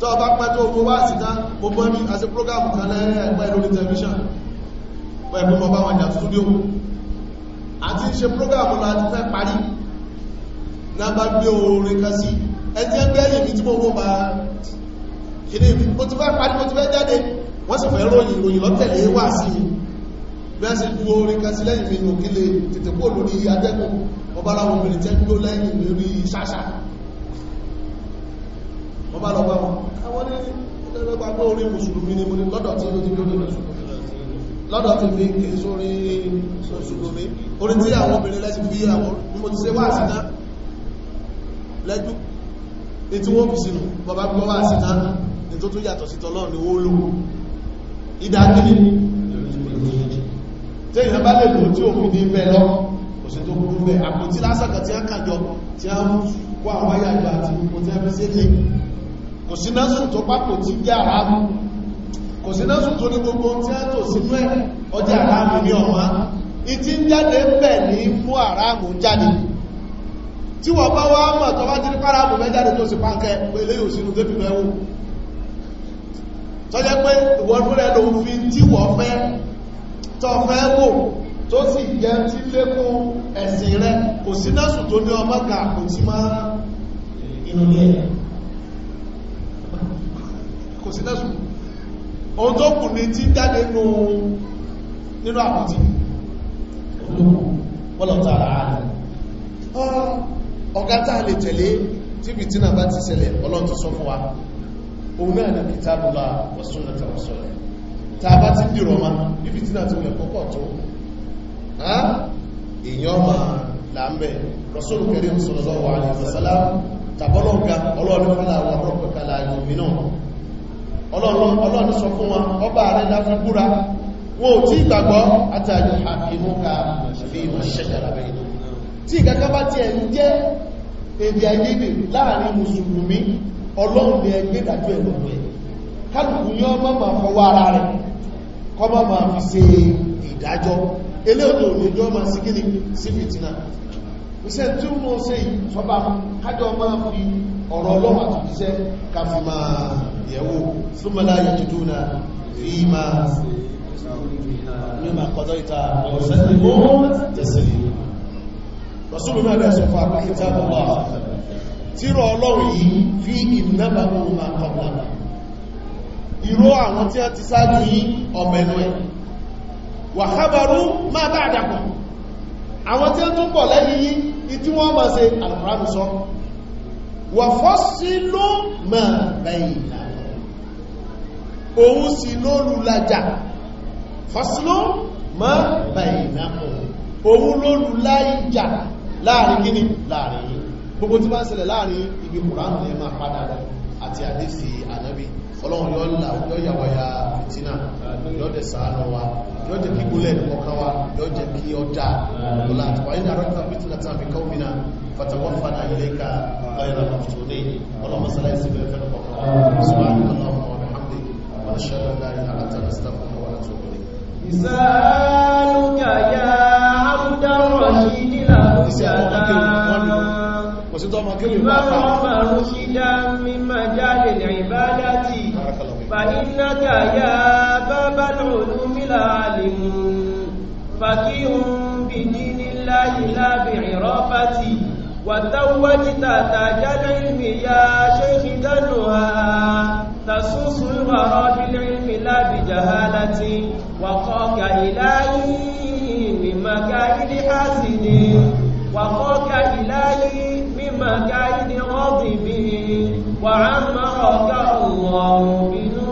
tó ọba pẹ́ tó ogun wá síta mo gbọ́ àti program kan lẹ́ẹ̀ẹ́gbẹ́ lórí television pẹ̀lú ọba wọn jà studio àti ṣe program láti fẹ́ parí náà bá gbé orin kan sí ẹtí ẹgbẹ́ ẹ̀yìn mi tí mo wó ma kìdí mo ti fẹ́ parí mo ti fẹ́ jáde wọ́n sì fẹ́ ròyìn ròyìn lọ́tẹ̀lé wà sí bí gbú orin kan sí lẹ́yìn mi ò tètè kó lórí adẹ́kùn ọba láwọn tẹ́ gbó lẹ́yìn mi ṣáṣà wọ́n bá lọ bá wọn àwọn ní ẹgbẹ́gbẹ́ orí mùsùlùmí ni mo ní lọ́dọ̀ tí ó ti lórí lọ́dọ̀ tí fi kè sórí mùsùlùmí orí tí àwọn obìnrin lẹ́sì fi àwọn mo ti ṣe wá àsìná lẹ́jú ní tí wọ́n fi sínú bàbá gbọ́ wá àsìná ní tó tún yàtọ̀ sí tọ́lọ́ ni ó lò ìdá kíní tí èèyàn bá lè lò tí òfin ní bẹ́ẹ̀ lọ kò sí tó kúrú bẹ́ẹ̀ àpótí lásàkà tí a kàjọ tí a mú kó àwọn ayàjọ àti ìpò tí a fi sí lè kò sí násùn tó pápò tí jẹ́ àrámù kò sí násùn tó ní gbogbo tí a tò sínú ẹ̀ ọjọ́ àrámù ní ọmọ ìtí ń jáde ń bẹ̀ ní mú àrámù jáde tí wọ́n bá wá mọ̀ tó bá ti rí párámù mẹ́jáde tó sì pánkẹ́ pẹ̀lẹ́ òsínú débì mẹ́wó tó jẹ́ pé ìwọ̀n fúnrẹ́ ló fi tí wọ́n fẹ́ tó fẹ́ wò tó sì jẹ́ tí lékún ẹ̀sìn rẹ kò sí násùn tó ní ọmọ kà kò tí máa inú ní ẹ̀yà kò sí náà ohun tó kù ní tí jáde nínú àpótí wọ́lọ̀ta ààrẹ ọ̀gá tàà lè tẹ̀lé tí bìtínà bá ti ṣẹlẹ̀ ọlọ́run sọ fún wa òun náà ní kìtàbùlá wọ́súnlẹ̀ta wọ́sọ̀lẹ̀ tàà bá ti dìrọ̀ ma tí ma ọlọ́run sọ fún wọn ọba rẹ̀ láfi búra wọn ò tí ìgbàgbọ́ àtàrí àkínúka fi ìmọ̀ ṣẹ́jára bẹ̀rẹ̀ tí ìgbàgbọ́ bá ti ẹ̀rí jẹ́ èdè àìyedè láàrin mùsùlùmí ọlọ́run lè ẹgbẹ́ dájú ẹ̀ lọ́wọ́ ẹ̀ kálùkù ní ọmọ máa fọwọ́ ara rẹ̀ kọ́ máa máa fi ṣe ìdájọ́ eléòdò òjò máa sí kíni sí fìtínà ìṣẹ́ tí ó mọ́ sí ìfọ́bá kájọ máa fi ọ̀rọ̀ ọlọ́run àti iṣẹ́ ká fi máa yẹ̀wò súnmọ́lá yẹ̀tútù na fi máa mímọ̀ kọjọ́ ìta ọ̀sẹ́ ìgbó tẹ̀sẹ̀lẹ̀ rasulun náà sọ fún àpá ìtàbí ọlọ́run tírọ ọlọ́run yìí fi ìnábàmọ́ máa kọ̀ọ̀lá ìró àwọn tí a ti sáájú yìí ọmọ ẹnu ẹ̀ wà kábàrú a tún pọ̀ lẹ́yìn yìí tí wọ́n máa ṣe àlùkùránì sọ wọ̀fọ́sílú mọ̀ bẹ̀yìnà òun sì lólùlájà fọ́sílú mọ̀ bẹ̀yìnà òun lólùláìjà láàrin gíní láàrin gbogbo tí bá ń ṣẹlẹ̀ láàrin ibi kùránù ẹ máa padà àti àdísì ànábì ọlọ́run yóò là yóò yàwà ya fìtínà yóò dẹ̀ sàánà wa yóò jẹ́ kí gúnlẹ̀ ọkàn wa yóò jẹ́ kí ọjà ọlá àtìwà àrọ́ta fìtínà tàbí kọ́mìnà fatawaffana ilayka ghayra maftunin ọlọ́run sàlẹ̀ sí bẹ̀rẹ̀ fẹ́ Ìsáàlùkà yá àmúdá ọ̀rọ̀ sí فإنك يا باب العلوم العالم فقيه بدين الله لا بعرافتي وتوجت تاج العلم يا شيخ دنها تسوس الورى بالعلم لا بجهالة وقاك إلهي من مكائد حاسد وقاك إلهي من مكائد غضب وعمرك الله بنور